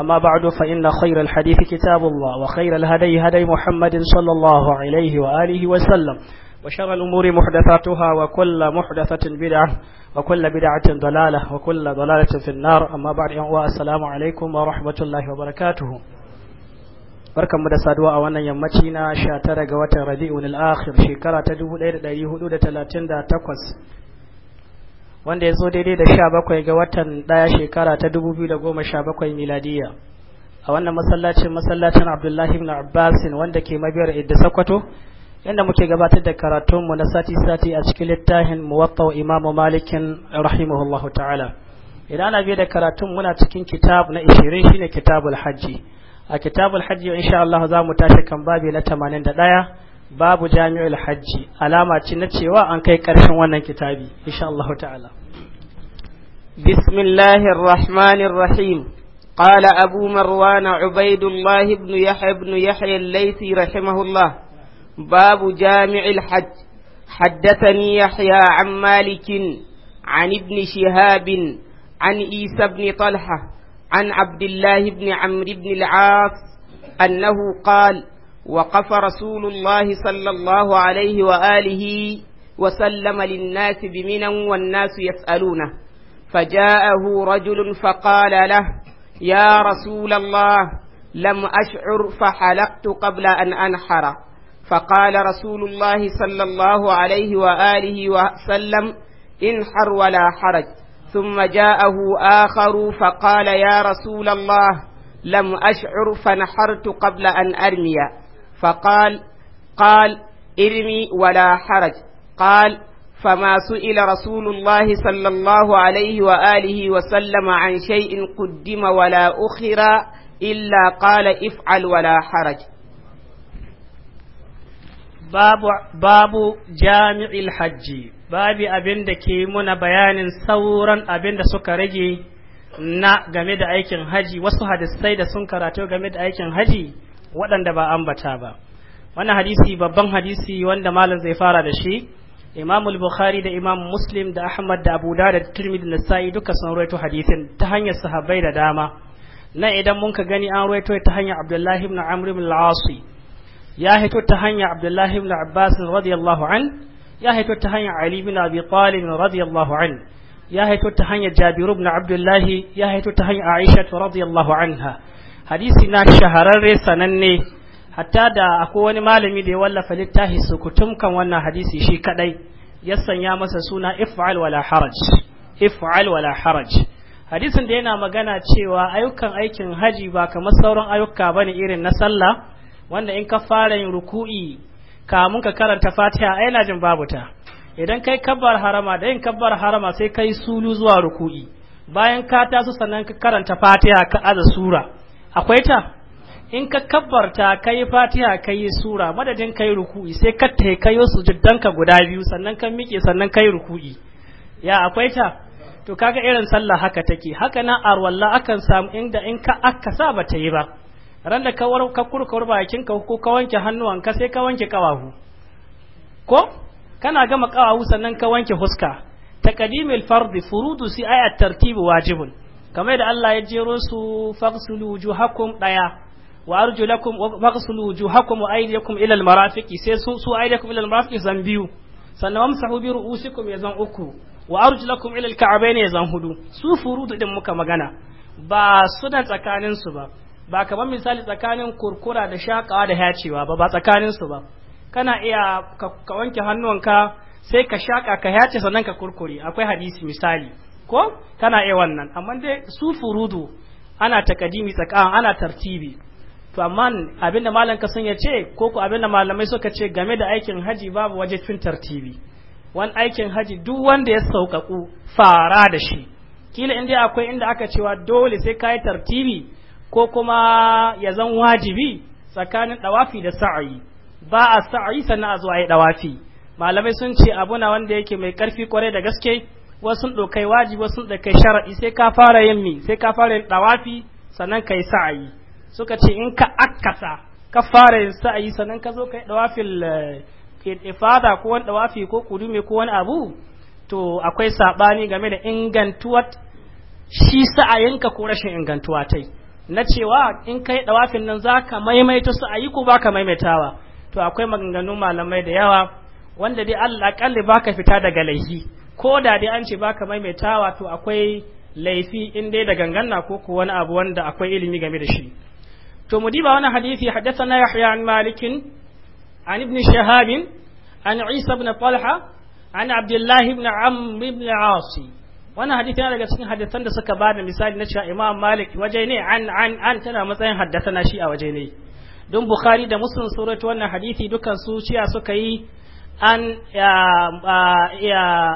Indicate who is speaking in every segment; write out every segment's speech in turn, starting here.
Speaker 1: أما بعد فإن خير الحديث كتاب الله وخير الهدي هدي محمد صلى الله عليه وآله وسلم وشر الأمور محدثاتها وكل محدثة بدعة وكل بدعة ضلالة وكل ضلالة في النار أما بعد السلام عليكم ورحمة الله وبركاته barkan mu da saduwa a wannan yammaci na 19 ga watan Rabiul Akhir shekara ta 1438 wanda ya zo daidai da sha bakwai ga watan ɗaya shekara ta dubu biyu da goma sha bakwai miladiya a wannan masallacin masallacin abdullahi ibn Abbas wanda ke mabiyar idda sakwato inda muke gabatar da karatunmu na sati-sati a cikin littafin muwatta imamu malikin rahimahullahu ta'ala idan ana biye da karatun muna cikin kitab na ishirin shine kitabul hajji a kitabul hajji insha Allah za mu tashi kan babi na tamanin da ɗaya babu jami'ul hajji alama ce na cewa an kai ƙarshen wannan kitabi insha Allah ta'ala
Speaker 2: bismillahir rahmanir rahim qala abu marwana ubaidullah ibn yahya ibn yahya al-laythi rahimahullah babu jami'ul hajj حدثني يحيى عن مالك عن ابن شهاب عن عيسى بن طلحه عن عبد الله بن عمرو بن العاص انه قال وقف رسول الله صلى الله عليه وآله وسلم للناس بمنا والناس يسألونه فجاءه رجل فقال له يا رسول الله لم أشعر فحلقت قبل أن أنحر فقال رسول الله صلى الله عليه وآله وسلم انحر ولا حرج ثم جاءه آخر فقال يا رسول الله لم أشعر فنحرت قبل أن أرمي فقال قال ارمي ولا حرج قال فما سئل رسول الله صلى الله عليه وآله وسلم عن شيء قدم ولا أخر إلا قال افعل ولا حرج باب, باب جامع الحج باب أبن
Speaker 1: دكي من بيان ثورا أبن سكرجي na game da aikin haji wasu hadisai da sun karatu game da aikin haji waɗanda ba ambata ba wannan hadisi babban hadisi wanda malam zai fara da shi Imam al-Bukhari da Imam Muslim da Ahmad da Abu da Tirmidhi da Nasa'i duka sun rawaito hadisin ta hanyar sahabbai da dama na idan mun ka gani an rawaito ta hanyar Abdullahi ibn Amr ibn al-As ya hito ta hanyar Abdullahi ibn Abbas radiyallahu an ya hito ta hanyar Ali ibn Abi Talib radiyallahu an ya hito ta hanyar Jabir ibn Abdullahi ya hito ta hanyar Aisha radiyallahu anha hadisi na shahararre sananne hatta da akwai wani malami da ya wallafa littafi su kutumkan wannan hadisi shi kadai ya sanya masa suna if'al wala haraj if'al wala haraj hadisin da yana magana cewa ayyukan aikin haji ba kamar sauran ayyuka bane irin na sallah wanda in ka fara yin ruku'i kamun ka karanta fatiha ai na jin babu ta idan kai kabbar harama da yin kabbar harama sai kai sulu zuwa ruku'i bayan ka taso sannan ka karanta fatiha ka aza sura akwai ta in ka kabbarta kai fatiha kai sura madadin kai ruku'i sai ka tai kayo ka guda biyu sannan ka miƙe sannan kai ruku'i ya akwai ta to kaga irin sallah haka take haka nan arwalla akan samu inda in ka aka sa ba ta yi ba ran da ka war ka kurkur bakin ka ko ka wanke ka sai ka wanke kawahu ko kana gama kawahu sannan ka wanke huska taqdimul fardi furudu si ayat tartib wajibun kamar da Allah ya jero su fagsulu wujuhakum daya wa arjulakum fagsulu wujuhakum wa aydiyakum ila almarafiqi sai su su aydiyakum ila almarafiqi zan biyu sannan wamsahu bi ru'usikum ya zan uku wa arjulakum ila alka'bayn ya zan hudu su furudu din muka magana ba suna tsakanin su ba ba kamar misali tsakanin kurkura da shakawa da hacewa ba ba tsakanin su ba kana iya ka wanke hannuwanka sai ka shaka ka yace sannan ka kurkure akwai hadisi misali ko kana iya wannan amma dai su furudu ana takadimi tsakan ana tartibi to amma abinda malam ka sun yace ko ko abinda malamai suka ce game da aikin haji babu waje cin tartibi wan aikin haji duk wanda ya sauƙaƙu fara da shi kila inda akwai inda aka cewa dole sai kai tartibi ko kuma ya zan wajibi tsakanin dawafi da sa'ayi ba a sa'ayi sannan a zuwa yi dawafi malamai sun ce abuna wanda yake mai karfi kwarai da gaske wasu ɗaukai wajibi wasu ɗaukai shara'i sai ka fara yin mi sai ka fara yin ɗawafi sannan ka yi sa'ayi suka ce in ka akasa ka fara yin sa'ayi sannan ka zo ka yi ɗawafin eh, ifada ko wani ɗawafi ko kudume ko wani abu to akwai saɓani game da ingantuwar shi sa'ayinka ko rashin ingantuwa ta na cewa in ka yi ɗawafin nan za ka maimaita sa'ayi ko ba ka maimaitawa to akwai maganganun malamai da yawa wanda dai Allah kalli ka fita daga laifi ko da dai an ce baka wa to akwai laifi in dai da ganganna ko ko wani abu wanda akwai ilimi game da shi to mu diba wani hadisi hadathana yahya an malikin an ibn shahab an isa ibn talha an abdullah ibn amr ibn asi wani hadisi yana daga cikin hadisan da suka bada misali na cewa imam malik waje ne an an an tana matsayin hadathana shi a waje ne don bukhari da muslim suratu wannan hadisi dukan su ciya suka yi an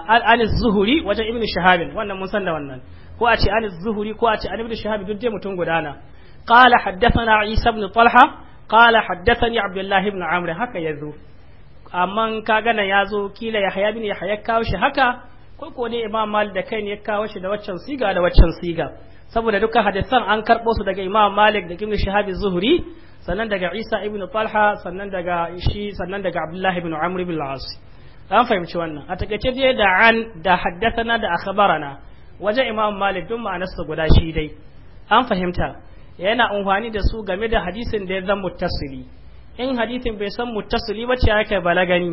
Speaker 1: an zuhuri wajen ibn shahabin wannan mun san da wannan ko a ce an zuhuri ko a ce an ibn shahabin duk dai mutum gudana qala haddathana isa ibn talha qala haddathani abdullah ibn amr haka yazo amma kaga nan yazo kila yahya ibn yahya kawo shi haka ko ko ne imam malik da kai ne ya kawo shi da waccan siga da waccan siga saboda dukkan hadisan an karbo su daga imam malik da ibn shahab zuhuri sannan daga Isa ibn Talha sannan daga shi sannan daga Abdullahi ibn Amr ibn al-As an fahimci wannan a takaice dai da an da haddathana da akhbarana wajen Imam Malik duk ma'anar su guda shi dai an fahimta yana amfani da su game da hadisin da ya zan muttasili in hadisin bai san muttasili ba ce yake balagani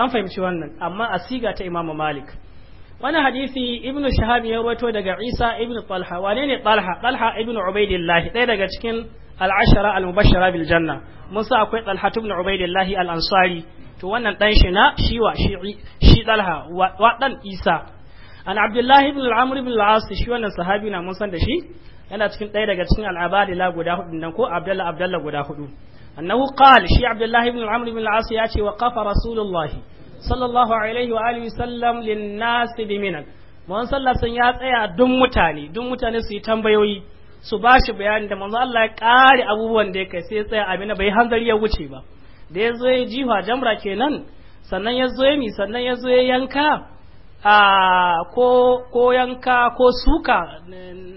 Speaker 1: an fahimci wannan amma a siga ta Imam Malik wani hadisi ibn shahab ya rawaito daga isa ibn talha wane ne talha talha ibn ubaidillah ɗaya daga cikin al'ashara al-mubashshara bil janna mun sa akwai Talha ibn Ubaidillah al-Ansari to wannan dan shi na shi wa shi shi Talha wa dan Isa an Abdullah ibn al-Amr ibn al-As shi wannan sahabi na mun san da shi yana cikin ɗaya daga cikin al-Abadila guda hudu nan ko Abdullah Abdullah guda hudu annahu qala shi Abdullah ibn al-Amr ibn al-As ya ce wa qafa Rasulullah sallallahu alaihi wa alihi sallam lin-nas bi minan mun sallallahu ya tsaya dun mutane dun mutane su yi tambayoyi su ba shi bayani da manzo Allah ya kare abubuwan da ya kai sai tsaya amina bai hanzari ya wuce ba da ya zo ya jamra kenan sannan ya zo ya mi sannan ya zo ya yanka a ko ko yanka ko suka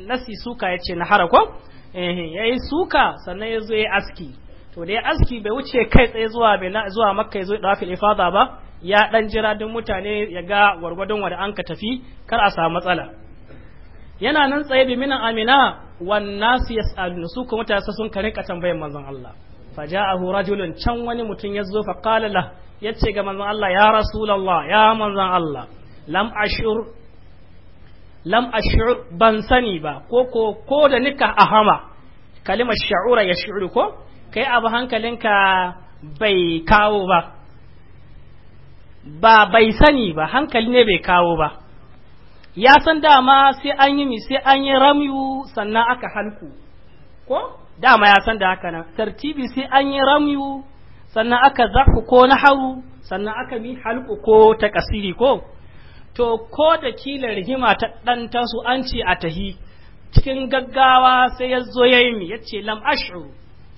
Speaker 1: nasi suka ya ce na hara ko eh ya yi suka sannan ya zo ya aski to da ya aski bai wuce kai tsaye zuwa bai zuwa makka ya zo ya ifada ba ya dan jira duk mutane ya ga gwargwadon wanda an ka tafi kar a samu matsala yana nan tsaye bi minan amina wan nasu yas'alun su kuma mutane sun ka rinka tambayar manzon Allah faja'ahu rajulun can wani mutum ya zo fa qala la yace ga manzon Allah ya rasulullah ya manzon Allah lam ashur lam ashur ban sani ba ko ko ko da nika ahama kalimar sha'ura ya shi'uru ko kai abu hankalinka bai kawo ba ba bai sani ba hankali ne bai kawo ba ya san dama sai an yi sai an yi ramyu sannan aka halku ko dama ya san da haka nan tartibi sai an yi ramyu sannan aka zaku ko na hawu sannan aka mi halku ko ta kasiri ko to ko da kila rigima ta dan tasu an ce a tahi cikin gaggawa sai ya zo ya yi mi ya ce lam ash'u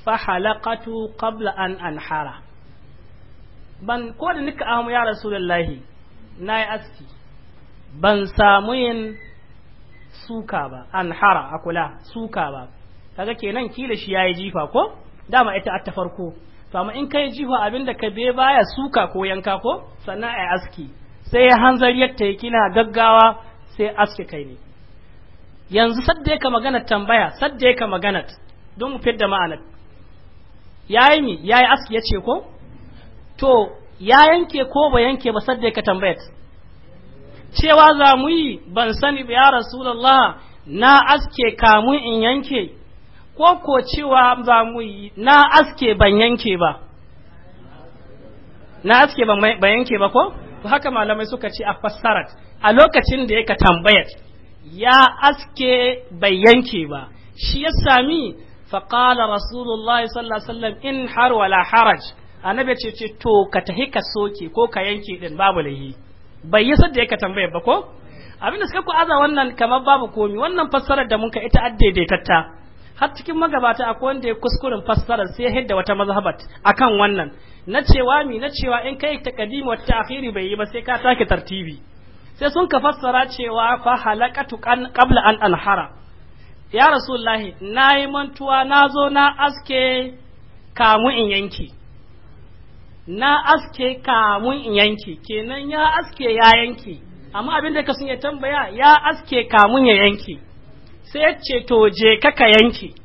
Speaker 1: fa halaqatu qabla an anhara ban ko da nika amu ya rasulullahi na yi aski ban samu yin suka ba an hara a kula suka ba kaga kenan kila shi yayi jifa ko dama ita ta farko to amma in kai jifa abinda ka be baya suka ko yanka ko sannan ai aski sai hanzar yatta yake na gaggawa sai aski kai ne yanzu sadda yake magana tambaya sadda yake magana don mu fidda ma'anar yayi mi yayi aski yace ko to ya yanke ko ba yanke ba sadda yake tambayar cewa za mu yi ban sani ya rasulallah na aske kamun in yanke ko ko cewa za mu yi na aske ban yanke ba na aske ban yanke ba ko haka malamai suka ce a fassarat a lokacin da yaka tambayar ya aske bai yanke ba shi ya sami faƙala rasulullah sallallahu in har wala haraj annabi ce ce to ka tahi ka soke ko ka yanke din babu lahi bai yi sadda yake tambayar ba ko abin da suka ku aza wannan kamar babu komi wannan fassarar da muka ita addaidaitatta har cikin magabata akwai wanda ya kuskurin fassarar sai ya hidda wata mazhabat akan wannan na cewa mi na cewa in kai wata ta akhiri bai yi ba sai ka take tartibi sai sun ka fassara cewa fa halaqatu qabla an anhara ya rasulullahi na mantuwa na zo na aske kamu in yanki na aske kamun in yanki kenan ya aske ya yanki amma abin da ka sun ya tambaya ya aske kamun ya yanki sai yace ce to je kaka yanki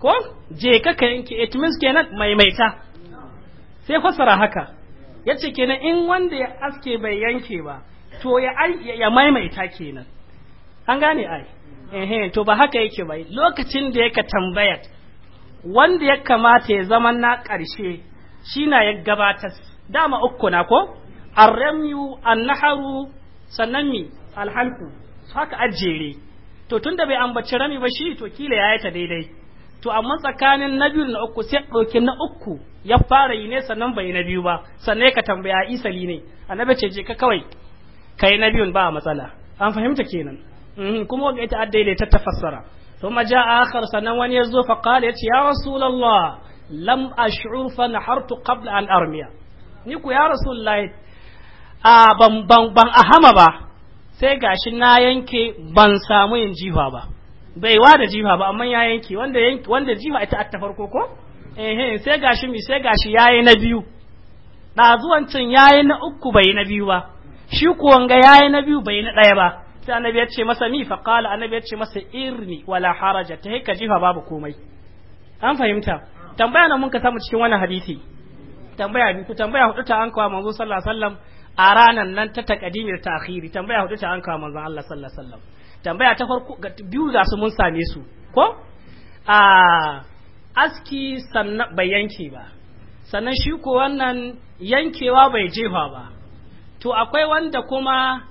Speaker 1: ko je kaka yanki it means kenan maimaita sai fasara haka ya ce kenan in wanda ya aske bai yanke ba to ya, ya maimaita kenan an gane ai ehe to ba haka yake ba lokacin da ka tambaya wanda ya kamata ya zama na ƙarshe shi na ya gabatar dama uku na ko arramyu annaharu sannan mi alhalku haka ajere to tunda bai ambaci rami ba shi to kila ya ta daidai to amma tsakanin na biyu na uku sai ɗauki na uku ya fara yi ne sannan bai na biyu ba sannan ka tambaya isali ne annabi ce je ka kawai kai na biyun ba matsala an fahimta kenan mhm, kuma wanda ita addai ta tafassara ثم جاء آخر سنوان sannan wani ya zo الله ya lam ash'ur fa nahartu qabla an armiya ni ku ya rasulullahi a ban ban ban ahama ba sai gashi na yanke ban samu yin jifa ba bai wa da jifa ba amma ya yanke wanda yanke wanda jifa ita ta farko ko eh eh sai gashi mi sai gashi yayi na biyu ɗazuwancin yayi na uku bai na biyu ba shi ku wanga yayi na biyu bai na ɗaya ba sai annabi ya ce masa mi fa qala annabi ya ce masa irni wala haraja ta haka jifa babu komai an fahimta tambaya na mun ka samu cikin wannan hadisi tambaya bi ku tambaya hudu ta an kawo manzo sallallahu alaihi wasallam a ranan nan ta taqdimir ta'khiri tambaya hudu ta an kawo manzo Allah sallallahu alaihi wasallam tambaya ta farko biyu za su mun same su ko a aski sannan bai yanke ba sannan shi ko wannan yankewa bai jefa ba to akwai wanda kuma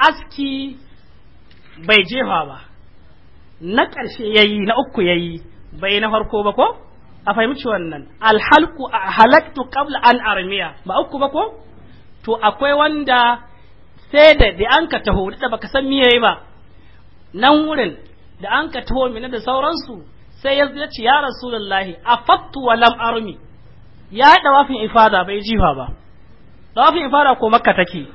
Speaker 1: aski bai jefa ba na ƙarshe yayi na uku yayi bai na farko ba ko a fahimci wannan alhalku halaktu qabla an armiya ba uku ba ko to akwai wanda sai da da an ka taho da baka san miye ba nan wurin da an ka taho mina da sauransu sai ya ce ya rasulullahi afattu wa lam armi ya dawafin ifada bai jifa ba dawafin ifada ko makka take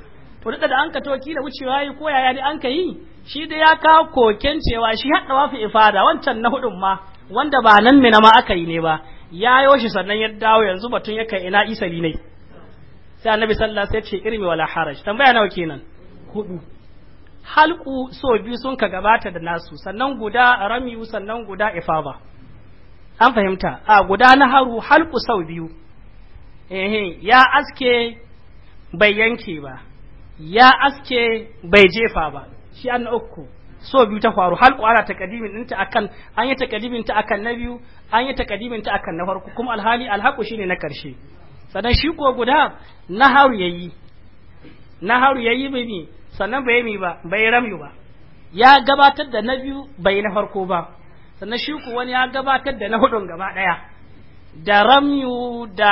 Speaker 1: to da an ka to kila wucewa yi ko yaya ne an ka yi shi da ya kawo koken cewa shi hadda wafi ifada wancan na hudun ma wanda ba nan mina ma aka yi ne ba ya yo shi sannan ya dawo yanzu batun ya kai ina isa ne sai annabi sallallahu alaihi wasallam ya ce irmi wala haraj tambaya nawa kenan hudu halku so biyu sun ka gabata da nasu sannan guda rami sannan guda ifaba an fahimta a guda na haru halku sau biyu ya aske bai yanke ba ya aske bai jefa ba shi an uku so biyu ta faru hal ana takadimin ɗinta akan an yi takadimin ta akan na biyu an yi takadimin ta akan na farko kuma alhali alhaku shine na karshe sannan shi ko guda na haru yayi na haru yayi bai mi sannan bai mi ba bai rami ba ya gabatar da na biyu bai na farko ba sannan shi ko wani ya gabatar da na hudun gaba daya da ramyu da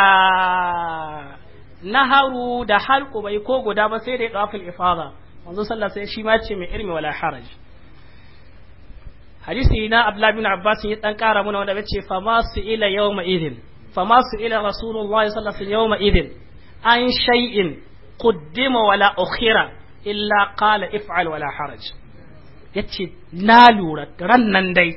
Speaker 1: naharu da halku bai ko guda ba sai dai dawaful ifada manzo sallallahu alaihi shi ma ce mai irmi wala haraj hadisi na abdullahi bin abbas ya dan kara muna wanda yace fa ma su ila yawma idin fa ma su ila rasulullahi sallallahu alaihi yawma idin an shay'in quddima wala ukhira illa qala if'al wala haraj yace na lura ran nan dai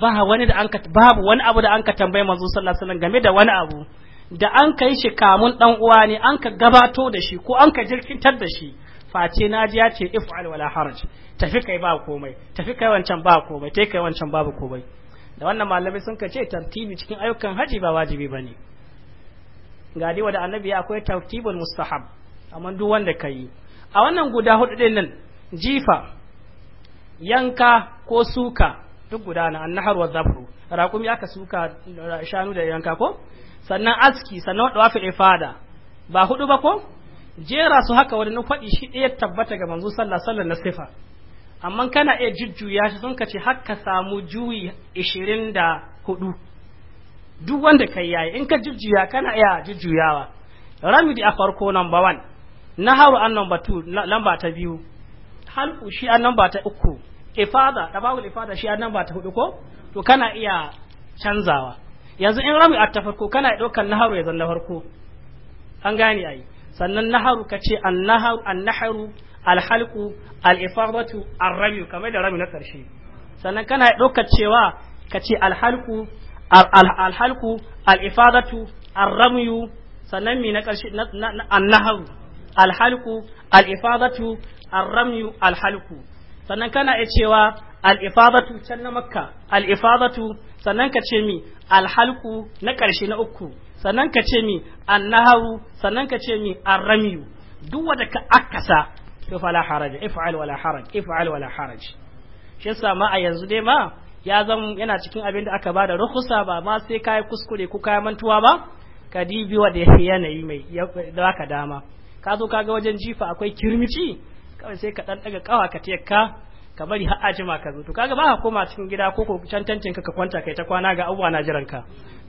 Speaker 1: ba wani da an babu wani abu da an ka tambaye manzo sallallahu alaihi wasallam game da wani abu da an kai shi kamun dan uwa ne an ka gabato da shi ko an ka jirkintar da shi face naji ya ce if'al wala haraj tafi kai ba komai tafi kai wancan ba komai tai kai wancan babu komai da wannan malami sun ka ce tartibi cikin ayyukan haji ba wajibi bane ga dai wanda annabi akwai tartibul mustahab amma duk wanda kai a wannan guda hudu din nan jifa yanka ko suka duk guda na annahar wa zafru aka suka shanu da yanka ko sannan aski sannan wafi ifada ba hudu ba ko jera su haka wani faɗi shi ɗaya tabbata ga manzo sallah sallah na sifa amma kana iya jujjuya shi sun kace har ka samu juyi ishirin da hudu duk wanda kai yayi in ka jujjuya kana iya jujjuyawa ramidi a farko number one naharu an number two lamba ta biyu halku shi an number ta uku ifada tabawul ifada shi an number ta hudu ko to kana iya canzawa yanzu in rami a ta farko kana ɗaukar naharu ya zan na farko an gane ai sannan naharu ka ce an annaharu annaharu alhalqu alifadatu arrami kamar da rami na ƙarshe sannan kana ɗaukar cewa ka ce alhalku alhalqu alifadatu arrami sannan mi na ƙarshe an karshe annaharu alhalqu alifadatu arrami alhalku sannan kana iya cewa al'ifadatu can na makka al'ifadatu sannan ka ce mi alhalku na ƙarshe na uku sannan ka ce mi annaharu sannan ka ce mi arramiyu duk wanda ka akasa to fala haraj if'al wala haraj if'al wala haraj shi yasa ma a yanzu dai ma ya zan yana cikin abin da aka bada ruhusa ba ma sai kai kuskure ko kai mantuwa ba ka dibi wa da yanayi mai da ka dama ka zo kaga wajen jifa akwai kirmici kawai sai ka ɗanɗaga daga kawa ka tiyakka ka bari har a jima ka zo to kaga ba ka koma cikin gida ko ko cancancin ka ka kwanta kai ta kwana ga abuwa na jiran ka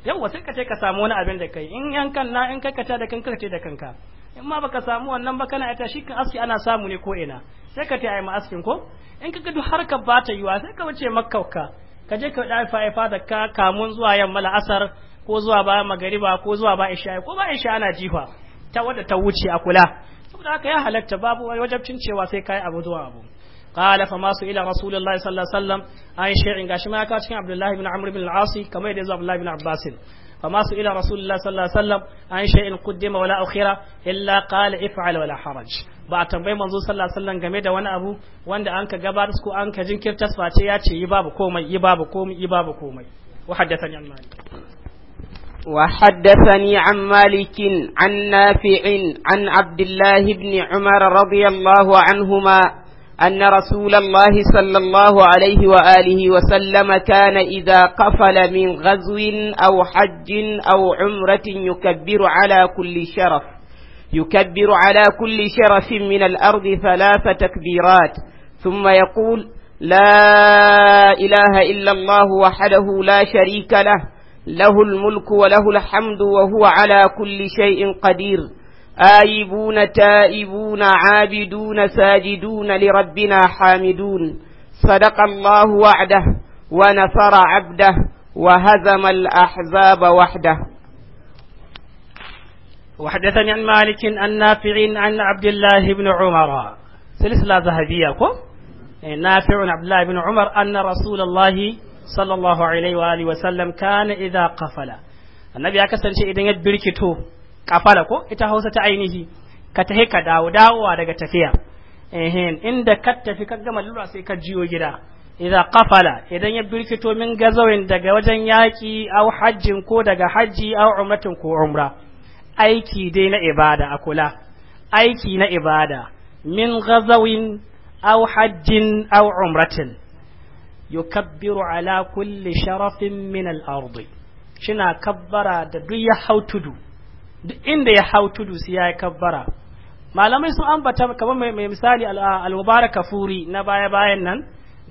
Speaker 1: yawwa sai ka ce ka samu wani abin da kai in yan kan na in karkata da kanka ce da kanka in ma baka samu wannan ba kana ita shi kan aski ana samu ne ko ina sai ka ta yi ma askin ko in ka ga duk ka ba ta yiwa sai ka wuce makka ka je ka da fa da ka kamun zuwa yamma la'asar ko zuwa ba magariba ko zuwa ba isha ko ba isha ana jifa ta wadda ta wuce a kula saboda haka ya halatta babu wajabcin cewa sai kai abu zuwa abu قال فما سئل رسول الله صلى الله عليه وسلم عن شيء غاشي ما cikin Abdullah ibn Amr ibn al-As kamar da Abdullah ibn Abbas فما سئل رسول الله صلى الله عليه وسلم عن شيء قدم ولا أخر إلا قال افعل ولا حرج ba a tambayi manzo sallallahu alaihi wasallam game da wani abu wanda an ka gabatar ko an ka jinkirta face ya ce yi babu komai yi babu komai yi babu komai
Speaker 2: wa haddathani an malik wa haddathani an malik an nafi' an abdullah ibn umar radiyallahu anhuma أن رسول الله صلى الله عليه وآله وسلم كان إذا قفل من غزو أو حج أو عمرة يكبر على كل شرف يكبر على كل شرف من الأرض ثلاث تكبيرات ثم يقول لا إله إلا الله وحده لا شريك له له الملك وله الحمد وهو على كل شيء قدير آيبون تائبون عابدون ساجدون لربنا حامدون صدق الله وعده ونصر عبده وهزم الأحزاب وحده وحدثني عن مالك عن نافع عن عبد الله بن عمر سلسلة ذهبية
Speaker 1: نافع عبد الله بن عمر أن رسول الله صلى الله عليه وآله وسلم كان إذا قفل النبي أكسن شيء إذا يدبركته kafala ko ita hausa ta ainihi ka tahi ka dawo dawowa daga tafiya ehin inda ka tafi ka gama lura sai ka jiyo gida idan kafala idan ya birkito min gazawin daga wajen yaƙi au hajjin ko daga hajji au umratin ko umra aiki dai na ibada a kula aiki na ibada min gazawin au hajjin au umratin yukabbiru ala kulli sharafin min al-ardi shina kabbara da duk ya hau tudu duk inda ya hau tudu sai ya kabbara malamai sun ambata kamar mai misali al-mubarak kafuri na baya bayan nan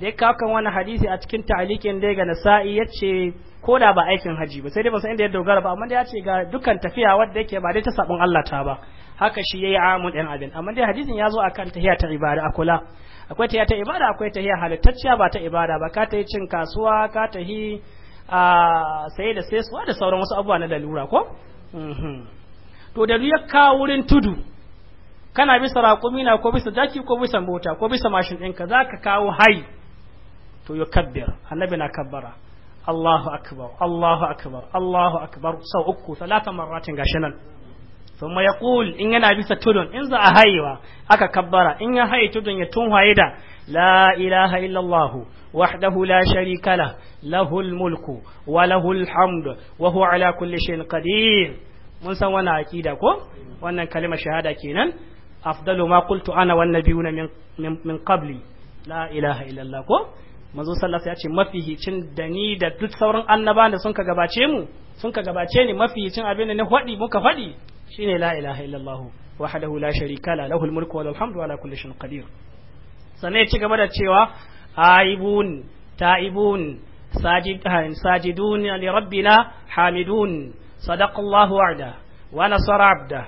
Speaker 1: da ya kawo wani hadisi a cikin ta'alikin dai ga nasa'i yace ko da ba aikin haji ba sai dai ba san inda ya dogara ba amma dai ya ce ga dukkan tafiya wadda yake ba dai ta sabon Allah ta ba haka shi yayi amun ɗan abin amma dai hadisin ya zo akan tahiya ta ibada a kula akwai tahiya ta ibada akwai tahiya halittacciya ba ta ibada ba ka yi cin kasuwa ka yi a saye da sai da sauran wasu abubuwa na lalura ko mhm. to da ya kawo wurin tudu kana bisa raƙumi na ko bisa jaki ko bisa mota ko bisa mashin ɗinka za ka kawo hai to ya kabbir annabi na kabbara Allahu akbar Allahu akbar Allahu akbar sau uku talata marratin gashi nan thumma yaqul in yana bisa tudun in za a haiwa aka kabbara in ya haye tudun ya tunhaye da la ilaha illallah وحده لا شريك mulku, wa الملك وله الحمد وهو على كل شيء قدير mun san wannan aqida ko wannan kalimar shahada kenan afdalu ma qultu ana wan nabiyuna min min qabli la ilaha illallah ko manzo sallallahu ya ce cin da ni da duk sauran annaba da sun ka gabace mu sun ka gabace ni mafihicin abin da na faɗi muka faɗi shine la ilaha illallah wahdahu la sharika la lahul mulku wal hamdu ala kulli shay'in qadir sannan ya ci gaba da cewa aibun ta'ibun sajid sajidun li rabbina hamidun صدق الله وعده ونصر عبده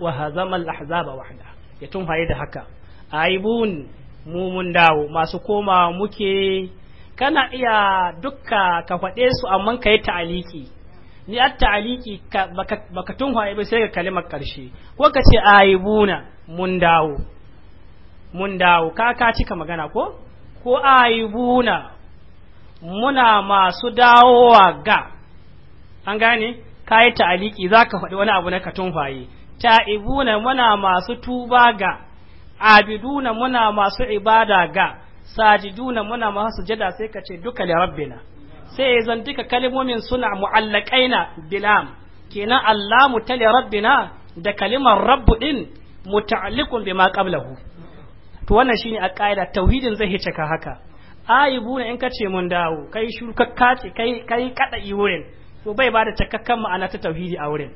Speaker 1: وهزم الأحزاب وحده يتم da هكا aibun mu mun dawo masu koma muke kana iya dukka ka faɗe su amma ka yi ni at ta'aliki baka tun haye ba sai ga kalimar ƙarshe ko ka ce aibuna mun dawo mun dawo ka ka cika magana ko ko aibuna muna masu dawowa ga an gane ka yi ta'aliki za ka faɗi wani abu na tun faye ta'ibuna muna masu tuba ga abiduna muna masu ibada ga sajiduna muna masu sujada sai ka ce duka da rabbina sai zan duka kalmomin suna mu'allaqaina bilam kenan Allah mu tali rabbina da kalimar rabbu din muta'alliqun bima qablahu to wannan shine a kaida tauhidin zai hice ka haka ayibuna in ka ce mun dawo kai shurka kace kai kai kada iwurin to bai bada cikakken ma'ana ta tauhidi a wurin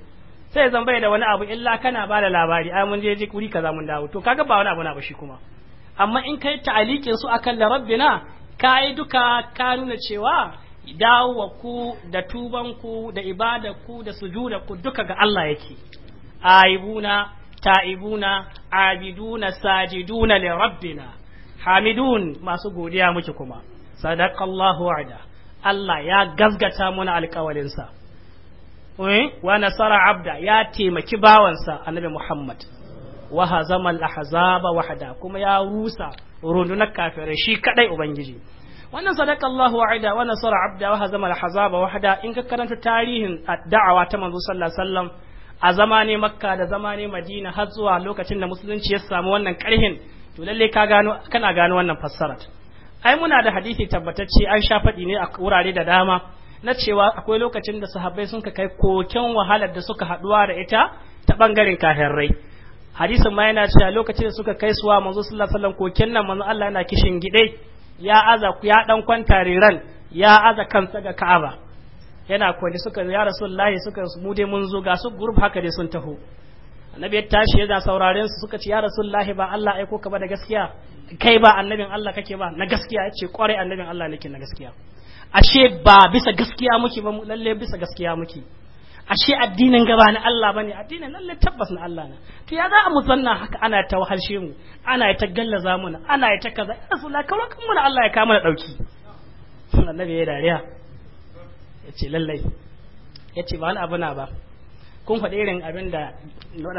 Speaker 1: sai zan bai da wani abu illa kana bada labari ai mun je ji kuri kaza mun dawo to kaga ba wani abu na ba shi kuma amma in kai ta'alikin su akan la rabbina kai duka ka nuna cewa dawowa ku da tuban ku da ibada ku da sujuda ku duka ga Allah yake aibuna ta'ibuna abiduna sajiduna li rabbina hamidun masu godiya muke kuma sadaqallahu wa'ada Allah ya gazgata mana alkawalinsa eh, wa nasara abda ya taimaki bawansa annabi Muhammad wa hazama al-ahzaba wahda kuma ya rusa rundunar kafirai shi kadai ubangiji wannan sadaka Allah wa'ada wa nasara abda wa hazama al wahada in ka karanta tarihin da'awa ta manzo sallallahu alaihi wasallam a zamanin makka da zamanin madina har zuwa lokacin da musulunci ya samu wannan karhin to lalle ka gano kana gano wannan fassarar ai muna da hadisi tabbatacce an sha faɗi ne a wurare da dama na cewa akwai lokacin da sahabbai sun ka kai koken wahalar da suka haɗuwa da ita ta ɓangaren rai hadisin ma yana cewa lokacin da suka kai suwa manzo sallallahu alaihi wasallam koken nan manzo Allah yana kishin gide ya aza ya dan kwanta riran ya aza kansa ga Ka'aba yana kwani suka ya rasulullahi suka mu dai mun zo ga su gurup haka dai sun taho annabi ya tashi ya sauraren su suka ce ya rasulullahi ba Allah aiko ka ba da gaskiya kai ba annabin Allah kake ba na gaskiya yace kwarai annabin Allah nake na gaskiya ashe ba bisa gaskiya muke ba lalle bisa gaskiya muke ashe addinin gaba na Allah bane addinin lalle tabbas na Allah na to ya za mu zanna haka ana ta wahalshe mu ana ta gallaza mu ana ta kaza ya la kawo kan mu Allah ya kama da dauki nabi ya dariya yace lalle yace ba wani abu na ba kun faɗi irin abin da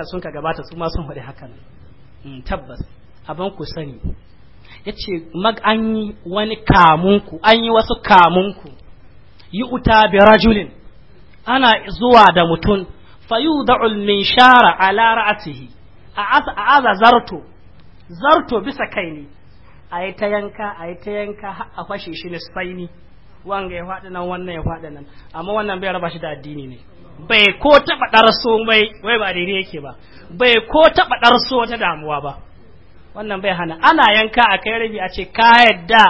Speaker 1: sun ka gabata su ma sun faɗi hakan hmm, tabbas abin ku sani ya ce an yi wani kamunku an yi wasu kamunku yi uta bi rajulin ana zuwa da mutum fayu da ulmin shara a lara'atihi a aza zarto zarto bisa kai ne a yi ta yanka a yi ta yanka a fashe shi ne saini wanga ya faɗi nan wannan ya faɗi nan amma wannan bai raba shi da addini ne bai ko taɓa ɗarso mai wai ba daidai yake ba bai ko taɓa ɗarso wata damuwa ba wannan bai hana ana yanka a kai rabi a ce ka yadda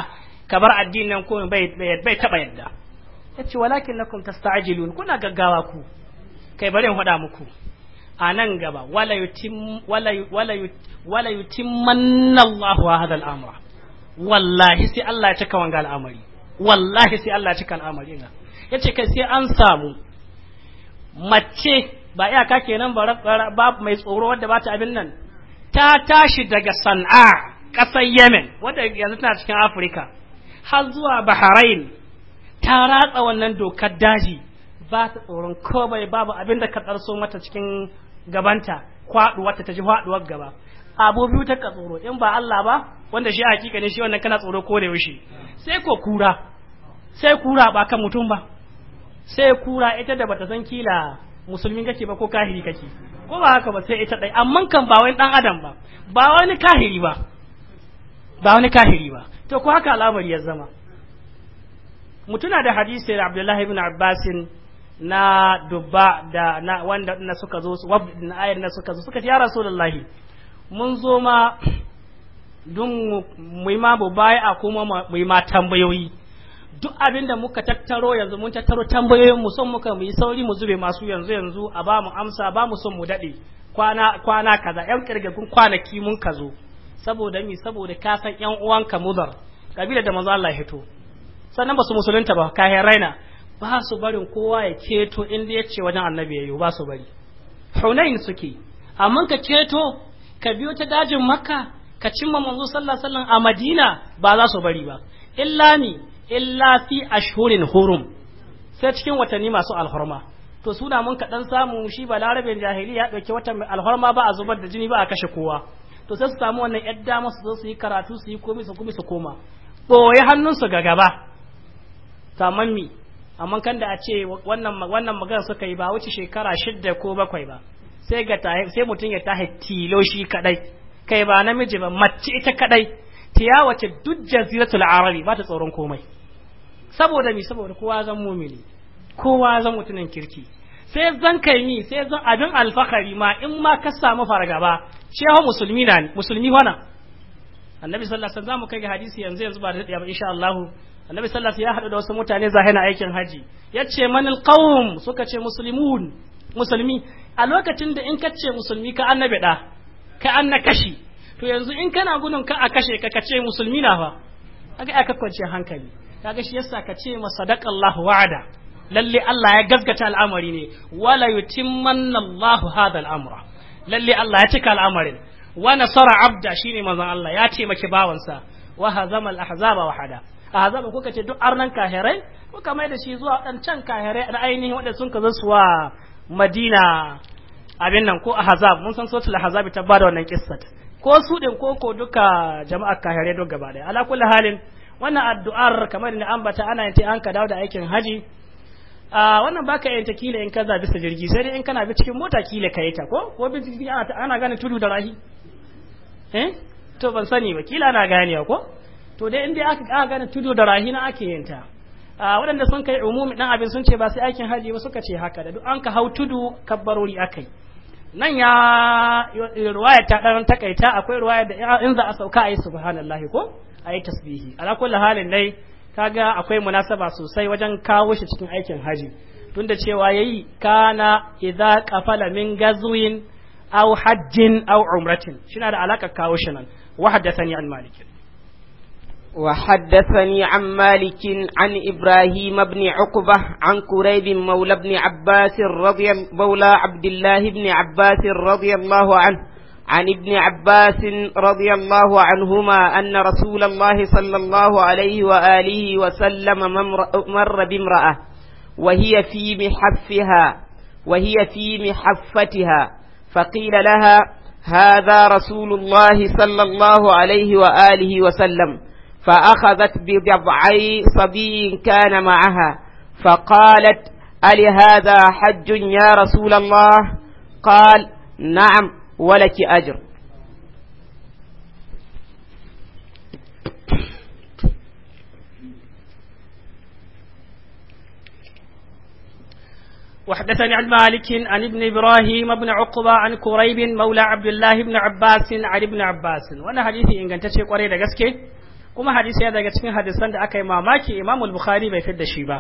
Speaker 1: ka bar addinin ko bai bai taba yadda yace walakin lakum tasta'jilun kuna gaggawa ku kai bari in faɗa muku a nan gaba wala yutim wala wala wala yutimmanna Allahu hadha wallahi sai Allah ya cika wanga al'amari wallahi sai Allah ya cika al'amari na yace kai sai an samu mace ba iyaka kenan ba mai tsoro wadda ba ta abin nan ta tashi daga san'a ƙasar yemen wadda yanzu tana cikin afirka har zuwa bahrain ta ratsa wannan dokar daji ba ta tsoron kawai babu abin da ka tsarso mata cikin gabanta kwaɗuwa ta ji kwaɗuwar gaba abu biyu ta ka tsoro in ba Allah ba wanda shi a hakika ne shi wannan kana tsoro ko da yaushe sai ko kura sai kura ba kan mutum ba sai kura ita da bata san kila musulmin kake ba ko kahiri kake ko ba haka ba sai ita dai amma kan ba wani dan adam ba ba wani kahiri ba ba wani kahiri ba to ko haka al'amari ya zama mutuna da hadisi da Abdullahi ibn Abbas na dubba da na wanda na suka zo su na ayar na suka zo suka ce ya Rasulullahi mun zo ma dun mu yi ma baya a kuma mu ma tambayoyi duk abin da muka tattaro yanzu mun tattaro tambayoyin mu son muka mu yi sauri mu zube masu yanzu yanzu a ba mu amsa ba mu son mu dade kwana kwana kaza yan kirgagun kwanaki mun kazo saboda mi saboda ka san yan uwanka mudar kabila da manzo Allah hito sannan ba su musulunta ba ka raina ba su barin kowa ya keto inda ya ce wajen annabi yayi ba su bari hunain suke amma ka keto ka biyo ta dajin makka ka cimma manzo sallallahu alaihi wasallam a madina ba za su bari ba illa ni illa fi ashhurin hurum sai cikin watanni masu alhurma to suna mun kaɗan samu shi ba larabin jahiliya ɗauki watan alhurma ba a zubar da jini ba a kashe kowa to sai su samu wannan yar dama su zo su yi karatu su yi komi su kuma su koma ɓoye hannunsu ga gaba saman mi amma kan da a ce wannan wannan magana suka yi ba wuce shekara shidda ko bakwai ba sai ga sai mutum ya tahi tilo shi kadai kai ba namiji ba mace ita kadai tiyawace duk jaziratul arabi ba ta tsoron komai saboda mi saboda kowa zan mumini kowa zan mutunan kirki sai zan kai mi sai zan abin alfahari ma in ma ka samu fargaba shehu musulmi na musulmi wana annabi sallallahu alaihi wasallam zamu kai ga hadisi yanzu yanzu ba da dadiya ba insha Allah annabi sallallahu alaihi ya hadu da wasu mutane na aikin haji yace manil qaum suka ce muslimun musulmi a lokacin da in ka ce musulmi ka annabi da ka anna kashi to yanzu in kana gudun ka a kashe ka ka ce musulmi na fa aka aka kwance hankali kaga shi yasa ka ce ma sadaqallahu wa'ada lalle Allah ya gaskata al'amari ne wala yutimmanna Allahu hadha al'amra lalle Allah ya cika al'amarin wa nasara abda shine manzon Allah ya taimaki bawansa wa hazama al-ahzaba wahada ahzaba kuka ce duk arnan kahirai kuka mai da shi zuwa wadancan kahirai da ainihin wadanda sun kaza wa Madina abin nan ko ahzab mun san suratul ahzab ta bada wannan kissat ko su din ko ko duka jama'a kahirai duk gaba daya ala kulli halin wannan addu'ar kamar da ambata ana yin an ka dawo da aikin haji a wannan baka yin ta kila in ka zabi sa jirgi sai dai in kana bi cikin mota kila ka yi ta ko ko bi jirgi ana gane tudu da rahi eh to ban sani ba kila ana ganewa ko to dai in dai aka gane tudu da rahi na ake yin ta waɗanda sun kai umumi dan abin sun ce ba sai aikin haji ba suka ce haka da duk an ka hau tudu kabbarori akai nan ya ruwaya ta ɗan takaita akwai ruwaya da in za a sauka a yi subhanallahi ko a yi tasbihi ala kulli halin dai kaga akwai munasaba sosai wajen kawo shi cikin aikin haji da cewa yayi kana idza qafala min gazwin
Speaker 2: aw hajjin aw umratin na da alaka kawo shi nan wa sani an maliki. وحدثني عن مالك عن إبراهيم بن عقبة عن كريب مولى بن عباس رضي مولى عبد الله بن عباس رضي الله عنه عن ابن عباس رضي الله عنهما أن رسول الله صلى الله عليه وآله وسلم مر بامرأة وهي في محفها وهي في محفتها فقيل لها هذا رسول الله صلى الله عليه وآله وسلم فأخذت بضعي صبي كان معها فقالت ألي هذا حج يا رسول الله قال نعم ولك أجر
Speaker 1: وحدثني عن مالك عن ابن إبراهيم بن عقبة عن كريب مولى عبد الله بن عباس عن ابن عباس وانا حديثي إن كنت شيء قريب kuma hadisi ya daga cikin hadisan da aka yi mamaki Imam Bukhari bai fidda shi ba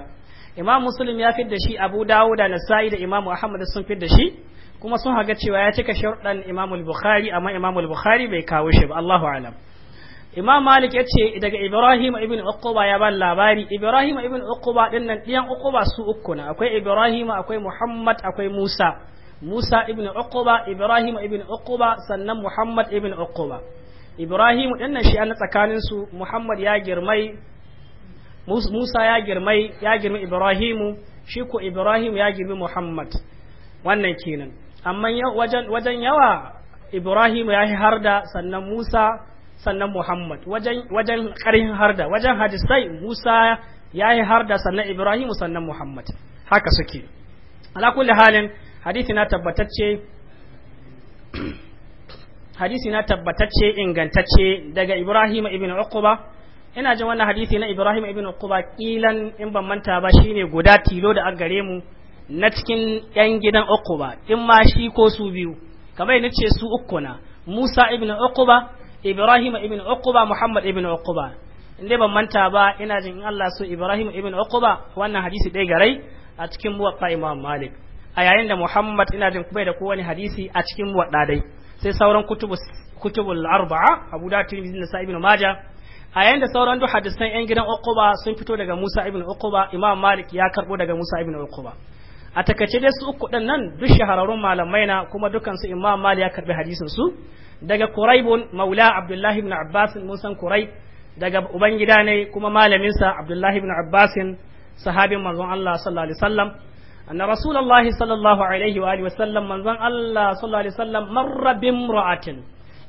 Speaker 1: Imam Muslim ya da shi Abu Dawud da Nasa'i da Imam Ahmad sun da shi kuma sun haga cewa ya cika sharuɗan Imam Bukhari amma Imam Bukhari bai kawo shi ba Allahu a'lam Imam Malik ya ce daga Ibrahim ibn Uquba ya ban labari Ibrahim ibn Uquba din nan ɗiyan Uquba su uku na akwai Ibrahim akwai Muhammad akwai Musa Musa ibn Uquba Ibrahim ibn Uquba sannan Muhammad ibn Uquba ibrahimu din nan shi an tsakanin su muhammad ya girmai musa ya girmai ya girmi ibrahimu shi ko Ibrahim ya girmi muhammad wannan kenan amma wajen wajen yawa Ibrahim ya yi harda sannan musa sannan muhammad wajen wajen karin harda wajen hadisai musa ya yi harda sannan Ibrahim sannan muhammad haka suke ala kulli halin hadisi na tabbatacce hadisi na tabbatacce ingantacce daga Ibrahim ibn Uqba ina jin wannan hadisi na Ibrahim ibn Uqba kilan in ban manta ba shine guda tilo da gare mu na cikin yan gidan Uqba in ma shi ko su biyu kamar yana ce su uku na Musa ibn Uqba Ibrahim ibn Uqba Muhammad ibn Uqba inda ban manta ba ina jin in Allah so Ibrahim ibn Uqba wannan hadisi dai garai a cikin muwaffa Imam Malik a yayin da Muhammad ina jin kuma da kowane hadisi a cikin muwatta dai sai sauran kutubul arba'a Abu Dawud Tirmidhi Nasa'i Ibn Majah a yayin da sauran duk hadisan yan gidan Uqba sun fito daga Musa ibn Uqba Imam Malik ya karbo daga Musa ibn Uqba a takaice dai su uku din nan duk shahararrun malamai na kuma dukan su Imam Malik ya karbi hadisin su daga Quraibun Maula Abdullah ibn Abbas mun san Quraib daga ubangida ne kuma malamin sa Abdullah ibn Abbas sahabin manzon Allah sallallahu alaihi wasallam أن رسول الله صلى الله عليه وآله وسلم من ظن الله صلى الله عليه وسلم مر بامرأة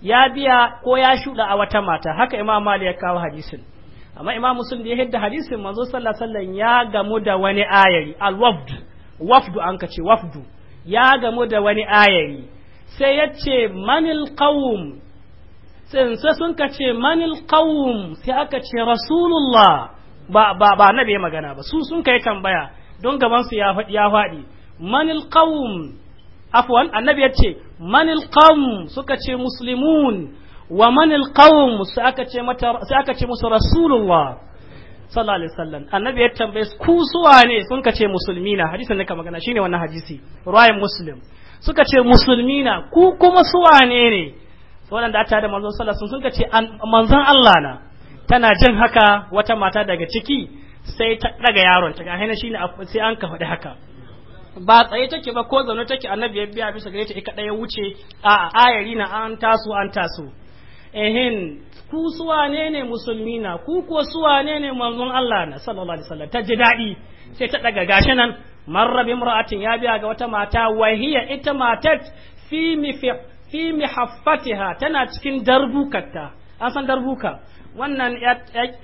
Speaker 1: يا بيا كو يا شودا أو هكا إمام مالي يكاو حديث أما إمام مسلم دي هيد حديث من ظن صلى الله عليه وسلم يا غمودا وني آية الوفد وفد أنكتشي وفد يا غمودا وني آية سيأتي من القوم sai sun ka ce manil qawm sai aka ce rasulullah ba ba ba nabi magana ba su sun kai tambaya don gaban su ya faɗi manil qawm afwan annabi yace manil qawm suka ce muslimun wa manil qawm sai aka ce mata sai aka ce musu rasulullah sallallahu alaihi wasallam annabi ya tambaye su ku suwa ne sun ka ce musulmina hadisin da ka magana shine wannan hadisi ruwayan muslim suka ce musulmina ku kuma suwa ne ne da ta da manzon sallallahu alaihi wasallam sun ka ce manzon Allah na tana jin haka wata mata daga ciki sai ta daga yaron ta gane shine sai an kafa haka ba tsaye take ba ko zaune take annabi ya biya bisa gare ta ika ya wuce a ayari na an taso an taso ehin ku suwa ne ne musulmi na ku kuwa suwa ne ne manzon Allah na sallallahu alaihi wasallam ta ji daɗi sai ta daga gashi nan marra bi imra'atin ya biya ga wata mata wahiya ita matat fi mifi fi mihaffatiha tana cikin darbukarta an san darbuka wannan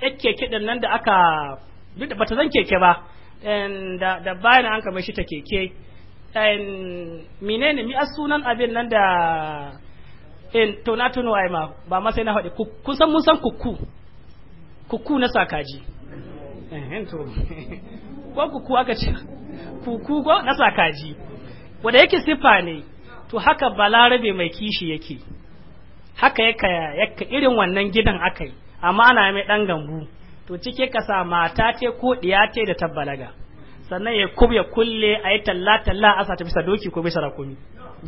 Speaker 1: yake kidan nan da aka duk da bata zan keke ba da da bayan an kama shi ta keke menene mi as sunan abin nan da in to na tuno ai ma ba ma sai na haɗe kun san mun san kukku kukku na sakaji eh to ko kukku aka ce kukku ko na sakaji wanda yake sifa ne to haka balarabe mai kishi yake haka yake irin wannan gidan akai amma ana mai dan gambu to cike ka sa mata ce ko diya ce da tabbalaga sannan ya kubya kulle a yi talla talla a sata bisa doki ko bisa rakumi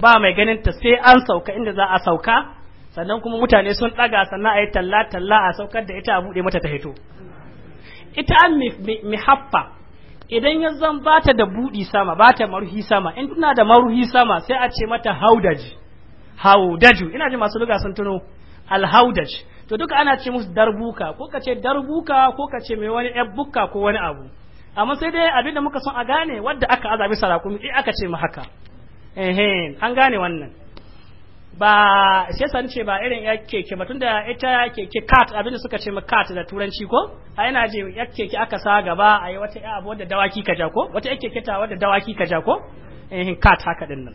Speaker 1: ba mai ganin ta sai an sauka inda za a sauka sannan kuma mutane sun ɗaga sannan a yi talla talla a saukar da ita a buɗe mata ta hito ita an haffa idan ya zan ba ta da buɗi sama ba ta maruhi sama in tuna da maruhi sama sai a ce mata haudaji haudaju ina ji masu luga tuno alhaudaj to duka ana ce musu darbuka ko ka ce darbuka ko ka ce mai wani bukka ko wani abu amma sai dai abin da muka son a gane wadda aka azabi sarakun in aka ce mu haka an gane wannan ba sai san ce ba irin ya keke ba tunda ita keke kat abin da suka ce ma kat da turanci ko a yana je ya keke aka sa gaba a yi wata abu wadda dawaki ka ja ko wata ya keke ta wadda dawaki ka ja ko kat haka din nan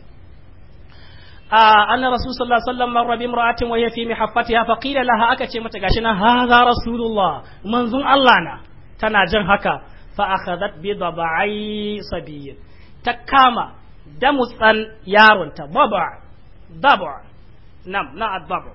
Speaker 1: anna rasul sallallahu alaihi wasallam marra bi imra'atin wa hiya fi mihaffatiha fa qila laha aka ce mata gashi nan hadha rasulullah manzon Allah na tana jin haka fa akhadhat bi dabai sabiy ta kama da mutsan yaronta baba daba nan na adaba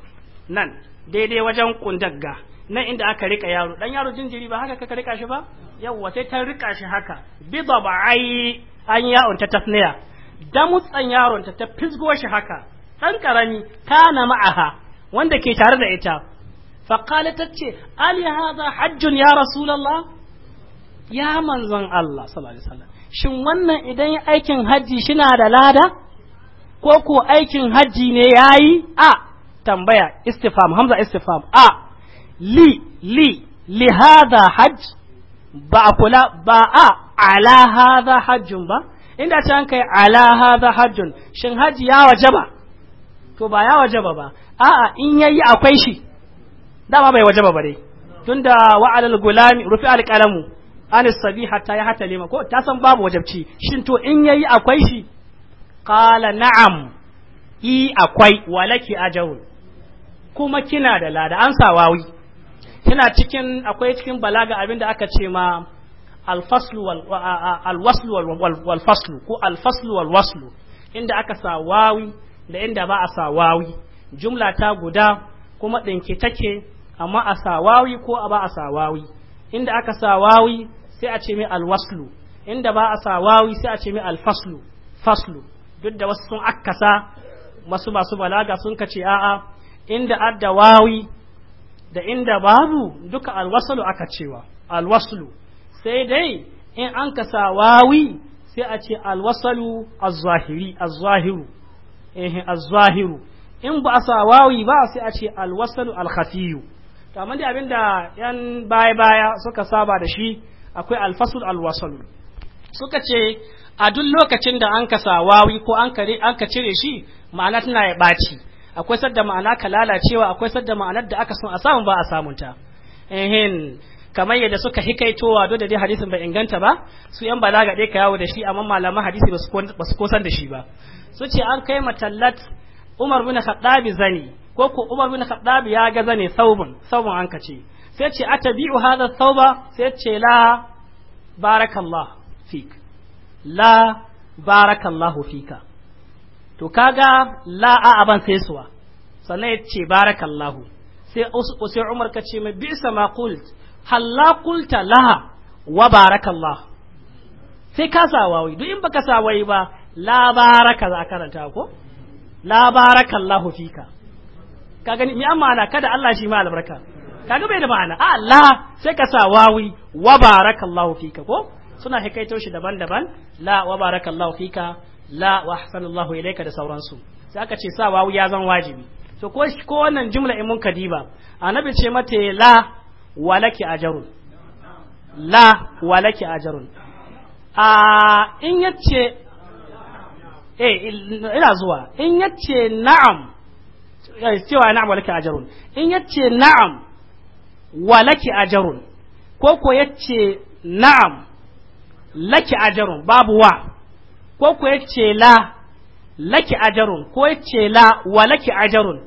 Speaker 1: nan daidai wajen kundagga nan inda aka rika yaro dan yaro jinjiri ba haka ka rika shi ba yawwa sai ta rika shi haka bi dabai an ya'unta tasniya damutsan yaronta ta fisgo shi haka ɗan ƙarami kana ma'aha wanda ke tare da ita faƙali ta ce ali haza hajjun ya rasulallah ya manzon Allah sallallahu alaihi shin wannan idan aikin hajji shina da lada ko ko aikin hajji ne yayi a tambaya istifam hamza istifam a li li li hajj ba kula ba a ala hada hajjun ba inda ce an kai ala hadha hajjun shin haji ya wajaba to ba ya wajaba ba a'a in yayi akwai shi dama bai wajaba ba dai tunda wa gulami rufi al qalamu anis sabi hatta ya hatta lima ko ta san babu wajabci shin to in yayi akwai shi qala na'am i akwai walaki ajawul. kuma kina da lada an sawawi kina cikin akwai cikin balaga abinda aka ce ma alfaslu walfaslu ko alfaslu walwaslu inda aka sa wawi da inda ba a sa wawi jumla ta guda kuma ɗinke take amma a sa wawi ko a ba a sa wawi inda aka sa wawi sai a ce mai alwaslu inda ba a sa wawi sai a ce mai alfaslu faslu duk da wasu sun akasa masu masu balaga sun kace a'a inda adda wawi da inda babu duka alwaslu aka cewa alwaslu sai dai in an ka wawi sai a ce alwasalu azzahiri azzahiru eh azzahiru in ba a sa wawi ba sai a ce alwasalu alkhafiyu to amma dai abinda yan baya baya suka saba da shi akwai alfasul alwasalu suka ce a duk lokacin da an ka wawi ko an ka cire shi ma'ana tana ya baci akwai sadda ma'ana ka lalacewa akwai sadda ma'anar da aka son a samu ba a samunta ehin kamar yadda suka hikaitowa don da dai hadisin bai inganta ba su yan balaga dai ka yawo da shi amma malaman hadisi ba su kosan da shi ba su ce an kai matallat Umar bin Khattab zani ko ko Umar bin Khattab ya ga zani saubun saubun an kace sai ce atabi'u hadha sauba sai ce la barakallah fik la barakallahu fika to kaga la a aban sai suwa sannan ya ce barakallahu sai sai Umar kace mai bisa ma qult halla Kulta laha wa barakallah sai ka sa wawai duk in baka sa wai ba la baraka za karanta ko la barakallahu fika ka gani mi amma ma'ana kada Allah shi ma albarka kaga bai da ma'ana a Allah sai ka sa wawi wa Fi fika ko suna hikaito shi daban-daban la wa Fi fika la wa ahsanallahu ilayka da sauransu sai aka ce sa wawi ya zan wajibi to ko ko wannan jumla in mun kadiba annabi ce mata la walaki ajarun la walaki ajarun a in yace eh ina zuwa in yace na'am eh, cewa na'am walaki ajarun in yace na'am walaki ajarun ko ko yace na'am laki ajarun babu wa ko ko yace la laki ajarun ko yace la walaki ajarun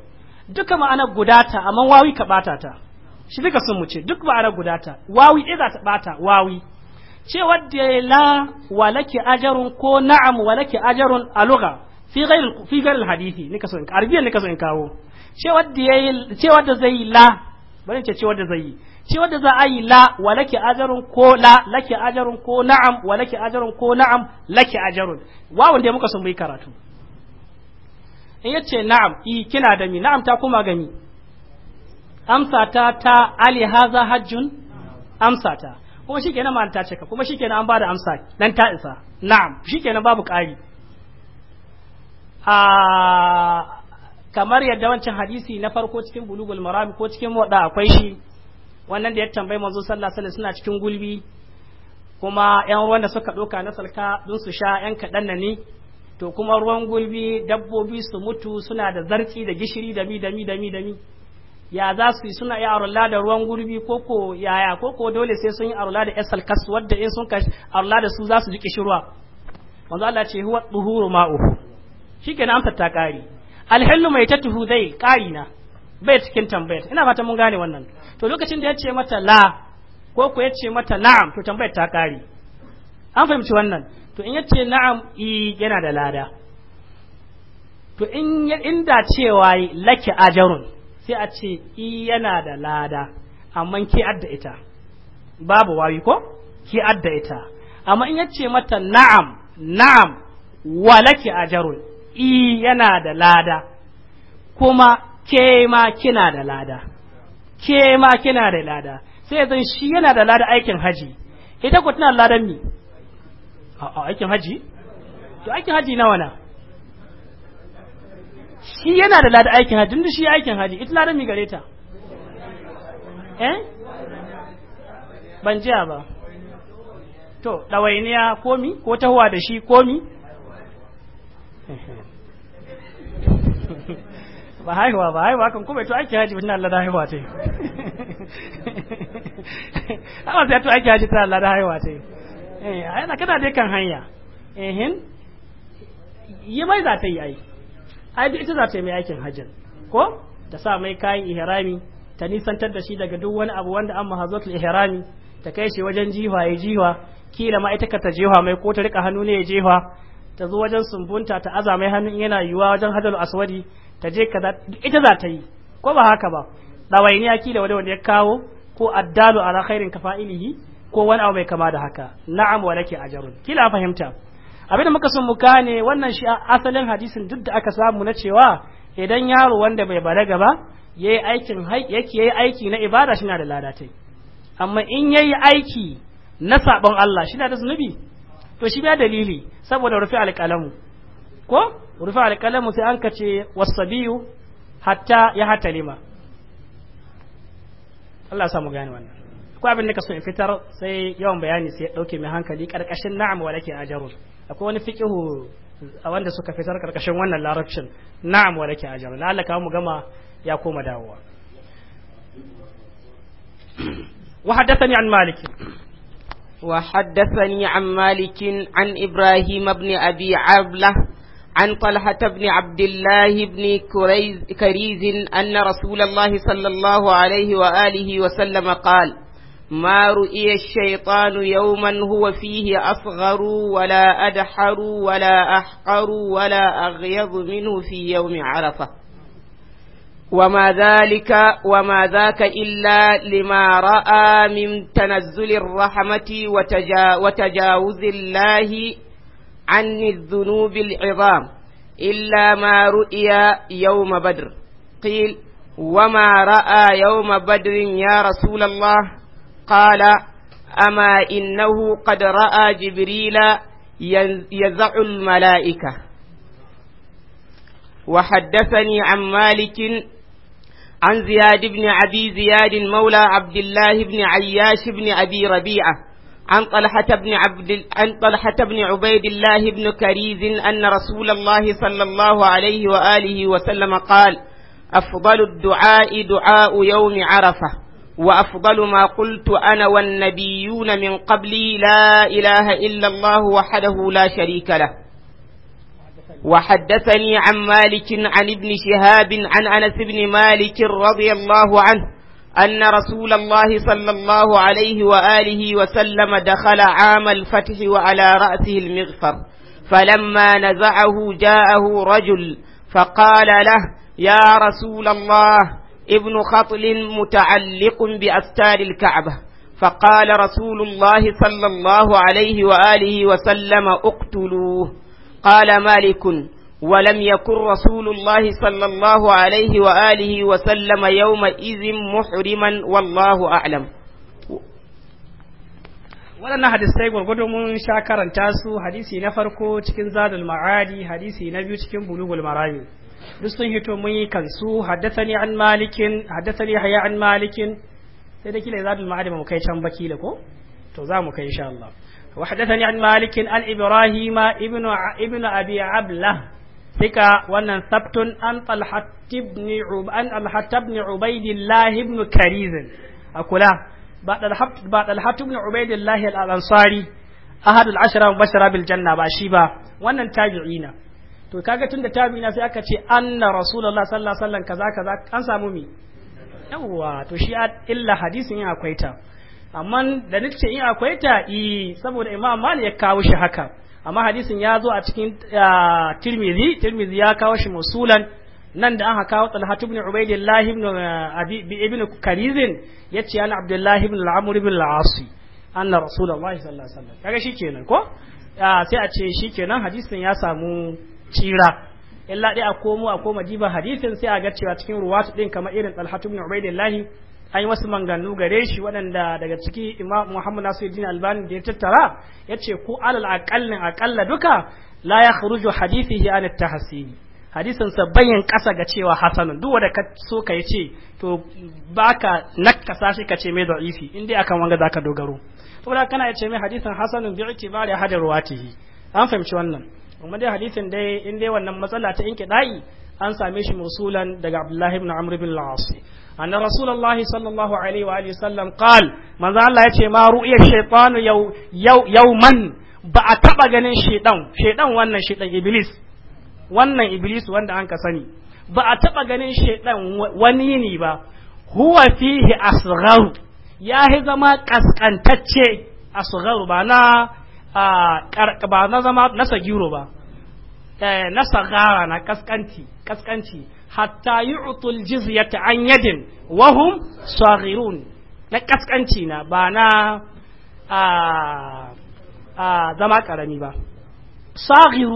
Speaker 1: duka ma'anar gudata amma wawi ka bata ta shi duka sun mu ce duk ba a guda ta wawi ɗaya za ta bata wawi cewar da ya la walaki ajarun ko na'am walaki ajarun a luga fi ghairil hadithi ni kaso so in ni nika so in kawo cewar da yayi cewar da zai la bari ce cewar da zai cewar da za a yi la walaki ajarun ko la laki ajarun ko na'am walaki ajarun ko na'am laki ajarun wawan da muka sun bai karatu in yace na'am i kina da mi na'am ta kuma gani amsa ta ta ali haza hajjun amsa ta kuma shikenan ma'ana ta ka kuma shikenan an bada amsa dan ta isa na'am shikenan babu kari. a ah, kamar yadda wancan hadisi na farko cikin bulugul maram ko cikin wada akwai shi wannan da ya tambayi manzo sallallahu alaihi suna cikin gulbi kuma yan ruwan da suka doka na salka don su sha yan kaɗan na ne to kuma ruwan gulbi dabbobi su mutu suna da zarci da gishiri da mi da mi da mi da mi ya za su yi suna yi arola da ruwan gurbi ko ko yaya ko ko dole sai sun yi arola da esal kas wadda in sun kashi arola da su za su ji kishirwa manzo Allah ce huwa duhuru ma'uhu na amsa ta kari alhillu mai ta tuhu zai kari na bai cikin tambayar ina fata mun gane wannan to lokacin da ya ce mata la ko ko ya ce mata na'am to tambayar ta kari an fahimci wannan to in ya ce na'am i yana da lada to in inda cewa laki ajarun sai a ce i yana da lada amma ki adda ita babu wawi ko ki adda ita amma in yace mata na'am na'am walaki ajrun i yana da lada kuma ke ma kina da lada ke ma kina da lada sai zan shi yana da lada aikin haji ita ko tana ladan mi a aikin haji to aikin haji nawa na shi yana da Ladi aikin haji tunda shi aikin haji ita ladan mi gare ta eh ban jiya ba to ɗawainiya komi ko tahowa da shi komi ba haihuwa ba haihuwa kan kuma to aikin haji na Allah da haihuwa ta yi amma sai to aikin haji ta Allah da haihuwa ta yi eh ana kana dai kan hanya ehin yi mai za ta yi ai ai duk ita za ta yi mai aikin hajjin ko ta sa mai kayan ihrami ta nisantar da shi daga duk wani abu wanda an mahazatul ihrami ta kai shi wajen jiwa ya jiwa kila ma ita ka ta jiwa mai ko ta rika hannu ne ya jiwa ta zo wajen sumbunta ta aza mai hannun yana yiwa wajen hadalu aswadi ta je kaza ita za ta yi ko ba haka ba dawainiya kila wani wanda ya kawo ko addalu ala khairin kafa'ilihi ko wani abu mai kama da haka na'am wa laki ajrun kila fahimta abin da muka sun mu ne wannan shi asalin hadisin duk da aka samu na cewa idan yaro wanda bai balaga ba yayi aikin yake yayi aiki na ibada shi na da ladatai amma in yayi aiki na sabon Allah shi na da zunubi to shi ba dalili saboda rufi alƙalamu ko rufi alƙalamu sai an kace wasabiyu hatta ya hatta lima Allah samu gane wannan ko abin da ka so in fitar sai yawan bayani sai ya dauke mai hankali karkashin na'am walakin laki ajrun akwai wani fiƙihu a wanda suka fitar karkashin wannan larabcin na'am wa laki ajr la'allaka mu gama ya koma dawowa
Speaker 2: wa haddathani an malik wa haddathani an malik an ibrahim ibn abi abla عن طلحة بن عبد الله بن كريز أن رسول الله صلى الله عليه وآله وسلم قال ما رؤي الشيطان يوما هو فيه أصغر ولا أدحر ولا أحقر ولا أغيظ منه في يوم عرفة وما ذلك وما ذاك إلا لما رأى من تنزل الرحمة وتجا وتجاوز الله عن الذنوب العظام إلا ما رؤي يوم بدر قيل وما رأى يوم بدر يا رسول الله قال أما إنه قد رأى جبريل يزع الملائكة وحدثني عن مالك عن زياد بن أبي زياد مولى عبد الله بن عياش بن أبي ربيعة عن طلحة بن عبد عن طلحة بن عبيد الله بن كريز أن رسول الله صلى الله عليه وآله وسلم قال أفضل الدعاء دعاء يوم عرفة وأفضل ما قلت أنا والنبيون من قبلي لا إله إلا الله وحده لا شريك له وحدثني عن مالك عن ابن شهاب عن أنس بن مالك رضي الله عنه أن رسول الله صلى الله عليه وآله وسلم دخل عام الفتح وعلى رأسه المغفر فلما نزعه جاءه رجل فقال له يا رسول الله ابن خطل متعلق بأستار الكعبة فقال رسول الله صلى الله عليه وآله وسلم اقتلوه قال مالك ولم يكن رسول الله صلى الله عليه وآله وسلم يومئذ محرما والله أعلم
Speaker 1: waɗannan hadisai gwargwado mun sha karanta su hadisi na farko cikin zadul ma'adi hadisi na biyu cikin bulugul marami duk sun hito mun yi kansu haddathani an malikin haddathani haya an malikin sai da kila zadul ma'ad mu kai can bakila ko to za mu kai insha Allah wa haddathani an malikin al ibrahima ibnu ibnu abi abla ثقة وأن ثبت أن طلحة بن عب أن طلحة بن عبيد الله بن كريز أقوله بعد طلحة بعد طلحة بن عبيد الله الأنصاري أحد العشرة ba بالجنة بأشيبة وأن تابعين to kaga tunda tabi'ina sai aka ce anna rasulullah sallallahu alaihi wasallam kaza kaza an samu mi yawwa to shi illa hadisin ya akwai ta amma da nace in akwai ta i saboda imam malik ya kawo shi haka amma hadisin ya zo a cikin tirmidhi tirmidhi ya kawo shi musulan nan da aka kawo talhat ibn ubaydillah ibn abi ibn karizin yace ana abdullah ibn al-amr ibn al-as anna rasulullahi sallallahu alaihi wasallam kaga shikenan ko sai a ce shikenan hadisin ya samu tsira illa dai a komo a koma jiba hadisin sai a ga cewa cikin ruwatu din kamar irin talhatu ibn Ubaidillah an yi wasu manganu gare shi waɗanda daga ciki imam muhammad nasiruddin albani da ya tattara ya ce ko alal aqallin aqalla duka la ya khuruju hadithihi an at-tahsin hadisin sa bayan kasa ga cewa hasanun duk wanda ka so ka ce to baka nakasa shi ka ce mai da'ifi in dai akan wanga zaka dogaro saboda kana yace mai hadisin hasanun bi'tibari hadar ruwatihi an fahimci wannan kuma dai hadisin dai in dai wannan matsala ta inke kidayi an same shi musulan daga Abdullahi ibn Amr ibn al-As anna Rasulullah sallallahu alaihi wa alihi sallam qal manzo Allah yace ma ru'ya shaytanu yau man ba a taba ganin shaytan shaytan wannan shaytan iblis wannan iblis wanda an ka sani ba a taba ganin shaytan wani ne ba huwa fihi asghar ya hi zama kaskantacce asghar ba na ba na zama na sagiro ba eh, na sagara na kaskanci kaskanci hatta yu'tul jizyata an yadin wa hum na kaskanci na ba na a zama karami ba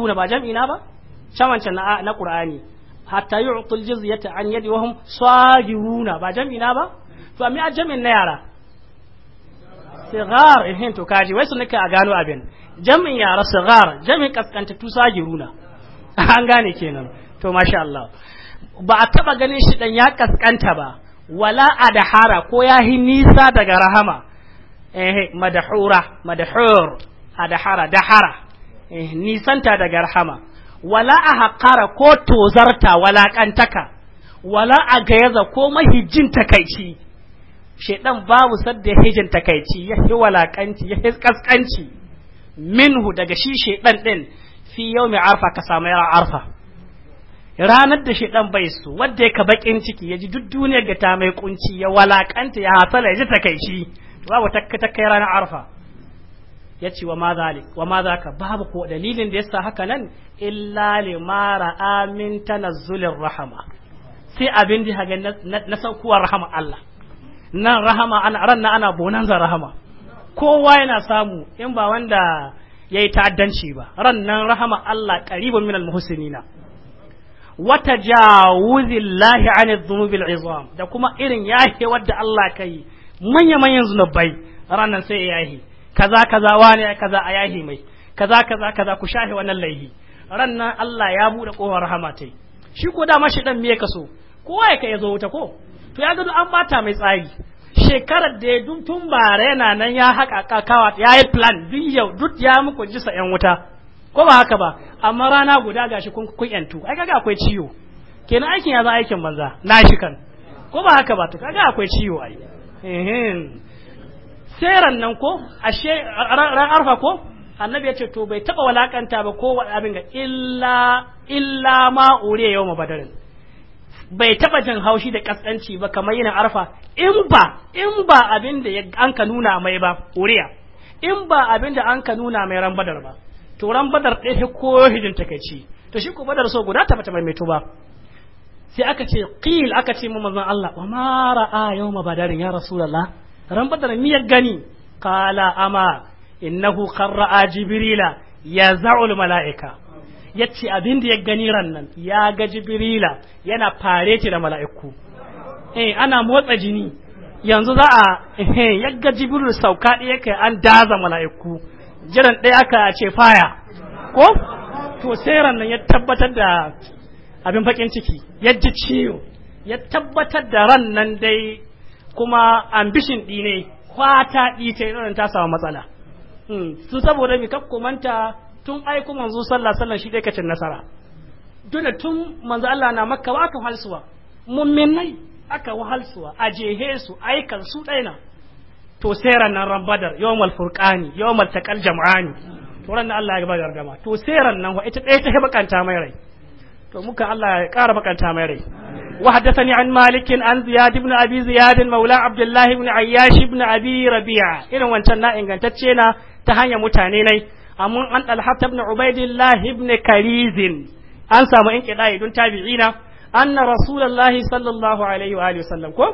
Speaker 1: na ba jam'ina ba shamancan na na qur'ani hatta yu'tul jizyata an yadin wa hum na ba jam'ina ba to amma a jam'in na yara sigar ehin to kaji wai sun nika a gano abin jami'in yara sigar jami'in kaskanta tusa giruna an gane kenan to masha Allah ba a taba ganin shi dan ya kaskanta ba wala adahara ko ya hi nisa daga rahama eh madahura madahur adahara dahara eh nisanta daga rahama wala ahqara ko tozarta wala kantaka wala agayaza ko mahijin takaici shaidan babu sadda ya hijin takaici ya hi walakanci ya hi kaskanci minhu daga shi shaidan din fi mai arfa ka samu yara arfa ranar da shaidan bai su wanda ya ka bakin ciki ya ji duk duniyar ga ta mai kunci ya walakanta ya hasala ya ji takaici babu takka ranar arfa ya ce wa ma zalik wa ma zaka babu ko dalilin da yasa haka nan illa limara amin tanazzulin rahama sai abin da na saukuwar rahama Allah nan rahama ana ran na ana bonanza rahama kowa yana samu in ba wanda yayi yi ta'addanci ba ran nan rahama Allah qaribun minal muhsinina wa tajawuzillahi an dhunubil izam da kuma irin yahe wanda Allah kai manya manyan zunubai ranan sai ya kaza kaza wani kaza a mai kaza kaza kaza ku shahi wannan laihi ran nan Allah ya bude kofar rahama tai shi ko dama shi dan me so kowa ya kai ya zo wuta ko to ya gado an bata mai tsari shekarar da ya dun tun bara yana nan ya haƙa kawa ya yi plan duk yau duk ya muku jisa yan wuta ko ba haka ba amma rana guda gashi kun kun yantu ai kaga akwai ciwo kenan aikin ya za aikin banza na shi kan ko ba haka ba to kaga akwai ciwo ai seran nan ko ashe ran arfa ko annabi ya ce to bai taba walakanta ba ko abin ga illa illa ma ure yau mabadarin bai taba jin haushi da kaskanci ba kamar yin arfa in ba in ba abin da an ka nuna mai ba uriya in ba abin da an ka nuna mai rambadar ba to rambadar badar ɗaya shi ko hijin takaici to shi ko badar so guda taba taba mai ba. sai aka ce qil aka ce mu manzon Allah wa ma ra'a yawma badar ya rasulullah ran badar ni ya gani qala ama innahu qarra'a jibrila yaz'ul malaika ya ce abin da ya gani rannan ya ga jibrila yana fareti da mala'iku eh ana motsa jini yanzu za a eh ya ga jibril sauka ɗaya kai an daza mala'iku jiran ɗaya aka ce faya ko to sai rannan ya tabbatar da abin bakin ciki ya ji ciwo ya tabbatar da rannan dai kuma ambishin ɗi ne kwata ɗi ta yi ta samu matsala hmm, su saboda mi kakkumanta tun aiko manzo sallah sallan shi dai kacin nasara dole tun manzo Allah na makka ba aka halsuwa mumminai aka wa wahalsuwa a jehe su aikan su daina. to sai ranar rambadar yawmal furqani yawmal taqal jam'ani to ran Allah ya ba gargama to sai ranar wa ita ɗaya ta he bakanta mai rai to muka Allah ya ƙara bakanta mai rai wa haddathani an malik an ziyad ibn abi ziyad maula abdullah ibn ayyash ibn abi rabi'a irin wancan na ingantacce na ta hanyar mutane nai amma an dalhata ibn ubaidillah ibn karizin an samu in kidai don tabi'ina anna rasulullahi sallallahu alaihi wa sallam ko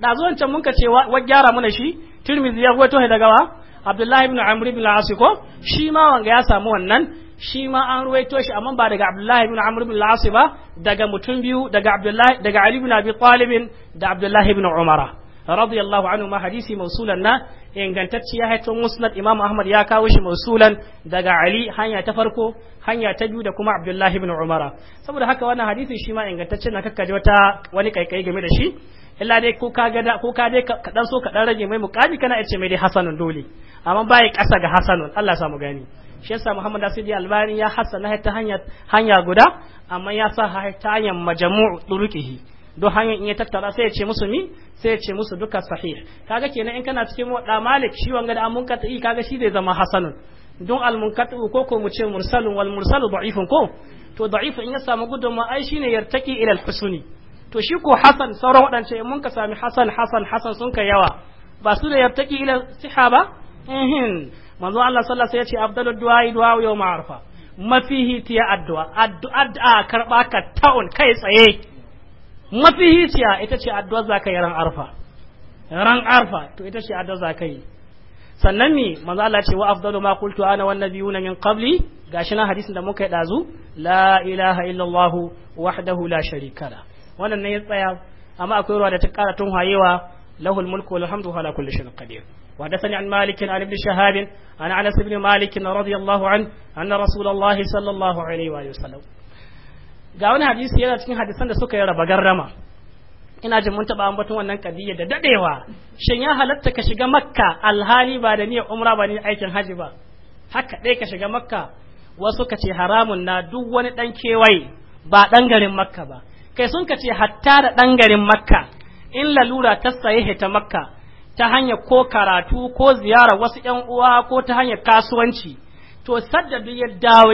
Speaker 1: da zuwan can mun ka ce wa gyara muna shi tirmidhi ya wato daga wa abdullahi ibn amr ibn al-as ko shi ma wanga ya samu wannan shi ma an ruwaito shi amma ba daga Abdullahi ibn Amr ibn al ba daga mutum biyu daga Abdullahi daga Ali ibn Abi Talib da Abdullahi ibn Umar radiyallahu anhu ma hadisi mausulan na ingantacci ya haito musnad imam ahmad ya kawo shi mausulan daga ali hanya ta farko hanya ta biyu da kuma abdullahi ibn umara saboda haka wannan hadisi shi ma ingantacce na kakkaje wata wani kaikai game da shi illa dai ko ka ga ko ka dai dan so ka dan rage mai muqami kana yace mai dai hasanun dole amma bai kasa ga hasanun Allah ya samu gani shi yasa Muhammad Asidi Albani ya hasana ta hanya hanya guda amma ya sa ta hanyar majmu'u turuqihi duk in ya tattara sai ya ce musu mi sai ya ce musu duka sahih kaga kenan in kana cikin wadda malik shi wanga da amun kat'i kaga shi zai zama hasanun don al munkatu ko ko mu ce mursalun wal mursalu da'ifun ko to da'ifun in ya samu gudunma ai shine yartaki ila al husuni to shi ko hasan sauran wadance in mun ka sami hasan hasan hasan sun ka yawa ba su da yartaki ila siha ba ehin manzo Allah sallallahu alaihi wasallam ya ce afdalud du'a du'a yawm arfa mafihi tiya addu'a addu'a karba ka ta'un kai tsaye mafihiciya ita ce addu'ar za ka yi ran arfa ran arfa to ita ce addu'ar za ka yi sannan mi manzo Allah ce wa afdalu ma qultu ana wan nabiyuna min qabli gashi na hadisin da muka yi dazu la ilaha illallah wahdahu la sharika la wannan ne ya tsaya amma akwai ruwa da ta kara tun hayewa lahul mulku wal hamdu ala kulli shay'in qadir وحدثني عن مالك عن ابن شهاب عن an بن مالك رضي الله an ان رسول sallallahu صلى الله عليه ga wani hadisi yana cikin hadisan da suka yi raba garrama ina jin mun taɓa ambaton wannan kadiyya da dadewa shin ya halatta ka shiga makka alhali ba da niyyar umra ba ne aikin haji ba haka dai ka shiga makka wasu ka ce haramun na duk wani dan kewaye ba dan garin makka ba kai sun ka ce hatta da dan garin makka in lalura ta saye ta makka ta hanyar ko karatu ko ziyara wasu yan uwa ko ta hanyar kasuwanci to sadda duk ya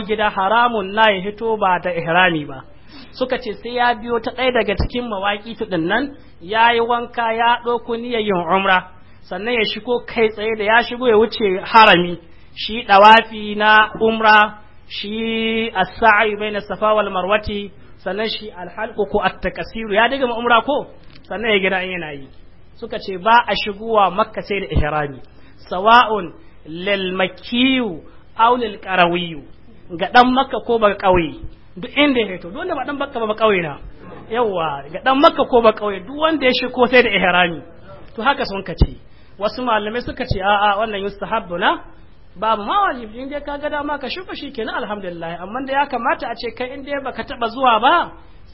Speaker 1: gida haramun na ya hito ba da ihrami ba suka ce sai ya biyo ta ɗaya daga cikin mawaƙi tudin nan ya yi wanka ya ɗauko niyyar yin umra sannan ya shigo kai tsaye da ya shigo ya wuce harami shi ɗawafi na umra shi a sa'ayi baina safa wal marwati sannan shi alhalku ko attakasiru takasiru ya daga umra ko sannan ya gina yana yi suka ce ba a shigowa makka sai da ihrami sawa'un lil makkiyu aw lil qarawiyu ga dan makka ko ba ƙauye. duk inda ya fito dole ba dan makka ba kauye na yawa ga dan makka ko ba kauye duk wanda ya shiko sai da ihrami to haka sun kace wasu malamai suka ce a'a wannan yustahabbu na ba ma wajibi in dai ka ga dama ka shuka shi kenan alhamdulillah amma da ya kamata a ce kai in dai baka taba zuwa ba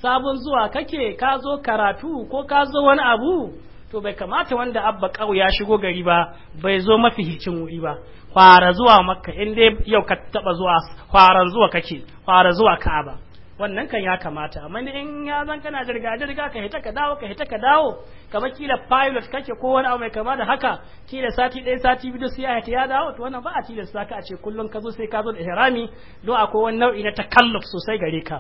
Speaker 1: sabon zuwa kake ka zo karatu ko ka zo wani abu to bai kamata wanda abba kauya ya shigo gari ba bai zo mafi hicin wuri ba fara zuwa makka in dai yau ka taba zuwa fara zuwa kake fara zuwa ka'aba wannan kan ya kamata amma in ya zan kana jirga jirga ka hita ka dawo ka hita ka dawo kama kila pilot kake ko wani abu mai kama da haka kila sati ɗaya sati biyu sai ya hita ya dawo to wannan ba a tilasta ka a ce kullum ka zo sai ka zo da ihrami don akwai wani nau'i na takalluf sosai gare ka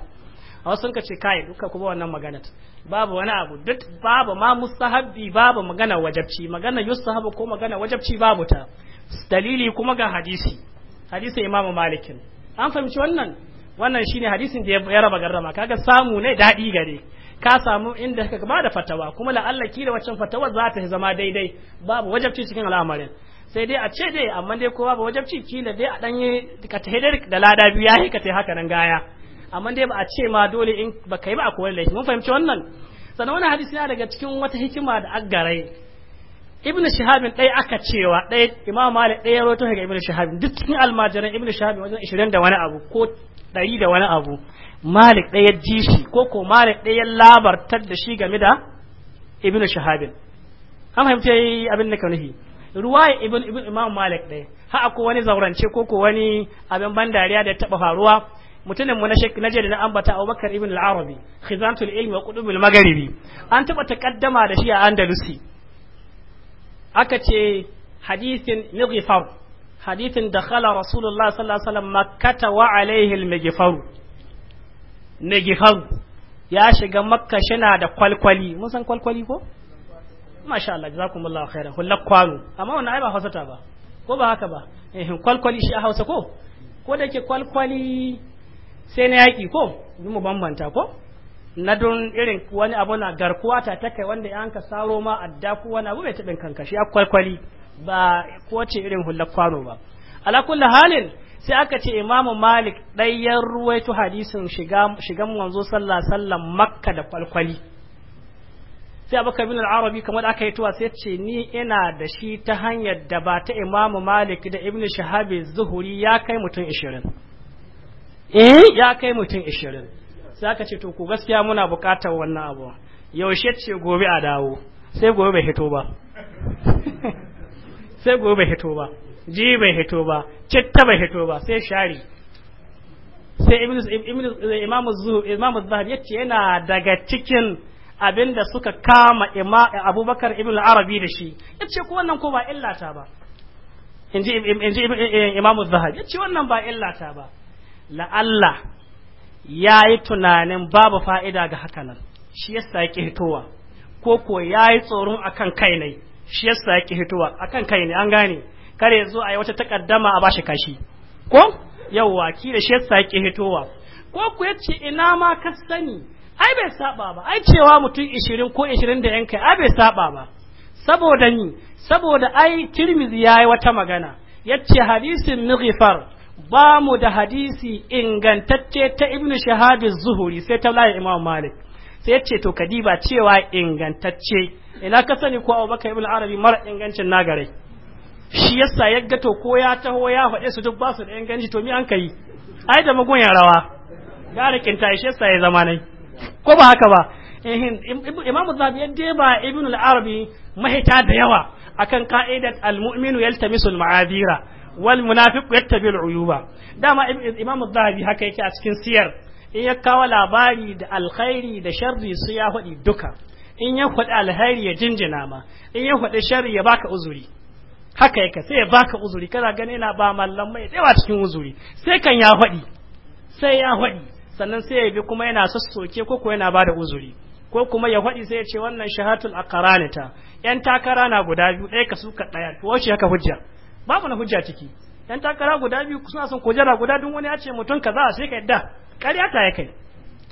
Speaker 1: a wasu ka ce kai duka kuma wannan magana babu wani abu duk babu ma mustahabbi babu magana wajabci magana yustahabu ko magana wajabci babu ta dalili kuma ga hadisi hadisin imam malikin an fahimci wannan wannan shine hadisin da ya raba garrama kaga samu ne daɗi gare ka samu inda ka ba da fatawa kuma la'alla ki da waccan fatawa za ta zama daidai babu wajabci cikin al'amarin sai dai a ce dai amma dai kowa ba wajabci kila dai a ɗanye ka ta da lada biyu ya ka ta haka nan gaya amma dai ba a ce ma dole in ba kai ba a kowane laifi mun fahimci wannan sannan wani hadisi yana daga cikin wata hikima da aggarai ibn shahabin ɗaya aka cewa ɗaya imam malik ɗaya ya rawaito ga ibn shahabin duk cikin almajiran ibn shahabin wajen 20 da wani abu ko 100 da wani abu malik ɗaya ji shi ko ko malik ɗaya ya labartar da shi game da ibn shahabin an fahimta yi abin da ka nufi ruwaya ibn ibn imam malik ɗaya ha ko wani zaurance ko ko wani abin ban dariya da ya taɓa faruwa mutumin mu na shek na da na ambata Abubakar ibn al-Arabi khizantul ilmi wa qutubul magharibi an taɓa takaddama da shi a Andalusi aka ce hadithin mighfar hadithin da khala rasulullah sallallahu alaihi wasallam makkata wa alaihi al-mighfar mighfar ya shiga makka shina da kwalkwali mun san kwalkwali ko masha Allah jazakumullahu khairan hullak kwano amma wannan ai ba hausata ba ko ba haka ba eh kwalkwali shi a Hausa ko ko da ke kwalkwali sai na yaki ko mu bambanta ko na don irin wani abu na garkuwa ta ta wanda ya hanka saro ma adda ko wani abu mai taɓin kankashi a kwalkwali ba ko ce irin hulɗar kwano ba alakulla halin sai aka ce imamu malik ɗayyar ruwai ruwaito hadisin shigan wanzo sallah makka da kwalkwali sai abu kabin al'arabi kamar aka yi tuwa sai ce ni ina da shi ta hanyar da ba ta imamu malik da Ibn shahabi zuhuri ya kai mutum ishirin. eh ya kai mutum ishirin. sai aka ce to ku gaskiya muna buƙatar wannan abu yaushe ce gobe a dawo sai gobe bai hito ba sai gobe bai hito ba ji bai hito ba citta bai hito ba sai shari sai imamu imamu zahabi yace yana daga cikin abinda suka kama abubakar ibn arabi da shi yace ko wannan ko ba illata ba inji inji imamu zahabi yace wannan ba illata ba la'alla ya yi tunanin babu fa'ida ga haka nan shi yasa yake hitowa ko ko ya yi tsoron a kan kai ne shi yasa yake hitowa a kan kai ne an gane kare ya zo a yi wata takaddama a bashi kashi ko yawwa da shi yasa yake hitowa ko ku ce ina ma ka sani ai bai saba ba ai cewa mutum ishirin ko 20 da yanka ai bai saba ba saboda ni saboda ai ya yi wata magana yace hadisin Mughifar ba mu da hadisi ingantacce ta ibnu shahab zuhuri sai ta laye imam malik sai yace to kadiba cewa ingantacce ina ka sani ko bakar ibn arabi mara ingancin nagare shi yasa ya ga to ko ya taho ya faɗe su duk ba su da inganci to mi an kai ai da magoyan rawa gara ta shi yasa ya zama nai ko ba haka ba imam zabi ya deba ibn arabi mahita da yawa akan ka'idat al-mu'minu yaltamisu al-ma'adira wal yattabi al uyuba dama imamu dhahabi haka yake a cikin siyar in ya kawo labari da alkhairi da sharri su ya faɗi duka in ya faɗi alkhairi ya jinjina ma in ya faɗi sharri ya baka uzuri haka yake sai ya baka uzuri kana gani yana ba mallan mai tsawa cikin uzuri sai kan ya faɗi sai ya faɗi sannan sai ya bi kuma yana sassoke ko kuma yana ba da uzuri ko kuma ya faɗi sai ya ce wannan shahatul aqranita yan takara na guda biyu ɗaya ka suka ɗaya to wace haka hujja babu na hujja ciki yan takara guda biyu suna son kujera guda duk wani ya ce mutum kaza sai ka yadda ƙarya ta ya kai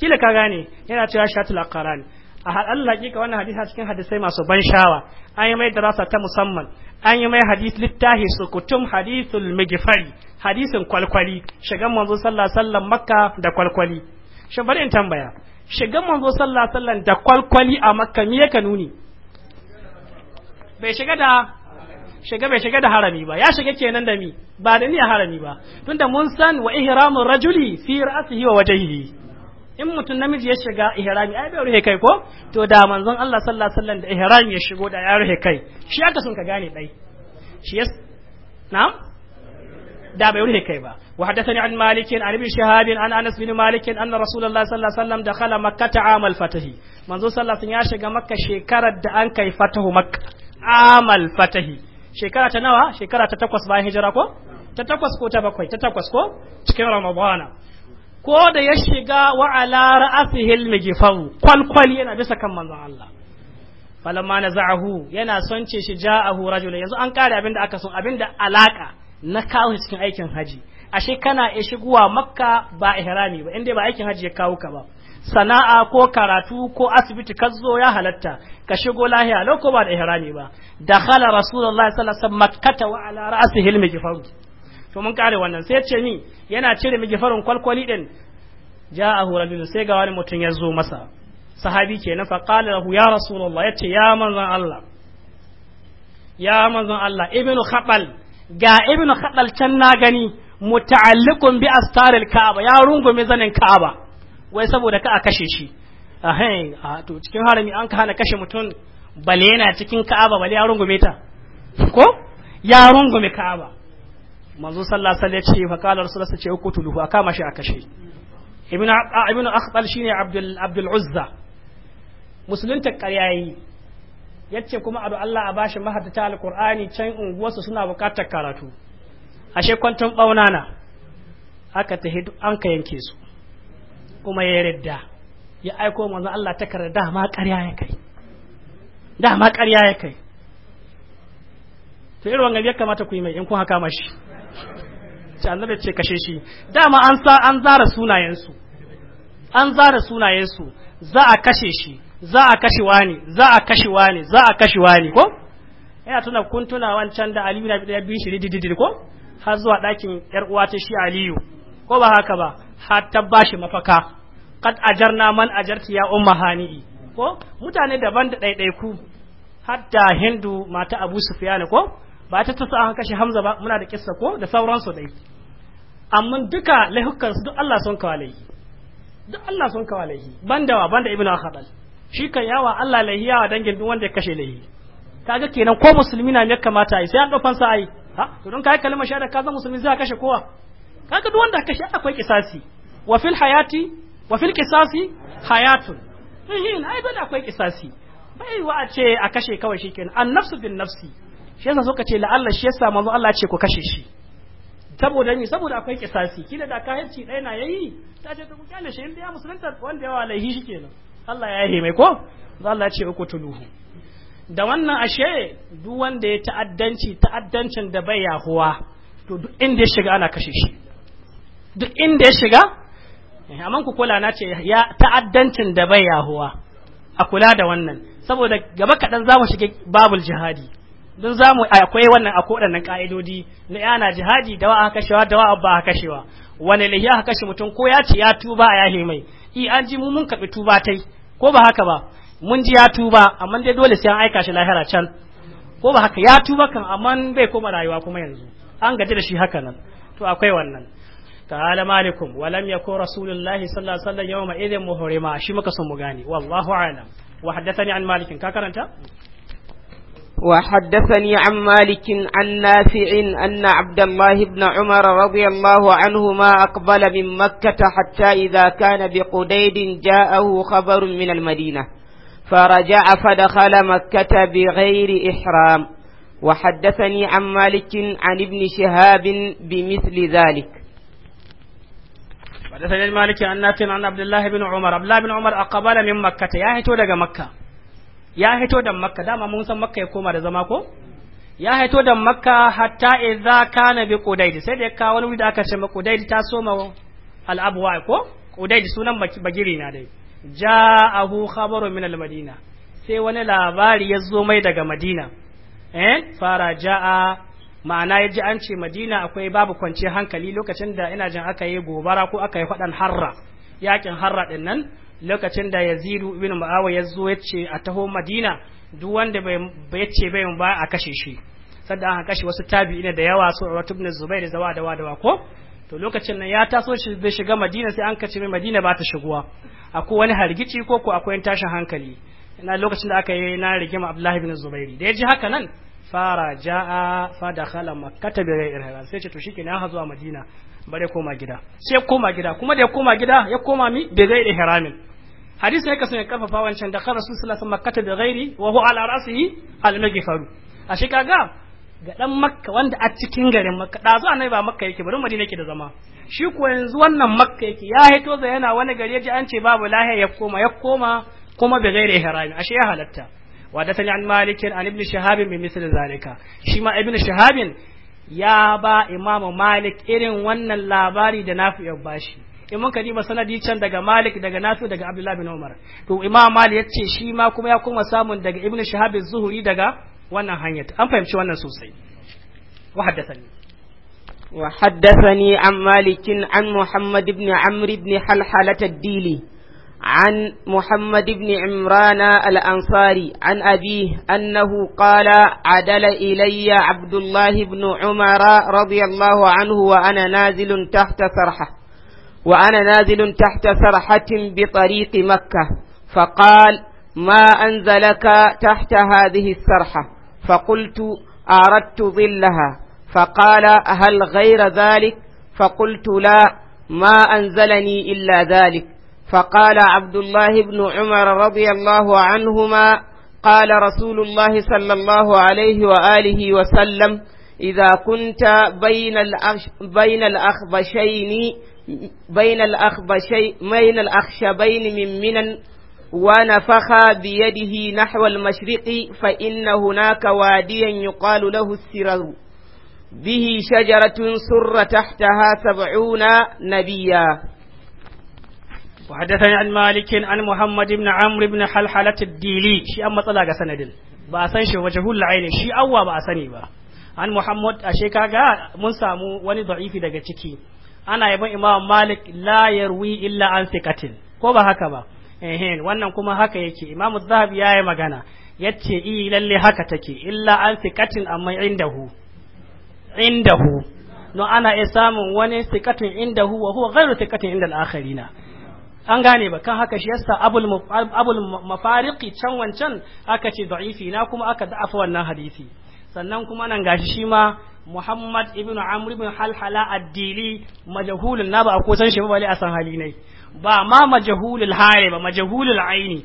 Speaker 1: kila ka gane yana cewa shatul aqran a halal hakika wannan hadisi cikin hadisai masu ban shawa an yi mai darasa ta musamman an yi mai hadis littahi sukutum hadisul migfari hadisin kwalkwali shigan manzo sallallahu alaihi makka da kwalkwali shin bari in tambaya shigan manzo sallallahu alaihi wasallam da kwalkwali a makka me ka nuni bai shiga da shiga bai shiga da harami ba ya shiga kenan da mi ba da ni harami ba tunda mun san wa ihramur rajuli fi ra'sihi wa wajhihi in mutum namiji ya shiga ihrami ai bai ruhe kai ko to da manzon Allah sallallahu alaihi wasallam da ihrami ya shigo da ya ruhe kai shi aka sun ka gane dai shi yas na'am da bai ruhe kai ba wa hadathani an malik an ibn shihab an anas bin malik anna rasulullah sallallahu alaihi wasallam dakhala makkah amal fatahi manzon sallallahu alaihi wasallam ya shiga makka shekarar da an kai fatahu makka amal fatahi shekara ta nawa shekara ta takwas bayan hijira ko ta takwas ko ta bakwai ta takwas ko cikin ramadana ko da ya shiga wa ala ra'asihil migfaru kwalkwal yana bisa kan manzon Allah falamma naza'ahu yana son ce shi ja'ahu rajul yanzu an kare abinda aka son abinda alaka na kawo cikin aikin haji ashe kana ya shiguwa makka ba ihrami ba inda ba aikin haji ya kawo ka ba sana'a ko karatu ko asibiti ka zo ya halatta ka shigo lahiya lau ko ba da ihrami ba dakhala rasulullahi sallallahu alaihi wasallam makkata wa ala ra'sihi al-mijfaru to mun kare wannan sai ce ni yana cire mijifarin kwalkwali din ja'ahu rajul sai ga wani mutum ya zo masa sahabi kenan fa qala lahu ya rasulullah yace ya manzon Allah ya manzon Allah ibnu khabal ga ibnu khabal can na gani muta'alliqun bi astaril ka'aba ya rungume zanin ka'aba wai saboda ka a kashe shi a to cikin harami an ka hana kashe mutum bale yana cikin ka'aba bale ya rungume ta ko ya rungume ka'aba manzo sallallahu alaihi wasallam ya ce fa qala rasulullah ce a kama shi a kashe ibnu ibnu akhtal shine abdul abdul uzza musulunta ƙaryayi yace kuma adu Allah a bashi mahaddata alqur'ani can unguwarsu suna buƙatar karatu ashe kwanton bauna na aka tahidu an ka yanke su kuma ya yarda ya aiko manzon Allah ta da dama ƙarya ya kai dama ƙarya ya kai to irin wannan ya kamata ku yi mai in kun haka mashi ce annabi ce kashe shi dama an sa an zara sunayensu an zara sunayensu za a kashe shi za a kashe wani za a kashe wani za a kashe wani ko ina tuna kun tuna wancan da Aliyu na bi shi didi ko har zuwa ɗakin yar uwa ta shi Aliyu ko ba haka ba har ta bashi mafaka qad ajarna man ajarti ya umma hani'i ko mutane daban da ɗaiɗaiku hatta hindu mata abu sufyan ko ba ta tusa an kashe hamza ba muna da kissa ko da sauransu dai amma duka lahukan su duk Allah sun kawo laihi duk Allah sun kawo laihi banda wa banda ibnu khadal shi kan yawa Allah laihi yawa dangin duk wanda ya kashe laihi kaga kenan ko musulmi na ne kamata ai sai an dofan sa ai ha to don kai kalmar shahada ka zama musulmi zai kashe kowa kaga duk wanda kashe akwai kisasi wa fil hayati wa fil kisasi hayatun hin ai dole akwai kisasi bai wa a ce a kashe kawai shikenan an nafsu bin nafsi shi yasa suka ce Allah shi yasa manzo Allah ce ku kashe shi saboda ni saboda akwai kisasi kila da kahirci ɗaya na yayi ta ce ku kyale shi inda ya musulunta wanda yawa walahi shi kenan Allah ya yi mai ko Allah ya ce ku tuluhu da wannan ashe duk wanda ya ta'addanci ta'addancin da bai yahuwa to duk inda ya shiga ana kashe shi duk inda ya shiga eh, amma ku kula na ce ya ta'addancin da bai yahuwa a kula da wannan saboda gaba kaɗan zamu shige shiga babul jihadi don zamu akwai wannan a kodannan ka'idodi na yana jihadi dawa aka kashewa dawa ba aka kashewa wani lahiya aka kashe mutum ko ya ce ya tuba a yahi mai i an ji mu mun kaɓi tuba tai ko ba haka ba mun ji ya tuba amma dai dole sai an aika shi lahira can ko ba haka ya tuba kan amma bai koma rayuwa kuma yanzu an gaji da shi haka nan to akwai wannan تعالى مالكم ولم يكن رسول الله صلى الله عليه وسلم يوم إذن مهرما شي مكا سمو غاني والله أعلم
Speaker 2: وحدثني عن مالك كاكر أنت وحدثني عن مالك عن نافع أن عبد الله بن عمر رضي الله عنهما أقبل من مكة حتى إذا كان بقديد جاءه خبر من المدينة فرجع فدخل مكة بغير إحرام وحدثني عن مالك عن ابن شهاب بمثل ذلك حدثني
Speaker 1: المالكي عن نافع عن عبد الله بن عمر عبد الله بن عمر أقبل من مكة يا هيتو دغ مكة يا هيتو دم مكة دama mun san makka ya koma da zama ko ya haito da makka hatta idza kana bi qudayd sai da ka wani wuri da aka ce qudayd ta soma al abwa sunan bagiri na dai ja'ahu sai wani labari ya zo mai daga madina fara ja'a ma'ana ya ji an ce madina akwai babu kwanciyar hankali lokacin da ina jin aka yi gobara ko aka yi faɗan harra yakin harra ɗin nan lokacin da yazidu ibn mu'awiya ya zo ya ce a taho madina duk wanda bai ce bai ba a kashe shi sadda aka kashe wasu tabi'ina da yawa su Urwatu ibn Zubair da zawa da wa ko to lokacin nan ya taso shi bai shiga Madina sai an kace mai Madina ba ta shigowa akwai wani hargici ko ko akwai tashin hankali ina lokacin da aka yi na rigima Abdullahi ibn Zubair da ya ji haka nan fara ja'a fa dakhala makkata bi ghairi ihram sai ce to shikenan ya hazo madina bare koma gida sai koma gida kuma da ya koma gida ya koma mi bi ghairi ihramin hadisi yake sun kafafa wancan da kharasu sallallahu alaihi makka bi ghairi wa huwa ala rasihi al faru a shi kaga ga dan makka wanda a cikin garin makka zuwa annabi ba makka yake bari madina yake da zama shi ko yanzu wannan makka yake ya hito zai yana wani gari ya ji an ce babu lahiya ya koma ya koma kuma bi ghairi ihramin ashe ya halatta وحدثني عن مالك عن ابن شهاب بمثل ذلك شيما ابن شهاب يا با إمام مالك إرن ون اللاباري دنافع bashi in muka diba sanadi can daga Malik daga Nafi daga Abdullah bin Umar to Imam Malik yace shi ma kuma ya kuma samun daga Ibn Shihab az-Zuhri daga wannan hanyar an fahimci wannan sosai
Speaker 2: wa haddathani an عن an عن محمد بن عمرو بن حلحلة dili. عن محمد بن عمران الأنصاري عن أبيه أنه قال عدل إلي عبد الله بن عمر رضي الله عنه وأنا نازل تحت سرحة وأنا نازل تحت سرحة بطريق مكة فقال ما أنزلك تحت هذه السرحة فقلت أردت ظلها فقال هل غير ذلك فقلت لا ما أنزلني إلا ذلك فقال عبد الله بن عمر رضي الله عنهما قال رسول الله صلى الله عليه وآله وسلم إذا كنت بين بين الأخبشين بين الأخبشين بين الأخشبين من منن ونفخ بيده نحو المشرق فإن هناك واديا يقال له السرر به شجرة سر تحتها سبعون نبيا وحدثني عن مالك عن محمد بن عمرو بن حلحلة
Speaker 1: الديلي شي أما طلع سند بأسان شي وجهه العين شي أوى بأساني با عن محمد أشيكا من سامو وني ضعيف دقا تشكي أنا يبن إمام مالك لا يروي إلا عن ثقة كوبا هكذا ehen wannan kuma haka yake imam zahabi ya yi magana yace i lalle haka take illa an sikatin amma indahu indahu no ana iya samun wani sikatin indahu wa huwa ghairu sikatin inda al-akharina an gane ba kan haka shi yasa abul mafariqi can wancan aka ce da'ifi na kuma aka da'afa wannan hadisi sannan kuma nan gashi shi ma Muhammad ibn Amr ibn Halhala ad-Dili majhulun na ba a kusan shi ba bale a san hali ne ba ma majhulul hali ba majhulul aini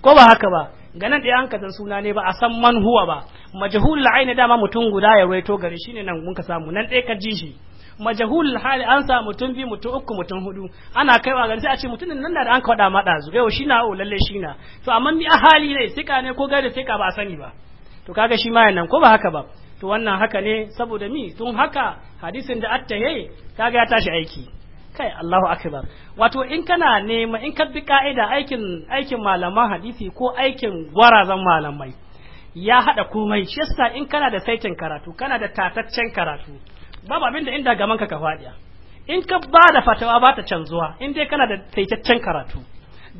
Speaker 1: ko ba haka ba ganan dai an ka kazan suna ne ba a san man huwa ba majhulul aini dama mutum guda ya waito gari shine nan mun ka samu nan dai ka ji shi majahul hali an sa mutum bi mutum uku mutum hudu ana kaiwa gari sai a ce mutumin nan da an kwada ma dazu yau shi na o oh, lalle shi na to amma mi a hali ne sika ne ko gari sika ba a sani ba to kaga shi ma nan ko ba haka ba to wannan haka ne saboda mi tun haka hadisin da attaye kaga ya tashi aiki kai Allahu akbar wato in kana nema in ka bi ka'ida aikin aikin malaman hadisi ko aikin gwarazan malamai ya hada komai shi yasa in kana da saitin karatu kana da tataccen karatu babu abinda inda gaman ka ka faɗiya in ka ba da fatawa ba ta canzuwa in dai kana da taitaccen karatu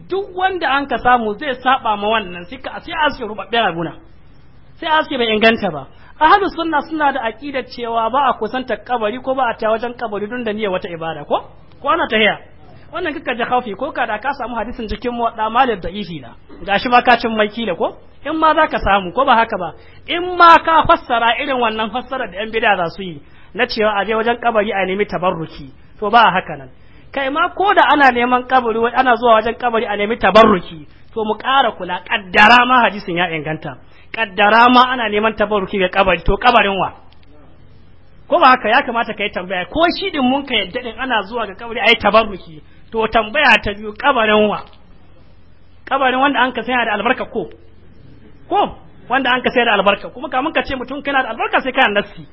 Speaker 1: duk wanda an ka samu zai saba ma wannan sai ka sai aske rubabbe raguna sai aske bai inganta ba ahlus sunna suna da aqidar cewa ba a kusanta kabari ko ba a ta wajen kabari don da niyyar wata ibada ko ko ana haya wannan kaka ji haufi ko ka da ka samu hadisin cikin da malir da ihi na gashi ma ka cin mai kila ko in ma za ka samu ko ba haka ba in ma ka fassara irin wannan fassara da yan bid'a za su yi na cewa a je wajen kabari a nemi tabarruki to ba haka nan kai ma ko da ana neman kabari ana zuwa wajen kabari a nemi tabarruki to mu ƙara kula kaddara ma hadisin ya inganta
Speaker 2: kaddara ma
Speaker 1: ana neman tabarruki ga kabari to kabarin wa ko ba haka ya kamata kai tambaya ko shi din mun ka yadda din ana zuwa ga kabari ayi tabarruki to tambaya ta biyu kabarin wa kabarin wanda an ka sanya da albarka ko ko wanda an ka sanya da albarka kuma ka mun ka ce mutum kana da albarka sai kana nassi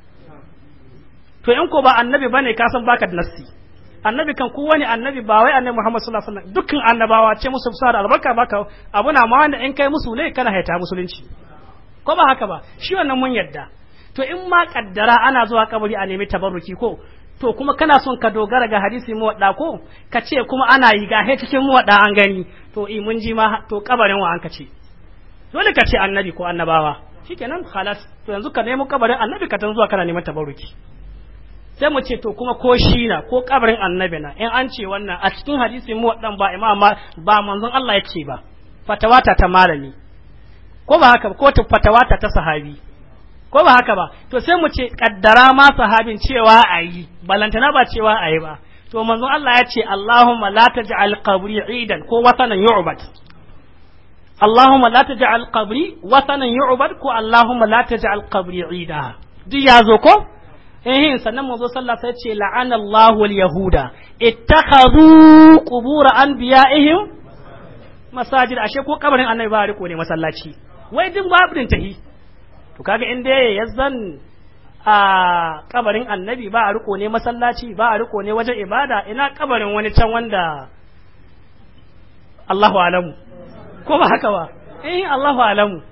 Speaker 1: to in ko ba annabi bane ka san baka da nassi annabi kan ko wani annabi ba wai annabi Muhammad sallallahu alaihi wasallam dukkan annabawa ce musu sa da albarka baka abuna ma wanda in kai musu ne kana haita musulunci ko ba haka ba shi wannan mun yadda to in ma kaddara ana zuwa kabari a nemi tabarruki ko to kuma kana son ka dogara ga hadisi mu wadda ko ka ce kuma ana yi ga he cikin mu wadda an gani to i mun ji ma to kabarin wa an ka ce dole ka ce annabi ko annabawa shikenan khalas to yanzu ka nemi kabarin annabi ka tan zuwa kana neman tabarruki sai mu ce to kuma ko shi na ko kabarin annabi na in an ce wannan a cikin hadisi mu wadan ba imama ba manzon Allah ya ce ba fatawata ta malami ko ba haka ko ta fatawata ta sahabi ko ba haka ba to sai mu ce kaddara ma sahabin cewa ayi balantana ba cewa ayi ba to manzon Allah ya ce Allahumma la taj'al qabri idan ko watanan yu'bad Allahumma la taj'al qabri watanan yu'bad ko Allahumma la taj'al qabri ida duk ya zo ko eh sannan manzo sallah sai ce la'ana Allahu al-yahuda ittakhadhu qubur anbiya'ihim masajid ashe ko kabarin annabi ba riko ne masallaci wai din babin tahi to kaga in dai yazzan a kabarin annabi ba a riko ne masallaci ba a riko ne wajen ibada ina kabarin wani can wanda Allahu alamu ko ba haka ba eh Allahu alamu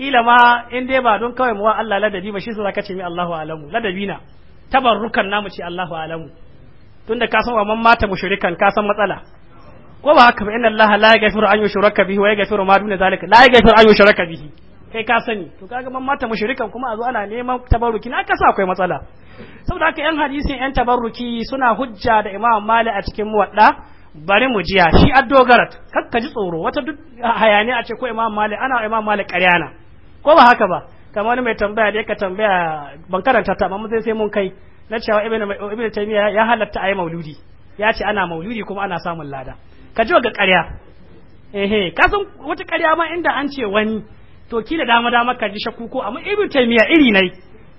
Speaker 1: kila ma in dai ba don kawai muwa Allah ladabi ba shi su zaka ce mi Allahu alamu ladabi na tabarrukan namu ce Allahu alamu tunda ka san wa man mata mushrikan ka san matsala ko ba haka ba inna Allah la yaghfiru an yushraka bihi wa yaghfiru ma duna zalika la yaghfiru an yushraka bihi kai ka sani to kaga man mata mushrikan kuma a zo ana neman tabarruki na kasa akwai matsala saboda haka yan hadisin yan tabarruki suna hujja da Imam Malik a cikin muwadda bari mu jiya shi addogarat kakkaji tsoro wata duk hayani a ce ko Imam Malik ana Imam Malik ƙaryana ko ba haka ba kamar wani mai tambaya da ka tambaya ban karanta ta amma sai sai mun kai na cewa ibn ibn taymiya ya halatta ayi mauludi ya ce ana mauludi kuma ana samun lada ka ji ga ƙarya ehe ka san wata ƙarya ma inda an ce wani to kila dama dama ka ji shakku ko amma ibn taymiya iri nai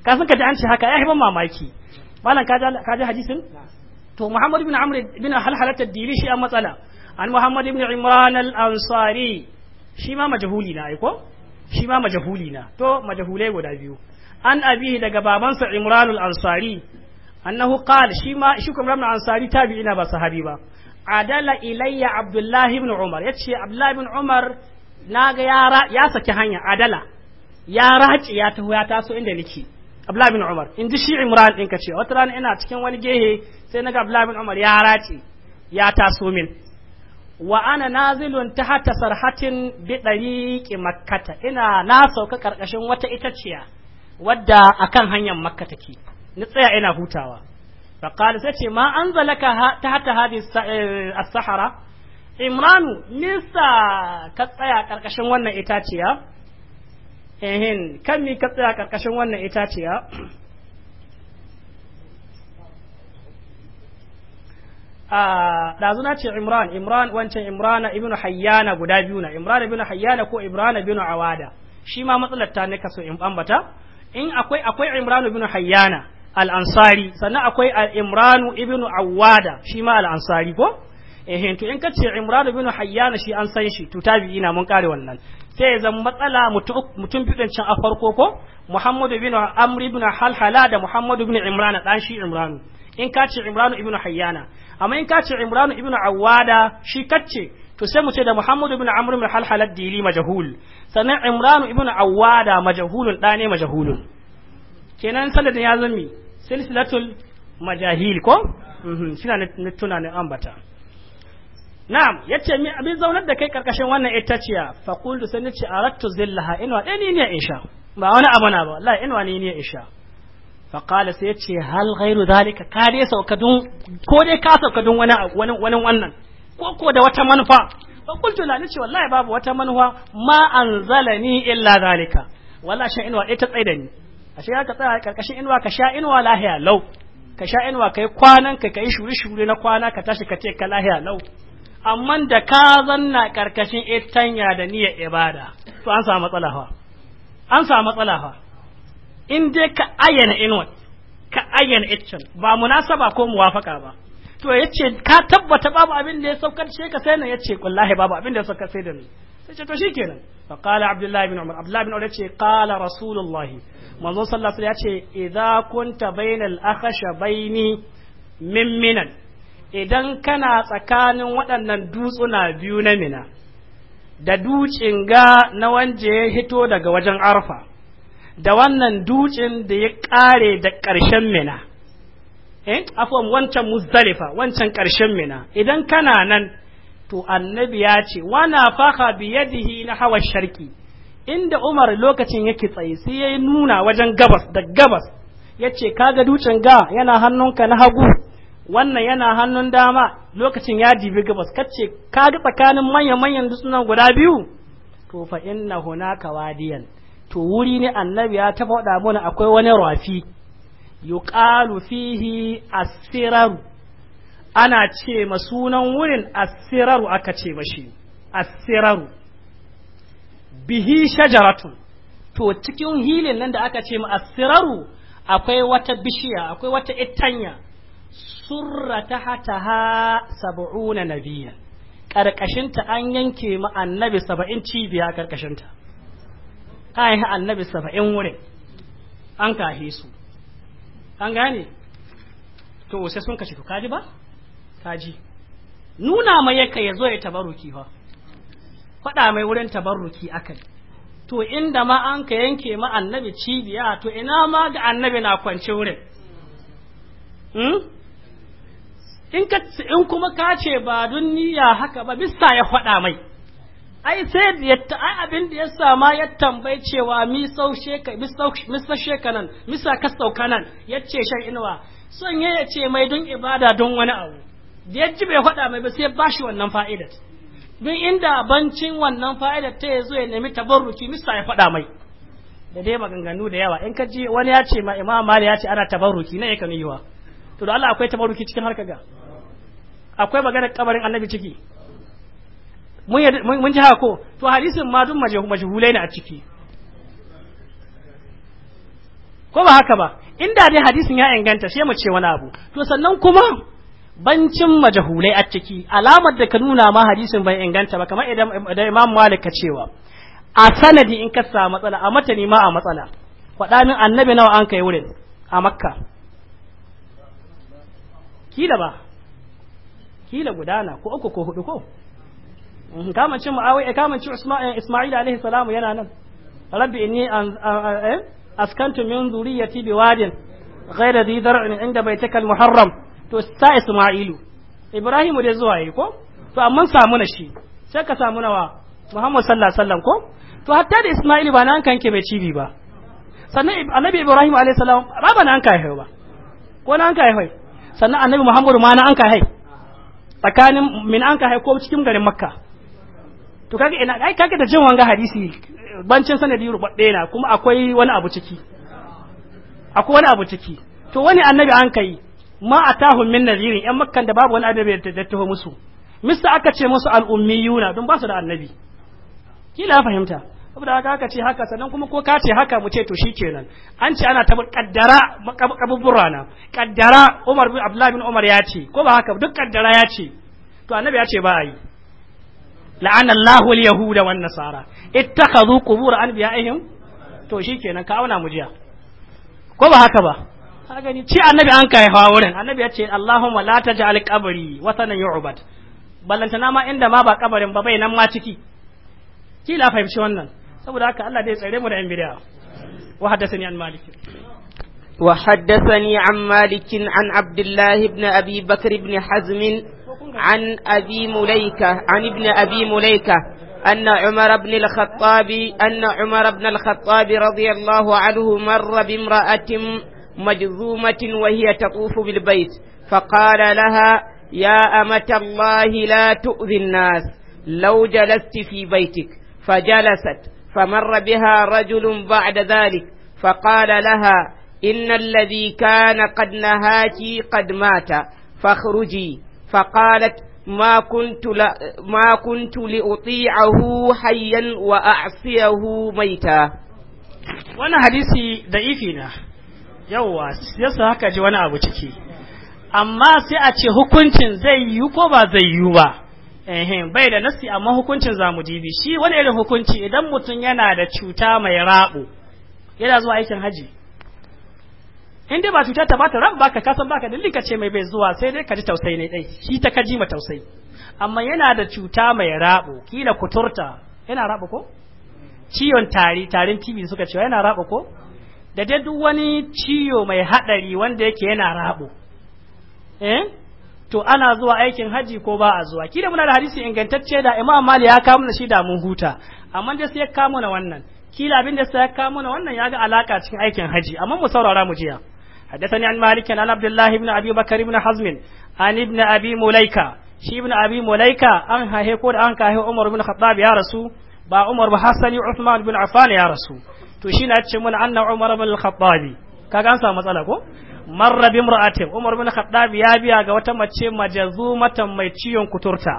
Speaker 1: ka san ka ji an ce haka ya ban mamaki malam ka ji hadisin to muhammad ibn amr ibn halhalatta dili shi an matsala an muhammad ibn imran al-ansari shi ma majhuli na ai ko shi ma majahuli na to majahulai guda biyu an abihi daga babansa imranul ansari annahu qala shi ma shi kuma imranul ansari tabi'ina ba sahabi ba adala ilayya abdullahi ibn umar yace abdullahi ibn umar naga yara ya saki hanya adala ya raci ya taho ya taso inda nake abdullahi ibn umar in ji shi imran din kace wata rana ina cikin wani gehe sai naga abdullahi ibn umar ya raci ya taso min wa ana nazilun ta hata sarhatin bi ɗariƙi makkata ina na sauka ƙarƙashin wata itaciya wadda akan hanyar makka take ni tsaya ina hutawa fa qala sai ce ma anzalaka ta hata hadi eh, as-sahara imranu nisa ka tsaya ƙarƙashin wannan itaciya ehin kan ni ka tsaya ƙarƙashin wannan itaciya da zuna ce imran imran wancan imrana ibnu hayyana guda biyu na imran ibnu hayyana ko imran ibnu awada shi ma matsalar ta ne so in bambata in akwai akwai imran ibnu hayyana al ansari sannan akwai al imran ibnu awada shi ma al ansari ko eh to in ka ce imran ibnu hayyana shi an san shi to ina mun kare wannan sai zan matsala mutum biyu can a farko ko muhammadu ibnu amr ibnu halhala da muhammadu ibnu imran dan shi imran in ka ce imran ibnu hayyana amma in ka ce imran ibn awada shi kacce to sai mu ce da muhammad ibn amr ibn halhal ad-dili majhul sannan imran ibn awada majhulun da ne majhulun kenan sanadin ya zami silsilatul majahil ko mhm, shina na tuna ne ambata na'am yace mi abin zaunar da kai karkashin wannan ittaciya fa qultu sai nace arattu zillaha inwa dai ni ne isha. ba wani abu na ba wallahi inwa ni ne isha. faƙala sai ce hal gairu zalika ka dai sauka dun ko dai ka sauka dun wani wani wannan ko ko da wata manufa fa qultu la nace wallahi babu wata manufa ma anzalani illa zalika wallahi shan inwa ita tsaida ni ashe ka tsaya karkashin inwa ka sha inwa lahiya lau ka sha inwa kai kwanan ka kai shuri shuri na kwana ka tashi ka ce ka lahiya lau amma da ka zanna karkashin itanya da niyyar ibada to an samu matsala fa an samu matsala fa in dai ka ayyana inuwa ka ayyana iccen ba munasaba ko muwafaka ba to yace ka tabbata babu abin da ya saukar sai ka sai nan yace wallahi babu abin da ya saukar sai da ni sai ce to shikenan fa qala abdullahi bin umar abdullahi bin umar yace qala rasulullahi manzo sallallahu alaihi wasallam yace idza kunta bainal akhashabaini min minan idan kana tsakanin waɗannan dutsuna biyu na mina da dutsen ga na wanje ya hito daga wajen arfa da wannan dutsen da ya kare da ƙarshen mina eh afwan wancan muzdalifa wancan ƙarshen mina idan kana nan to annabi ya ce wana faha bi yadihi na hawa sharki inda Umar lokacin yake tsaye sai ya nuna wajen gabas da gabas yace kaga dutsen ga yana hannunka na hagu wannan yana hannun dama lokacin ya dibi gabas kace kaga tsakanin manyan manyan dutsunan guda biyu to fa inna hunaka wadiyan to wuri ne annabi ya ta faɗa mana akwai wani rafi yuqalu fihi as ana ce ma sunan wurin as aka ce mashi as bihi shajaratun to cikin hilin nan da aka ce ma as akwai wata bishiya akwai wata ittanya surra ta hataha sab'una nabiyya karkashinta an yanke ma annabi saba'in cibiya karkashinta kayan annabi saba'in wurin an kahe su an gane to sai sun kashe to kaji ba kaji nuna mai yaka ya zo ya tabarruki fa faɗa mai wurin tabarruki akai to inda ma an ka yanke ma annabi cibiya to ina ma ga annabi na kwance wurin hmm? in kuma ka ce ba dun niyya haka ba bisa ya faɗa mai ai sai da ya ai abin da ya sama ya tambayi cewa mi saushe ka mi saushe ka nan sa ka sauka nan yace shan inuwa son ya yace mai don ibada don wani abu da ya ji bai faɗa mai ba sai ba shi wannan fa'ida don inda bancin wannan fa'ida ta zo ya nemi tabarruki sa ya faɗa mai da dai maganganu da yawa in ka ji wani ya ce ma imam mali ya ce ana tabarruki na yakan yiwa to da Allah akwai tabarruki cikin harka ga akwai maganar kabarin annabi ciki mun ji haka ko to hadisin ma duk majhulai ne a ciki ko ba haka ba inda dai hadisin ya inganta sai mu ce wani abu to sannan kuma bancin majahulai a ciki alamar da ka nuna ma hadisin bai inganta ba kamar idan Imam Malik ka cewa a sanadi in ka samu matsala a matani ma a matsala faɗa min annabi nawa an kai wurin a Makka kila ba kila gudana ko uku ko hudu ko Eh, kamance muawiya eh, kamance eh, isma'il alayhi salam yana nan rabbi inni askantu min zuriyati biwadin ghayra dhi zar'in inda baitika al-muharram to sa Isma'il. Ibrahim dai zuwa yi ko to amma samu na shi sai ka samu nawa muhammad sallallahu alaihi wasallam ko to hatta da Isma'il ba nan kanke bai cibi ba sannan annabi ibrahim alayhi salam ba ba nan kai ba ko nan kai hai sannan annabi muhammad ma nan kai hai tsakanin min an kai ko cikin garin makka to kage ina ai kage da jin wanga hadisi bancin sanadi rubabbe na kuma akwai wani abu ciki akwai wani abu ciki to wani annabi an kai ma atahum min nazirin yan makkan da babu wani annabi da taho musu mista aka ce musu ummiyuna don ba su da annabi kila fahimta saboda haka aka ce haka sannan kuma ko ka ce haka mu ce to shikenan an ce ana tabar kaddara kaburbura na kaddara Umar bin Abdullah bin Umar ya ce ko ba haka duk kaddara ya ce to annabi ya ce ba a yi la'ana Allahu al-yahuda wan nasara ittakhadhu qubur anbiya'ihim to shikenan ka auna mujiya ko ba haka ba ka gani ci annabi an kai hawa wurin annabi ya ce Allahumma la taj'al qabri watanan yu'bad ballantana ma inda ma ba kabarin ba bai nan ma ciki
Speaker 2: la fahimci wannan saboda haka Allah dai tsare mu da yan bid'a wa haddathani an malik وحدثني عن مالك عن عبد الله بن أبي بكر بن حزم عن أبي مليكة عن ابن أبي مليكة أن عمر بن الخطاب أن عمر بن الخطاب رضي الله عنه مر بامرأة مجذومة وهي تطوف بالبيت فقال لها يا أمة الله لا تؤذي الناس لو جلست في بيتك فجلست فمر بها رجل بعد ذلك فقال لها إن الذي كان قد نهاك قد مات فاخرجي فقالت ما كنت لا ما كنت لأطيعه حيا وأعصيه ميتا وانا حديثي ضعيفنا
Speaker 1: يوا يسا haka ji wani abu ciki amma sai a ce hukuncin zai yi ko ba zai yi ba bai da nasi amma hukuncin zamu dibi shi wani irin hukunci idan mutum yana da cuta mai raɓo, yana zuwa aikin haji in dai ba cuta ta bata ran baka kasan baka dalilin ka ce mai bai zuwa sai dai ka ji tausayi ne dai shi ta kaji ma tausayi amma yana da cuta mai rabo kila kuturta yana rabo ko ciwon tari tarin TV suka cewa yana rabo ko da dai duk wani ciwo mai hadari wanda yake yana rabo eh to ana zuwa aikin haji ko ba a zuwa kila muna da hadisi ingantacce da Imam Malik ya kawo mana shi da mun huta amma dai sai ya kawo mana wannan kila abin da sai ya kawo mana wannan ya ga alaka cikin aikin haji amma mu saurara mu jiya حدثني عن مالك عن عبد الله بن أبي بكر بن حزم عن ابن أبي مليكة شي ابن أبي مليكة أن هي كود أن عمر بن الخطاب يا رسول با عمر بحسن عثمان بن عفان يا رسول to shi yace ce mun anna Umar bin Khattabi kaga an samu matsala ko marra bi Umar bin Khattabi ya biya ga wata mace majazumatan mai ciyon kuturta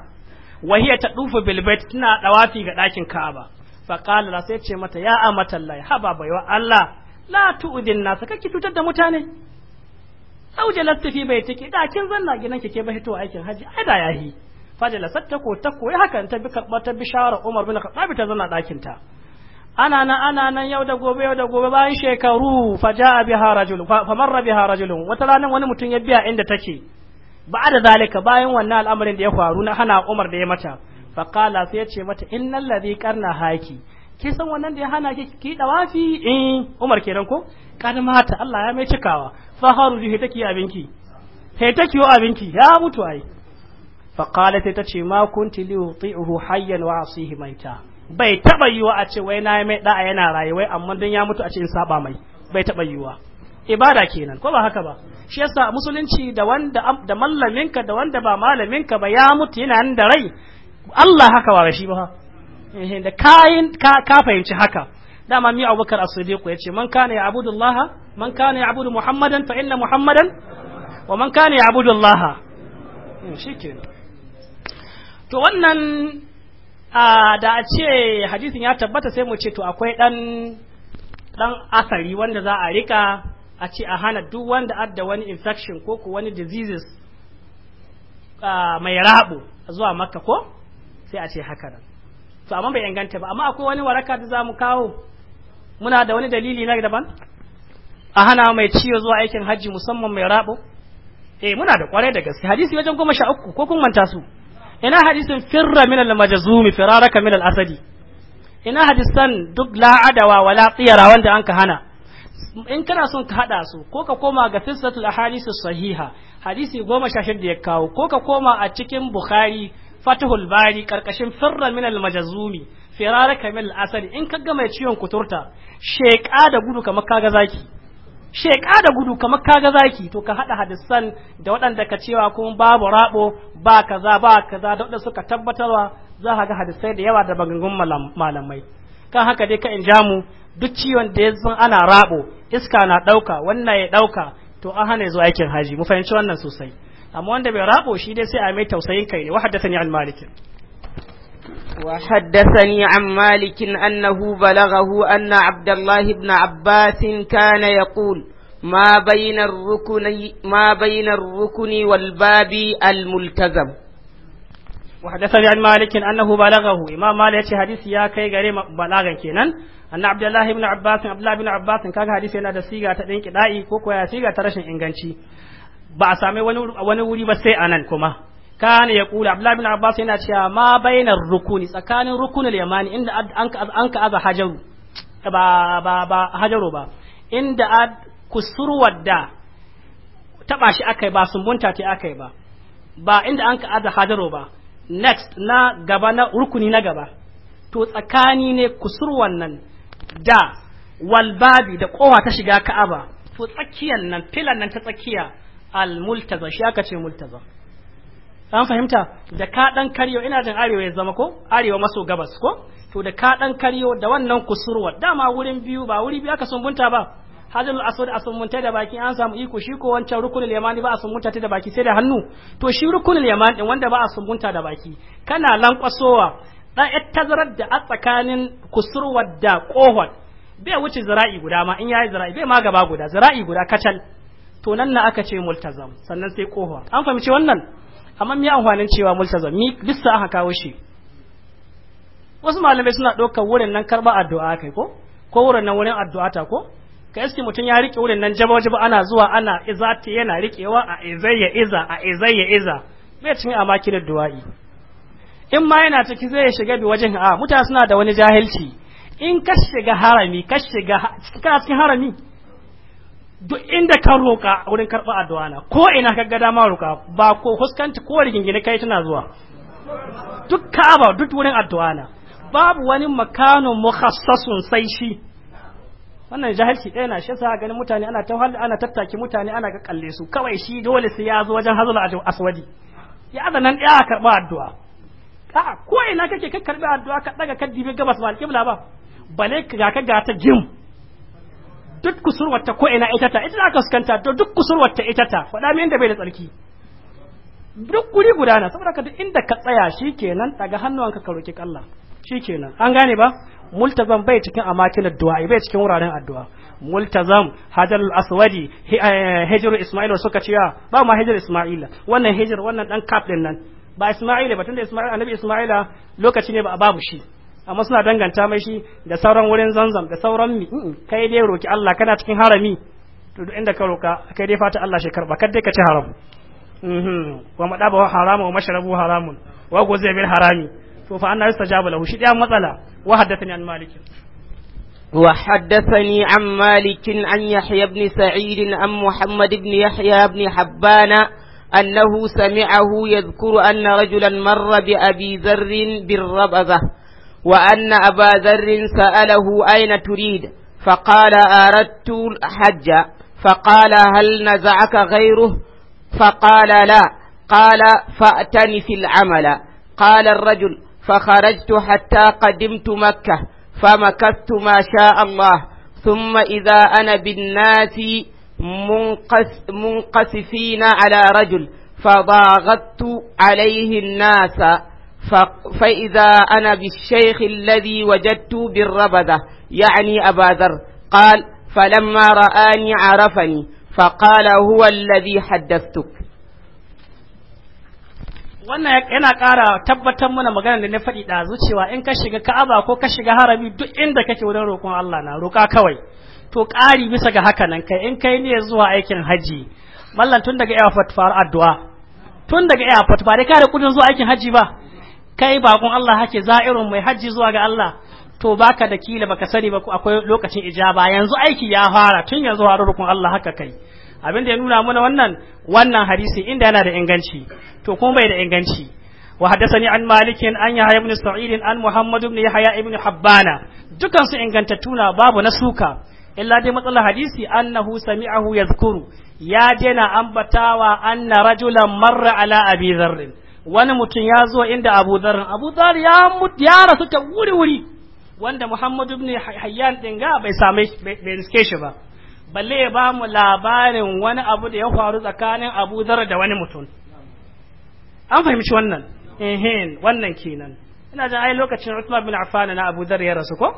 Speaker 1: wa hiya tadufu bil bait tana dawafi ga dakin Ka'aba fa qala ce mata ya amatallah haba baiwa Allah la tu'dhin nasa kake cutar da mutane aw jalatta fi bai take da kin zanna gidan ke ba hito aikin haji ai da yahi fa jalasat ta ko ta koyi hakan ta bi karba ta bi shawara Umar bin Khattab ta zanna dakin ta ana nan ana nan yau da gobe yau da gobe bayan shekaru fa jaa biha rajul fa marra biha rajul wata ranan wani mutum ya biya inda take ba'da zalika bayan wannan al'amarin da ya faru na hana Umar da ya mata fa sai ya ce mata innal ladhi qarna haki ke san wannan da ya hana ki ki wafi in eh, Umar kenan ko kad mata Allah ya mai cikawa fa haru ji take binki he take yo abinki ya mutu ai fa qalat ta ce ma kunti li yuti'uhu hayyan wa asihi maita bai taba yiwa a ce wai na mai da yana rayuwa amma dan ya mutu a ce in saba mai bai taba yiwa ibada kenan ko ba haka ba shi yasa musulunci da wanda da mallaminka da wanda ba malaminka ba ya mutu yana nan da rai Allah haka ba shi ba Eh, da kayin ka fahimci haka dama mi abubakar ku ya ce man ya abudu Allah man ya abudu Muhammadan fa inna Muhammadan wa man ya abudu Allah hmm, shikenan to wannan da a ce hadisin ya tabbata sai mu ce to akwai dan dan asari wanda za a rika a ce a hana duk wanda adda wani infection ko ko wani diseases mai rabu zuwa makka ko sai a ce haka nan to amma bai inganta ba amma akwai wani waraka da zamu kawo muna da wani dalili na daban a hana mai ciwo zuwa aikin haji musamman mai rabo eh muna da kware da gaske hadisi wajen goma sha uku ko kun manta su ina hadisin firra min al-majzumi firaraka min al-asadi ina hadisan duk la'adawa wala tiyara wanda an ka hana in kana son ka hada su ko ka koma ga fisatul ahadith sahiha hadisi goma sha shida ya kawo ko ka koma a cikin bukhari fatihul bari karkashin firra majazumi almajazumi firara kamil asali in ka ga mai ciwon kuturta sheƙa da gudu kamar kaga zaki sheka da gudu kamar kaga zaki to ka hada hadisan da waɗanda ka cewa kuma babu rabo ba kaza ba kaza da waɗanda suka tabbatarwa za ka ga hadisai da yawa da bangangun malamai kan haka dai ka in mu duk ciwon da ya ana rabo iska na ɗauka wannan ya ɗauka to an hana zuwa aikin haji mu fahimci wannan sosai amma wanda bai rabo shi dai sai a
Speaker 2: mai tausayin kai ne wa haddathani an malikin وحدثني عن مالك أنه بلغه أن عبد الله بن عباس كان يقول ما بين الركن ما بين الركن والباب الملتزم وحدثني عن مالك أنه بلغه إمام مالك حديث يا كي
Speaker 1: غري بلاغا كينان أن عبد الله بن عباس عبد الله بن عباس كان حديث أن هذا سيغا تدين كدائي كوكو يا سيغا ترشن إنغانشي ba a same wani wuri ba sai anan kuma kana ya kula Abdullahi bin Abbas yana cewa ma bainar rukuni tsakanin rukunul yamani inda an ka aza hajaru ba ba ba hajaru ba inda ad kusurwar da taba shi akai ba sumbunta ta akai ba ba inda an ka aza hajaru ba next na gaba na rukuni na gaba to tsakani ne kusurwan nan da walbabi da kowa ta shiga ka'aba to tsakiyar nan filan nan ta tsakiya al multaza shi aka ce multaza an fahimta da ka dan karyo ina jin arewa ya zama ko arewa maso gabas ko to da ka dan karyo da wannan kusurwa dama wurin biyu ba wuri biyu aka sumbunta ba hajjal aswad a da baki an samu iko shi ko wancan rukunin yamani ba a sumbunta ta da baki sai da hannu to shi rukunin yamani din wanda ba a sumbunta da baki kana lankwasowa dan yar tazarar da a tsakanin kusurwar da kohon bai wuce zira'i guda ma in yayi zira'i bai ma gaba guda zira'i guda kacal to nan na aka ce multazam sannan sai kofa an fahimci wannan amma me amfanin cewa multazam ni bisa aka kawo shi wasu malamai suna ɗaukar wurin nan karba addu'a kai ko ko wurin nan wurin addu'a ta ko ka mutum ya rike wurin nan jaba jaba ana zuwa ana ta yana rikewa a izayya iza a izayya iza bai cin a makin du'a'i in ma yana ciki zai shiga bi wajen a mutane suna da wani jahilci in ka shiga harami ka shiga cikin harami duk inda ka roƙa wurin karɓar addu'a na ko ina ka ga dama roƙa ba ko huskanta ko rigingine kai tana zuwa duk ka'aba duk wurin addu'a na babu wani makano mukhassasun sai shi wannan jahilci ɗaya na shi sa ganin mutane ana ta ana tattaki mutane ana ga kalle su kawai shi dole sai ya zo wajen hazul aswadi ya nan ɗaya karɓa addu'a a'a ko ina kake ka karɓi addu'a ka daga kaddibi gabas ba alƙibla ba bale ka ga ka ga ta gim. duk kusurwar ko ina ita ta ita ka fuskanta to duk kusurwar ta ita ta faɗa min inda bai da tsarki duk guri guda na saboda ka duk inda ka tsaya shikenan daga hannuwanka ka roki Allah shikenan an gane ba multazam bai cikin amakin addu'a bai cikin wuraren addu'a multazam hajar aswadi eh, hijiru isma'il suka ce ah, ba ma hijiru isma'ila wannan hijir wannan dan kaf din nan ba isma'ila ba tunda isma'ila annabi isma'ila lokaci ne ba babu shi amma suna danganta mai shi da sauran wurin zanzam da sauran mi kai dai roki Allah kana cikin harami to duk inda ka roka kai dai fata Allah shi karba dai ka ci haram mhm. wa madabahu haramun wa mashrabu haramun wa goze bil harami to fa anna yustajabu lahu shi da matsala wa haddathani
Speaker 2: an malik وحدثني عن مالك عن يحيى بن سعيد عن محمد بن يحيى بن حبان أنه سمعه يذكر أن رجلا مر بأبي ذر بالربذة وأن أبا ذر سأله أين تريد فقال أردت الحج فقال هل نزعك غيره فقال لا قال فأتني في العمل قال الرجل فخرجت حتى قدمت مكة فمكثت ما شاء الله ثم إذا أنا بالناس منقس منقسفين على رجل فضاغطت عليه الناس فإذا أنا بالشيخ الذي وجدت بالربذة يعني أبا ذر قال فلما رآني عرفني فقال هو الذي حدثتك
Speaker 1: wannan yana ƙara tabbatar mana magana da na faɗi ɗazu cewa in ka shiga ka'aba ko ka shiga harami duk inda kake wurin roƙon Allah na roƙa kawai to ƙari bisa ga haka nan kai in kai ne zuwa aikin haji mallan tun daga iya fatfar addu'a tun daga iya ba dai ka da kudin zuwa aikin haji ba kai bakon Allah hake za'irun mai hajji zuwa ga Allah to baka da kila baka sani ba akwai lokacin ijaba yanzu aiki ya fara tun yanzu har rukun Allah haka kai abin da ya nuna mana wannan wannan hadisi inda yana da inganci to kuma bai da inganci wa haddathani an malikin an yahya ibn sa'id an muhammad ibn yahya ibn habbana dukan su na babu na suka illa dai matsalar hadisi annahu sami'ahu yadhkuru ya dena ambatawa anna rajulan marra ala abi dharrin wani mutum ya zo inda Abu Dharr Abu Dharr ya mutu ya rasu ta wuri wuri wanda Muhammad ibn Hayyan din ga bai same bai riske shi ba balle ya ba mu labarin wani abu da ya faru tsakanin Abu Dharr da wani mutum an fahimci wannan eh wannan kenan ina jin ai lokacin Uthman bin Affan na Abu Dharr ya rasu ko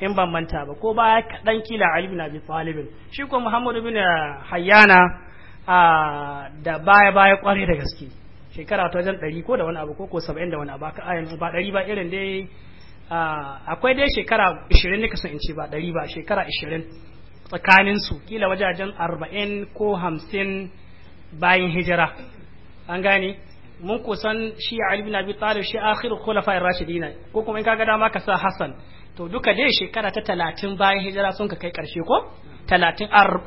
Speaker 1: in ban manta ba ko baya kadan kila Ali bin Abi Talib shi ko Muhammad bin ah, Hayyana ah, da baya baya kware da gaske shekara ta wajen ɗari ko da wani abu ko ko saba'in da wani abu aka ayan ba ɗari ba irin dai akwai dai shekara ishirin ne kasan in ce ba ɗari ba shekara ishirin tsakanin su kila wajajen arba'in ko hamsin bayan hijira an gane mun kusan shi a bin Abi Talib shi akhir khulafa'ir rashidin ko kuma in kaga dama ka sa Hassan to duka dai shekara ta talatin bayan hijira sun ka kai karshe ko talatin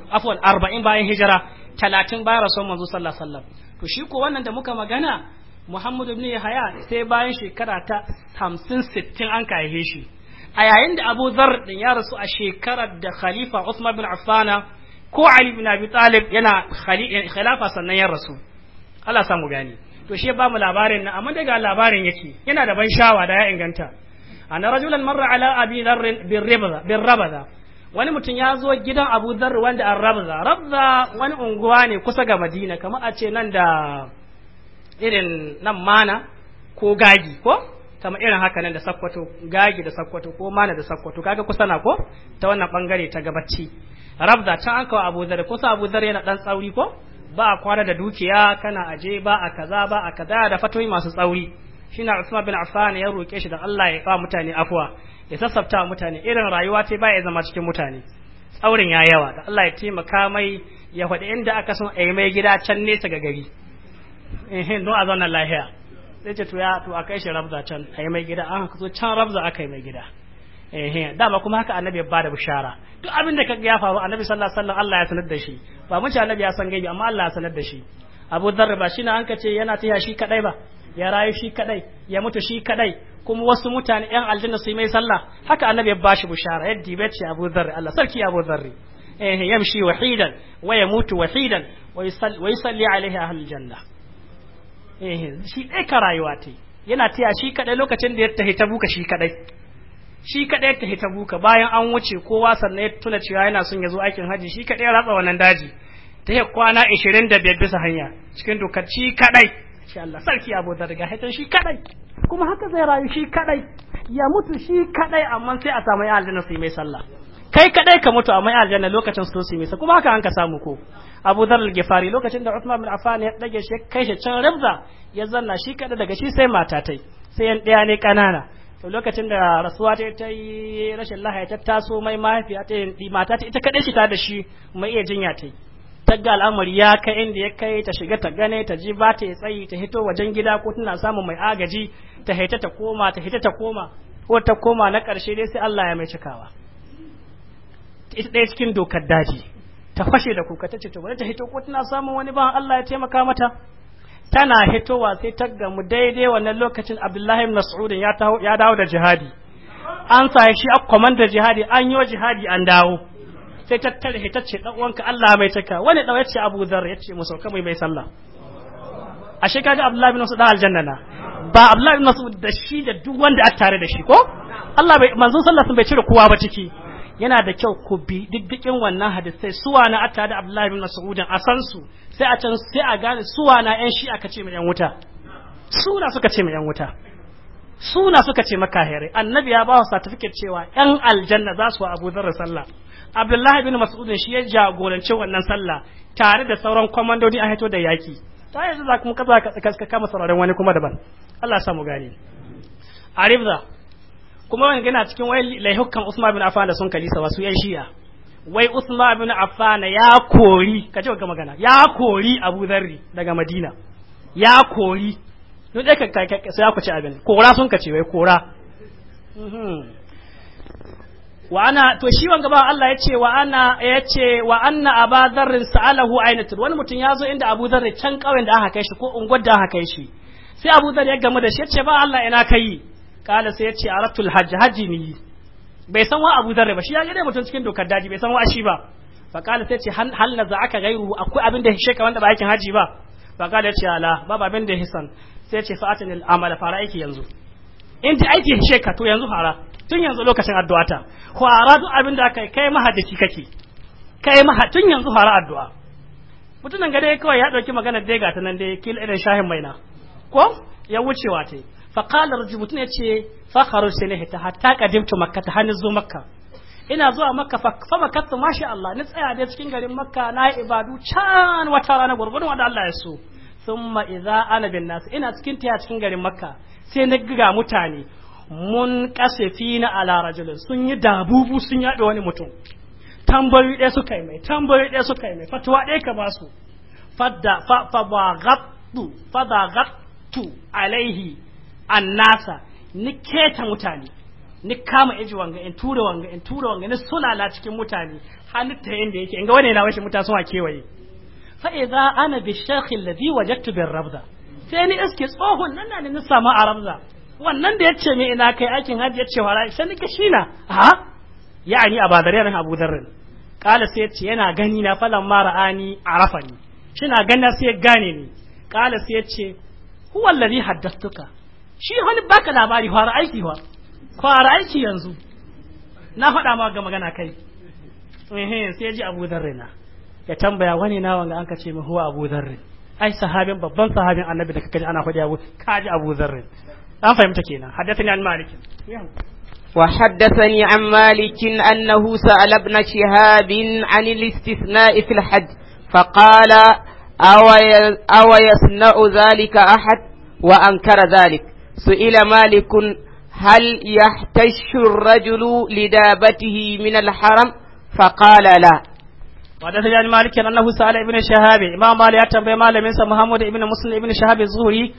Speaker 1: afwan arba'in bayan hijira talatin bayan rasul manzo sallallahu alaihi wasallam to shi ko wannan da muka magana Muhammadu ibn Yahya sai bayan shekara ta 50 60 an kaihe shi a yayin da Abu ɗin din ya rasu a shekarar da Khalifa Uthman bin Affan ko Ali bin Abi Talib yana khilafa sannan ya rasu Allah samu gani to shi ba mu labarin nan amma daga labarin yake yana da ban shawa da ya inganta anna rajulan marra ala abi dharr bin rabada wani mutum ya zo gidan abu dhar wanda an rabza rabza wani unguwa ne kusa ga madina kamar a ce nan da irin nan mana ko gagi ko kamar irin haka nan da sakwato gagi da sakwato ko mana da sakwato kaga kusa na ko ta wannan bangare ta gabaci rabza can an kawo abu dhar kusa abu dhar yana dan tsauri ko ba a kwana da dukiya kana aje ba a kaza ba a kaza da fatoyi masu tsauri shi na Usman bin Affan ya roke shi da Allah ya ba mutane afuwa. ya sassafta mutane irin rayuwa ce baya zama cikin mutane tsaurin ya yawa da Allah ya taimaka mai ya faɗi inda aka son a yi mai gida can nesa ga gari ehin don a zauna lahiya sai ce tuya to a kai shi rabza can a yi mai gida an so can rabza aka yi mai gida ehin dama kuma haka annabi ya bada bishara duk abin da kaga ya faru annabi sallallahu alaihi wasallam Allah ya sanar da shi ba mun ce annabi ya san gaibi amma Allah ya sanar da shi Abu Dharr ba shi na an ce yana tiya shi kadai ba ya rayu shi kadai ya mutu shi kadai kuma wasu mutane yan aljanna su yi mai sallah haka annabi ya bashi bushara yadda ya ci Abu Dharr Allah sarki Abu Dharr eh yamshi wahidan wa yamutu wahidan wa yusalli alaihi ahlul janna eh shi dai ka rayuwa ta yana tiya shi kadai lokacin da ya tahi ta buka shi kadai shi kadai tahi ta buka bayan an wuce kowa sannan ya tuna cewa yana son ya zo aikin haji shi kadai ya ratsa wannan daji ta kwana 25 bisa hanya cikin dokar shi kadai ce Allah sarki Abu riga riga haitan shi kadai kuma haka zai rayu shi kadai ya mutu shi kadai amma sai a samu ya aljanna su yi mai sallah kai kadai ka mutu amma ya aljanna lokacin su su yi mai kuma haka an ka samu ko Abu da al lokacin da Uthman bin Affan ya dage shi kai shi can rabza ya zanna shi kadai daga shi sai mata sai yan daya ne kanana to lokacin da rasuwa ta ta yi rashin lahaya ta taso mai mahaifiya ta yi mata ita kadai shi ta da shi mai iya jinya ta yi tagga al'amari ya kai inda ya kai ta shiga ta gane ta ji ba ta tsayi ta hito wajen gida ko tana samun mai agaji ta haita ta koma ta haita ta koma ko ta koma na ƙarshe dai sai Allah ya mai cikawa ita ɗaya cikin dokar daji ta fashe da kuka ta ce to bari ta hito ko tana samun wani ba Allah ya taimaka mata tana hitowa sai ta gamu daidai wannan lokacin Abdullahi ibn Mas'ud ya dawo da jihadi an sa shi a komandar jihadi an yi jihadi an dawo sai ta tarhe ta ce dan uwanka Allah mai taka wani dan yace Abu Dharr yace musu sauka mai mai sallah ashe kaga Abdullahi bin Mas'ud dan aljanna na ba Abdullahi bin Mas'ud da shi da duk wanda aka tare da shi ko Allah bai manzon sallah sun bai cire kowa ba ciki yana da kyau ku bi diddikin wannan hadisai suwa na aka da Abdullahi bin Mas'ud a san su sai a can sai a gane suwa na yan shi aka ce mai yan wuta suna suka ce mai yan wuta suna suka ce makahire annabi ya ba su certificate cewa yan aljanna za su wa Abu Dharr sallah abdullahi bin mas'udin shi ya jagoranci wannan sallah tare da sauran kwamandodi a hito da yaki ta yanzu za kuma kaza ka kama sauraron wani kuma daban Allah ya samu gane a ribza kuma wani gina cikin wai laihukan usman bin affan da sun kalisa wasu yan shiya wai usman bin affan ya kori ka ce ga magana ya kori abu zarri daga madina ya kori duk da ka sai ya ci abin kora sun kace wai kora mhm. wa ana to shi wanga ba Allah ya ce wa ana ya ce wa anna aba dharrin sa'alahu aynatul wani mutum ya zo inda Abu Dharr can kawai da aka kai shi ko ungwar da aka kai shi sai Abu Dharr ya gama da shi ya ce ba Allah ina kai kala sai ya ce aratul hajj haji ni bai san wa Abu Dharr ba shi ya ga dai mutum cikin dokar daji bai san wa shi ba fa kala sai ya ce hal aka gairu akwai abin da shi ka wanda ba yakin haji ba fa kala ya ce ala babu abin da hisan sai ya ce fa'atanil amala fara aiki yanzu in ji aiki sheka to yanzu fara tun yanzu lokacin addu'a ta fara duk abin da aka kai mahaddaci kake kai maha tun yanzu fara addu'a Mutunan gare kawai ya dauki magana dai ga ta nan dai kil irin shahin maina ko ya wucewa ta fa qala rajul mutun yace fa kharu sai ta hatta qadimtu makka ta hanin makkah makka ina zuwa makka fa makattu masha Allah ni tsaya dai cikin garin makka na ibadu can wata rana gurgurun wanda Allah ya so thumma idza ana bin nas ina cikin tiya cikin garin makka sai na ga mutane mun kase fi na alarajulun sun yi dabubu sun yaɗe wani mutum tambayi ɗaya suka yi mai tambayi ɗaya suka yi mai fatuwa ɗaya ka ba su fadagattu alaihi an nasa ni keta mutane ni kama iji wanga in tura wanga in tura wanga ni sulala cikin mutane halitta yanda yake in ga wani yana washe mutane suna kewaye fa idza ana bi shaykh wajen wajadtu bir rabda sai ni iske tsohon nan na ni sama a rabza wannan da ya ce mai ina kai aikin hajji ya ce wara sai nake shi na ha a badar yaran abu darrin kala sai ya ce yana gani na falan mara ani arafa ni na gani sai ya gane ni kala sai ya ce huwa lari haddastuka shi wani baka labari fara aiki wa fara aiki yanzu na faɗa ma ga magana kai sai ya ji abu na ya tambaya wani na wanga an ka mai huwa abu darrin ai sahabin babban sahabin annabi da kaji ana faɗi abu
Speaker 2: kaji abu zarrin an fahimta حدثني عن مالك وحدثني عن مالك أنه سأل ابن شهاب عن الاستثناء في الحج فقال أو يصنع ذلك أحد وأنكر ذلك سئل مالك هل يحتش الرجل لدابته من الحرم فقال لا وحدثني عن مالك انه
Speaker 1: سال ابن شهاب امام مالك يا تنبيه مالمين محمد ابن مسلم ابن شهاب الزهري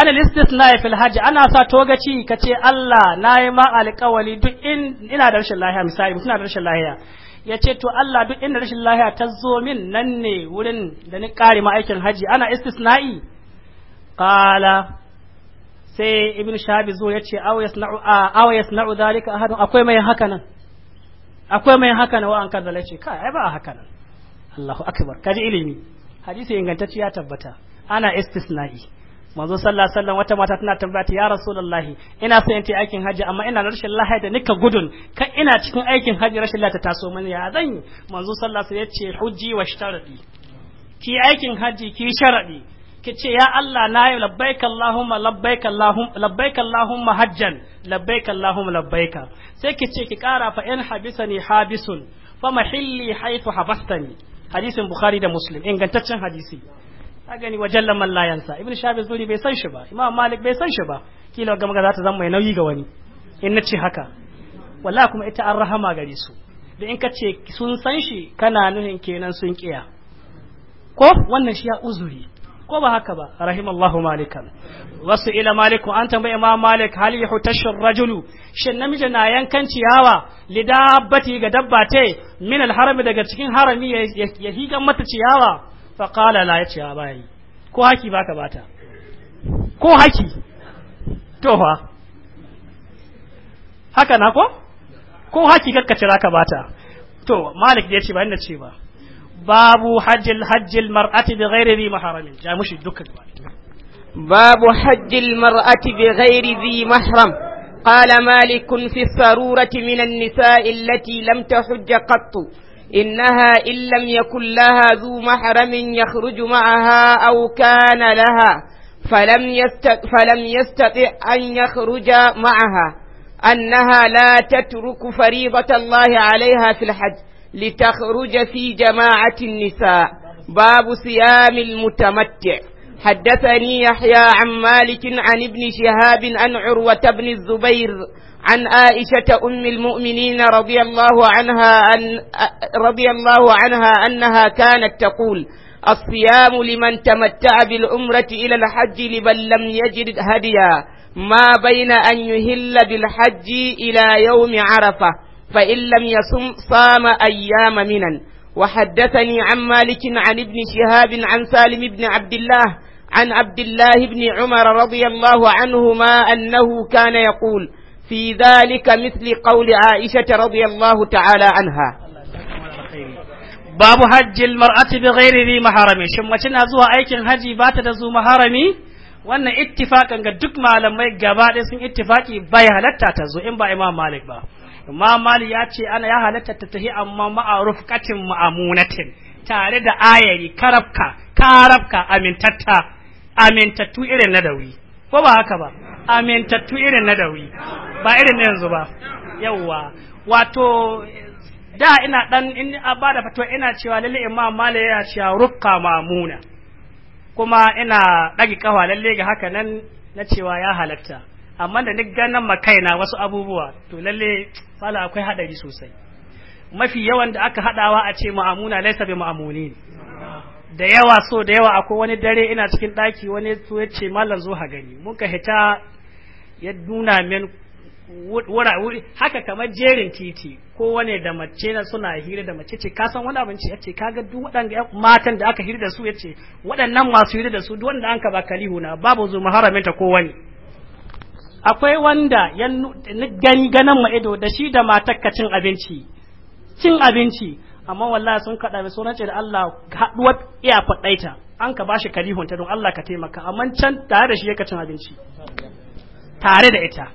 Speaker 1: ana listisna fil hajji ana sa togaci ka ce Allah na yi ma alƙawali duk in ina da rashin lahiya misali mutum na da rashin lahiya ya ce to Allah duk inda rashin lahiya ta zo min nan ne wurin da ni kare ma aikin hajji ana istisna'i Kala sai ibn shahabi zo ya ce aw yasna'u aw yasna'u dalika ahadun akwai mai haka nan akwai mai haka nan wa an kazzala ce kai ai ba haka nan Allahu akbar kaji ilimi hadisi ingantacci ya tabbata ana istisna'i manzo sallallahu alaihi wasallam wata mata tana tambaya ta ya rasulullahi ina son in aikin haji amma ina rashin lahiya da nika gudun kai ina cikin aikin haji rashin lahiya ta taso mani ya zan yi manzo sallallahu alaihi wasallam ya ce hujji wa sharadi ki aikin haji ki sharadi ki ce ya Allah na yi labbaika Allahumma labbaika Allahumma labbaika Allahumma hajjan labbaika Allahumma labbaika sai ki ce ki kara fa in habisani habisun fa mahilli haythu habastani hadisin bukhari da muslim ingantaccen hadisi a gani wa jalla man la yansa ibn shabi zuri bai san shi ba imam malik bai san shi ba kila ga maga za ta zama mai nauyi ga wani in nace haka wallahi kuma ita an rahama gare su da in ka ce sun san shi kana nuhin kenan sun kiya ko wannan shi ya uzuri ko ba haka ba rahimallahu malikan wasu ila maliku an tambaye imam malik hal yahutashu rajulu shin namiji na yankan ciyawa li ga dabba te min alharami daga cikin harami ya higan mata ciyawa fa qala la ya ciyawa bai ko haki baka bata ko haki to fa haka na ko ko haki kakka cira ka bata to malik ya ce ba inda ce ba باب حج
Speaker 2: الحج المرأة بغير ذي محرم جاء مش الدكة باب حج المرأة بغير ذي محرم قال مالك في السرورة من النساء التي لم تحج قط إنها إن لم يكن لها ذو محرم يخرج معها أو كان لها فلم, يستطع, فلم يستطع أن يخرج معها أنها لا تترك فريضة الله عليها في الحج لتخرج في جماعة النساء باب صيام المتمتع حدثني يحيى عن مالك عن ابن شهاب عن عروة بن الزبير عن عائشة أم المؤمنين رضي الله عنها أن رضي الله عنها أنها كانت تقول الصيام لمن تمتع بالعمرة إلى الحج لمن لم يجد هديا ما بين أن يهل بالحج إلى يوم عرفة فإن لم يصم صام أيام منا وحدثني عن مالك عن ابن شهاب عن سالم بن عبد الله عن عبد الله بن عمر رضي الله عنهما أنه كان يقول في ذلك مثل قول عائشة رضي الله تعالى عنها باب حج المرأة بغير
Speaker 1: ذي محرم شم وشنا زوا أيكن حجي بات دزو محرمي وأن اتفاقا قد دك معلم ما يقابل اسم اتفاقي باي هلتا تزو إن با إمام مالك با ma mali ya ce ana ya halatta ta tahi amma ma'a rufqatin ma'amunatin tare da ayari karabka karabka amintatta amintattu irin nadawi ko ba haka ba amintattu irin nadawi ba irin na yanzu ba yawwa wato da ina dan in ba da fatuwa ina cewa lalle Imam mali ya ce rufqa ma'amuna kuma ina dagi kawa lalle ga haka nan na cewa ya halatta amma da ni ganan makaina wasu abubuwa to lalle fala akwai hadari sosai mafi yawan da aka hadawa a ce ma'amuna laisa bi ma'amuni da yawa so da yawa akwai wani dare ina cikin daki wani so ya ce mallan zo ha gani muka hita ya nuna min wura haka kamar jerin titi ko wani da mace na suna hira da mace ce ka san wani abinci yace kaga duk waɗanda matan da aka hira da su yace waɗannan masu hira da su duk wanda an ka ba kalihu na babu zo ta ko wani akwai wanda ya gani ganan ma ido da shi da matakka cin abinci cin abinci amma wallahi sun kaɗa mai sunan ce da Allah haɗuwar iya faɗaita an ka bashi ta don Allah ka taimaka amma can tare da shi yaka cin abinci tare da ita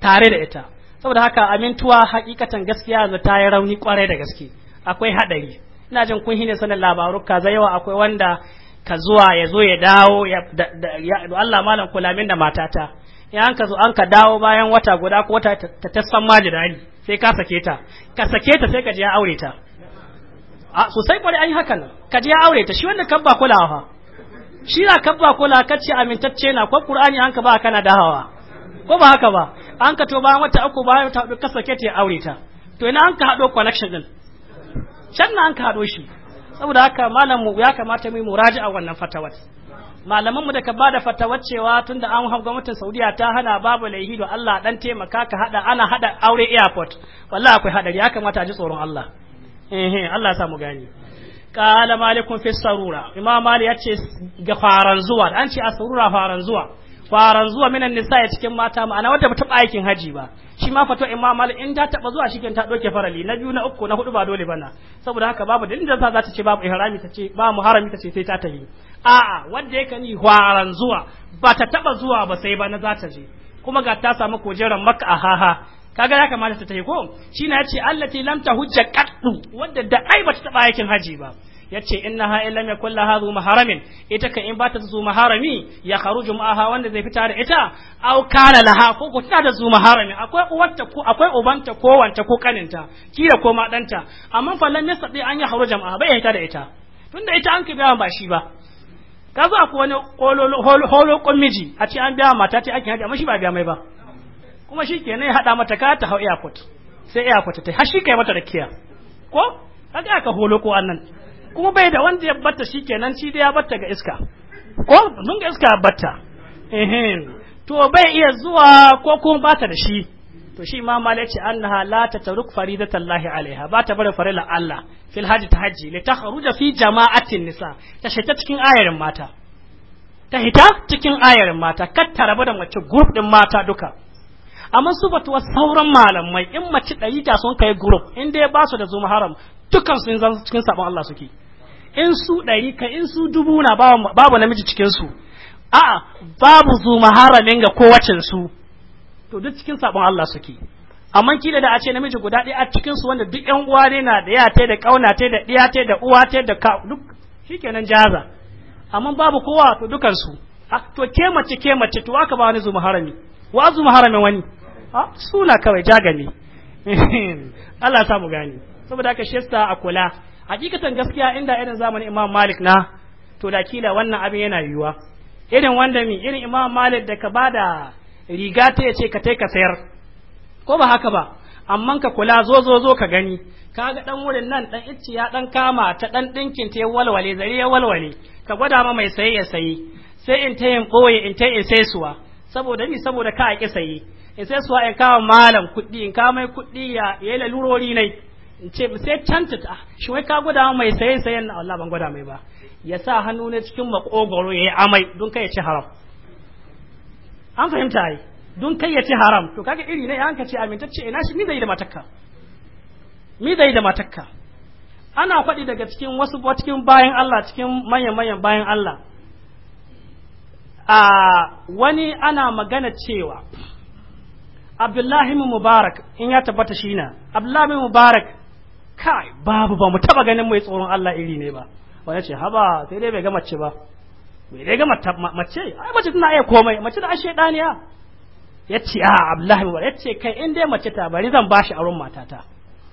Speaker 1: tare da ita saboda haka amintuwa hakikatan gaskiya da ta yi rauni kwarai da gaske akwai haɗari ina jin kun hine sanin labaru kaza yawa akwai wanda ka zuwa ya zo ya dawo ya Allah malam kulamin da matata in an ka zo an ka dawo bayan wata guda ko wata ta tasfan majirani sai ka sake ta ka sake ta sai ka je ya aure ta a sosai kwarai an yi haka nan ka je ya aure ta shi wanda kan ba kulawa fa shi na kan ba ka ce amintacce na ko qur'ani an ka ba kana dahawa ko ba haka ba an ka to bayan wata uku bayan wata ka sake ta ya aure ta to ina an ka hado connection din can na an ka hado shi saboda haka malam mu ya kamata mu a wannan fatawar malaman mu da ka bada fatawar cewa tunda an hau gwamnatin Saudiya ta hana babu laihi da Allah dan taimaka ka hada ana hada aure airport wallahi akwai hadari ya kamata a ji tsoron Allah eh Allah ya sa mu gani qala malikun fi sarura imam mali yace ga faran zuwa an ce a sarura faran zuwa farar zuwa minan nisa ya cikin mata ma'ana wadda bata aikin haji ba shi ma fato in mamala in ta taba zuwa shi ta ɗauke farali na biyu na uku na hudu ba dole bana saboda haka babu da za ta ce babu ihrami ta ce ba harami ta ce sai ta tafi a'a wadda yake ni faran zuwa ba ta taba zuwa ba sai ba na za ta je kuma ga ta samu kujerar makka a haha kaga ya kamata ta tafi ko shi na ce allati lam tahujja qattu wadda da ai bata taba aikin haji ba yace ce in lam yakul laha zu maharamin ita kan in ba ta zu maharami ya kharuju ma'aha wanda zai fita da ita aw kana laha ko ko tana da zuma maharami akwai uwarta ko akwai ubanta ko wanta ko kaninta kira ko ma danta amma fa yasa yasadi an ya kharuja ma'aha bai fita da ita tunda ita an kibiya ba shi ba ka zo akwai wani holo miji a ce an biya mata ta ake hajji amma shi ba biya mai ba kuma shi ke ya haɗa mata ka ta hau airport sai airport ta har shi kai mata da kiya ko kaga holo ko annan kuma bai da wanda ya batta shi kenan shi da ya batta ga iska ko mun ga iska batta to bai iya zuwa ko kuma bata da shi to shi ma mala ce annaha la tataruk faridatan lahi alaiha ba ta bar farila Allah fil hajji ta hajji li takhruja fi jama'atin nisa ta shita cikin ayarin mata ta hita cikin ayarin mata kar ta rabu da mace group din mata duka amma su batuwa sauran malamai in mace ɗari ta sun kai group in dai ba su da zuma haram dukkan su cikin sabon Allah suke in su ɗari ka in su dubu na babu namiji cikin su a'a babu zu maharamin ga kowacin su to duk cikin sabon Allah suke amma kila da a ce namiji guda ɗaya a cikin su wanda duk ƴan uwa ne na da yata da kauna ta da ɗiya ta da uwa ta da ka duk shikenan jaza amma babu kowa to dukan su to ke mace ke mace to aka ba wani zu maharami wa zu maharamin wani suna kawai jagani Allah samu gani saboda haka shesta a kula hakikatan gaskiya inda irin zamanin Imam Malik na to da kila wannan abin yana yiwuwa irin wanda mi irin Imam Malik da ka bada riga ta yace ka tai ka sayar ko ba haka ba amma ka kula zo zo zo ka gani kaga dan wurin nan dan icci ya dan kama ta dan dinkin ta walwale zari ya walwale ka gwada ma mai saye ya sayi sai in ta yin boye in ta in sai suwa saboda ni saboda ka a ki sayi in sai suwa in kawo malam kuɗi in kawo mai kuɗi ya yi lalurori nai in ce sai canta ah, ta shi wai ka gwada mai saye sayen na Allah ban gwada mai ba ya sa hannu ne cikin makogoro ya yi amai don kai ya ci haram an fahimta yi don kai ya ci haram to kaga iri ne an ka ce amintacce ina shi ni zai da matakka mi zai da matakka ana kwadi daga cikin wasu cikin bayan Allah cikin manyan manyan bayan Allah a ah, wani ana magana cewa Abdullahi Mubarak in ya tabbata shi na Abdullahi Mubarak kai babu ba mu taba ganin mai tsoron Allah iri ne ba wani ce haba sai dai bai ga mace ba bai dai ga mace ai mace tana iya komai mace da ashe daniya ya ce a ah, Abdullahi ba ya ce kai in dai mace ta bari zan bashi auren matata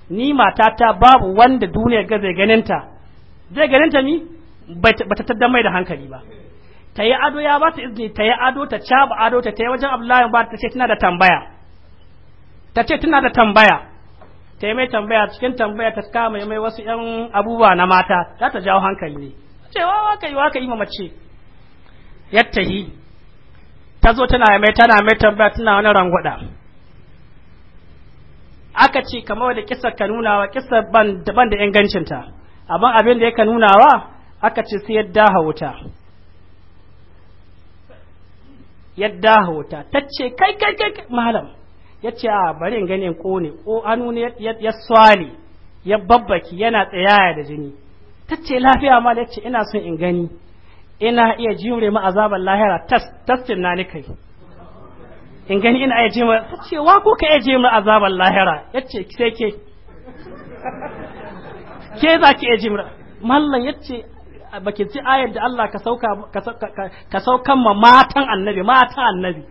Speaker 1: ni matata babu wanda duniya ga zai ganinta zai ganinta ni ba ta taddan mai da hankali ba ta yi ado ya ba ta izini ta yi ado ta caba ado ta ta yi wajen Abdullahi ba ta ce tana da tambaya ta ce tana da tambaya ta mai tambaya cikin tambaya ta kama mai wasu yan abubuwa na mata za ta jawo hankali ne ce wa waka yi waka yi ma mace yi ta zo tana mai tana mai tambaya tana wani rangwada aka ce kamar da kisar ka nuna wa kisar ban da ingancinta abin abin da ka nuna wa aka ce sai yadda hauta yadda hauta ta ce kai kai kai malam ya ce a bari in ko ne ko hannu ne ya swale ya babbaki yana tsayaya da jini ta ce lafiya ma ya ce ina son in gani ina iya jimre ma azaban lahira tastin na ni kai in gani ina iya jimre ta ce wa ko ka iya jimre azaban lahira ya ce sai ke ke za ki iya jimre mallan ya ce baki ci ayar da Allah ka sauka ka saukan ma matan annabi mata annabi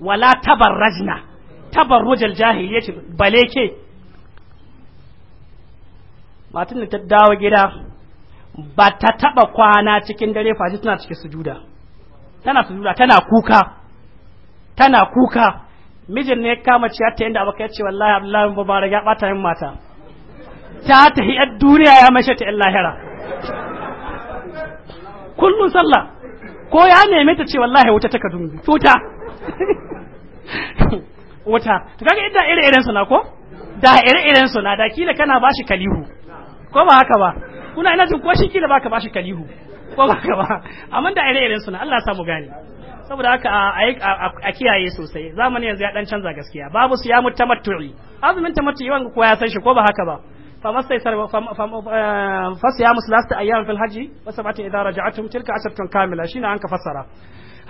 Speaker 1: wala tabarrajna Tabar tabarrujal ce bale ke matan da ta dawo gida ba ta taba kwana cikin dare fashi tana cikin sujuda tana sujuda tana kuka tana kuka mijin ne ya kama ciya ta inda abokai ce wallahi abdullahi mubarak ya bata yin mata ta ta hiyar duniya ya mashe ta lahira kullum sallah ko ya nemi ta ce wallahi wuta ta kadungu tuta wuta to kaga idan ire iren na ko da ire iren na da kila kana bashi kalihu ko ba haka ba kuna ina jin ko shi kila baka bashi kalihu ko ba haka ba amma da ire iren na Allah ya samu gane saboda haka a kiyaye sosai zamani yanzu ya dan canza gaskiya babu su ya mutamattu'i azumin tamattu'i wanga ko ya san shi ko ba haka ba فمستيسر فصيام ثلاثة أيام في الحج وسبعة إذا رجعتم تلك عشرة كاملة an ka فسرة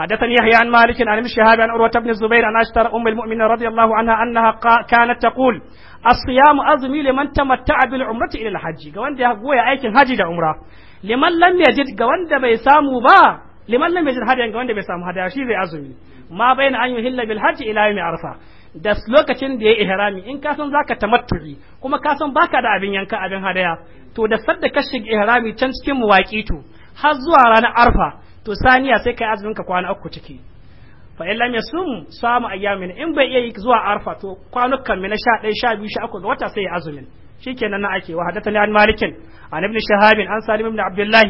Speaker 1: حدثني يحيى عن مالك عن ابن شهاب عن عروة بن الزبير عن عائشة أم المؤمنين رضي الله عنها أنها كانت تقول الصيام أزمي لمن تمتع بالعمرة إلى الحج قوان دي هقوية أيكن حج دا عمرة لمن لم يجد قوان دا بيسامو با لمن لم يجد حاجة قوان دا بيسامو هذا شيء أزمي ما بين أن يهل بالحج إلى يوم عرفة da lokacin da ya ihrami in ka san zaka tamattu'i kuma ka san baka da abin yanka abin hadaya to da sadda ka shiga ihrami can cikin muwaqitu har zuwa ranar arfa to saniya sai kai azumin ka kwana uku ciki fa in me sum samu ayyamin in bai iya zuwa arfa to kwanukan mi na 11 12 13 ga wata sai ya azumin shikenan nan ake wa hadathani an malikin an ibn shahabin an salim ibn abdullah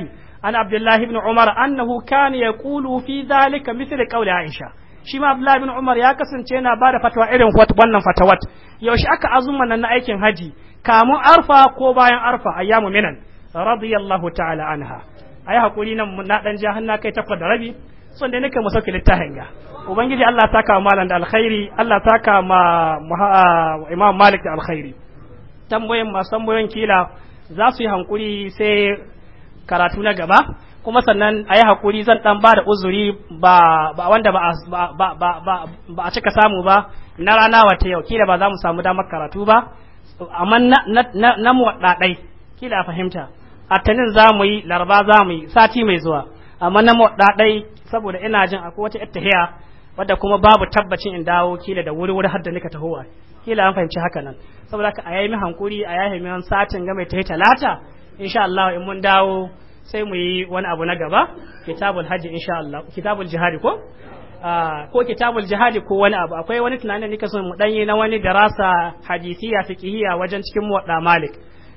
Speaker 1: an abdullah ibn umar annahu kana yaqulu fi dhalika mithl qawli aisha shi ma abdullah ibn umar ya kasance yana bada fatwa irin wannan fatawat yaushe aka azumma nan na aikin haji kamun arfa ko bayan arfa ayyamu minan radiyallahu ta'ala anha ayi hakuri nan na dan ja hanna kai takwas da rabi son dai nake mu sauke littafin ga ubangiji Allah ta kama malam da alkhairi Allah ta kama imam malik da alkhairi tambayoyin masu tambayoyin kila za su yi hankuri sai karatu na gaba kuma sannan a yi hakuri zan ɗan ba da uzuri ba wanda ba a cika samu ba na rana wata yau kila ba za mu samu damar karatu ba amma na mu kila a fahimta atanin za mu yi laraba za mu yi sati mai zuwa amma na ɗaɗai saboda ina jin akwai wata ittahiya wadda kuma babu tabbacin in dawo kila da wuri wuri har da nika tahowa kila an fahimci haka nan saboda ka a mi hankuri a yayi mi wani satin ga mai tahi talata insha Allah in mun dawo sai mu yi wani abu na gaba kitabul hajji insha Allah kitabul jihadi ko ah, ko kitabul jihadi ko wani abu akwai wani tunanin da nika son mu danyi na wani darasa hadisiya fiqhiya wajen cikin muwadda malik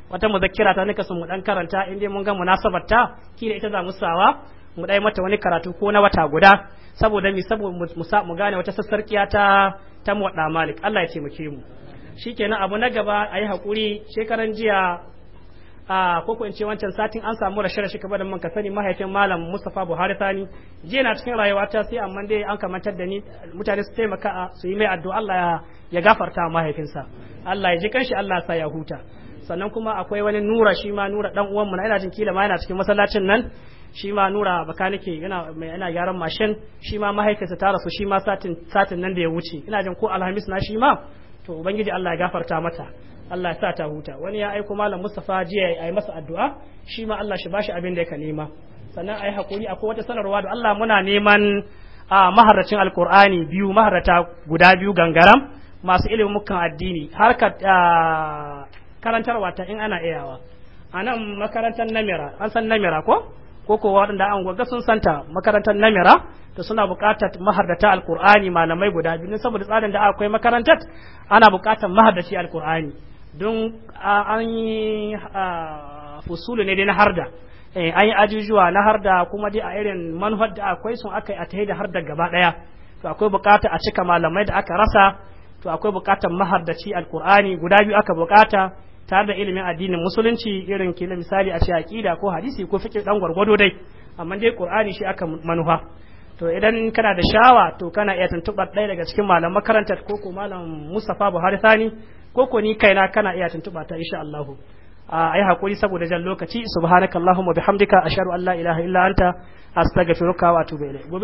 Speaker 1: wata muzakkira ta nika sun mu dan karanta in dai mun ga munasabar ta kila ita za mu sawa mu dai mata wani karatu ko na wata guda saboda mi saboda mu gane wata sassarkiya ta ta mu malik Allah ya taimake mu shikenan abu na gaba ayi hakuri shekaran jiya a ko ko in ce wancan satin an samu rashin shi ka da man ka sani mahaifin malam Mustafa Buhari Sani jiya na cikin rayuwa ta sai amma dai an kamantar da ni mutane su taimaka su yi mai addu'a Allah ya gafarta mahaifinsa Allah ya ji kanshi Allah sa ya huta sannan kuma akwai wani nura shi ma nura dan uwan mu na ina jin kila ma yana cikin masallacin nan shi ma nura nake yana yana gyaran mashin shi ma mahaifinsa ta rasu shi ma satin satin nan da ya wuce ina jin ko alhamis na shi ma to ubangiji Allah ya gafarta mata Allah ya sa ta huta wani ya aiko malam Mustafa jiya ya yi masa addu'a shi ma Allah shi bashi abin da yake nema sannan ai hakuri akwai wata sanarwa da Allah muna neman a maharracin alkur'ani biyu maharrata guda biyu gangaram masu ilimin mukan addini harkar karantarwa ta in ana iyawa a nan makarantar namira an san namira ko ko ko waɗanda an gwaga sun santa makarantar namira to suna buƙatar mahardata alƙur'ani malamai guda biyu saboda tsarin da akwai makarantar ana buƙatar mahardaci alƙur'ani don an yi fusulu ne dai na harda eh, an yi ajujuwa na harda kuma dai a irin manhaj da akwai sun aka yi a tahi da harda gaba ɗaya to akwai buƙatar a cika malamai da aka rasa to akwai buƙatar mahardaci alƙur'ani guda biyu aka buƙata tare da ilimin addinin musulunci irin ke kila misali a ce aqida ko hadisi ko fiqh dan gwargwado dai amma dai qur'ani shi aka manufa to idan kana da shawa to kana iya tuntuɓar ɗaya daga cikin malam makarantar ko ko malam Mustafa Buhari Sani ko ko ni kaina kana iya tuntuɓa ta insha Allahu. a hakuri saboda jan lokaci subhanakallahumma bihamdika ashhadu an la ilaha illa anta astaghfiruka wa atubu ilayk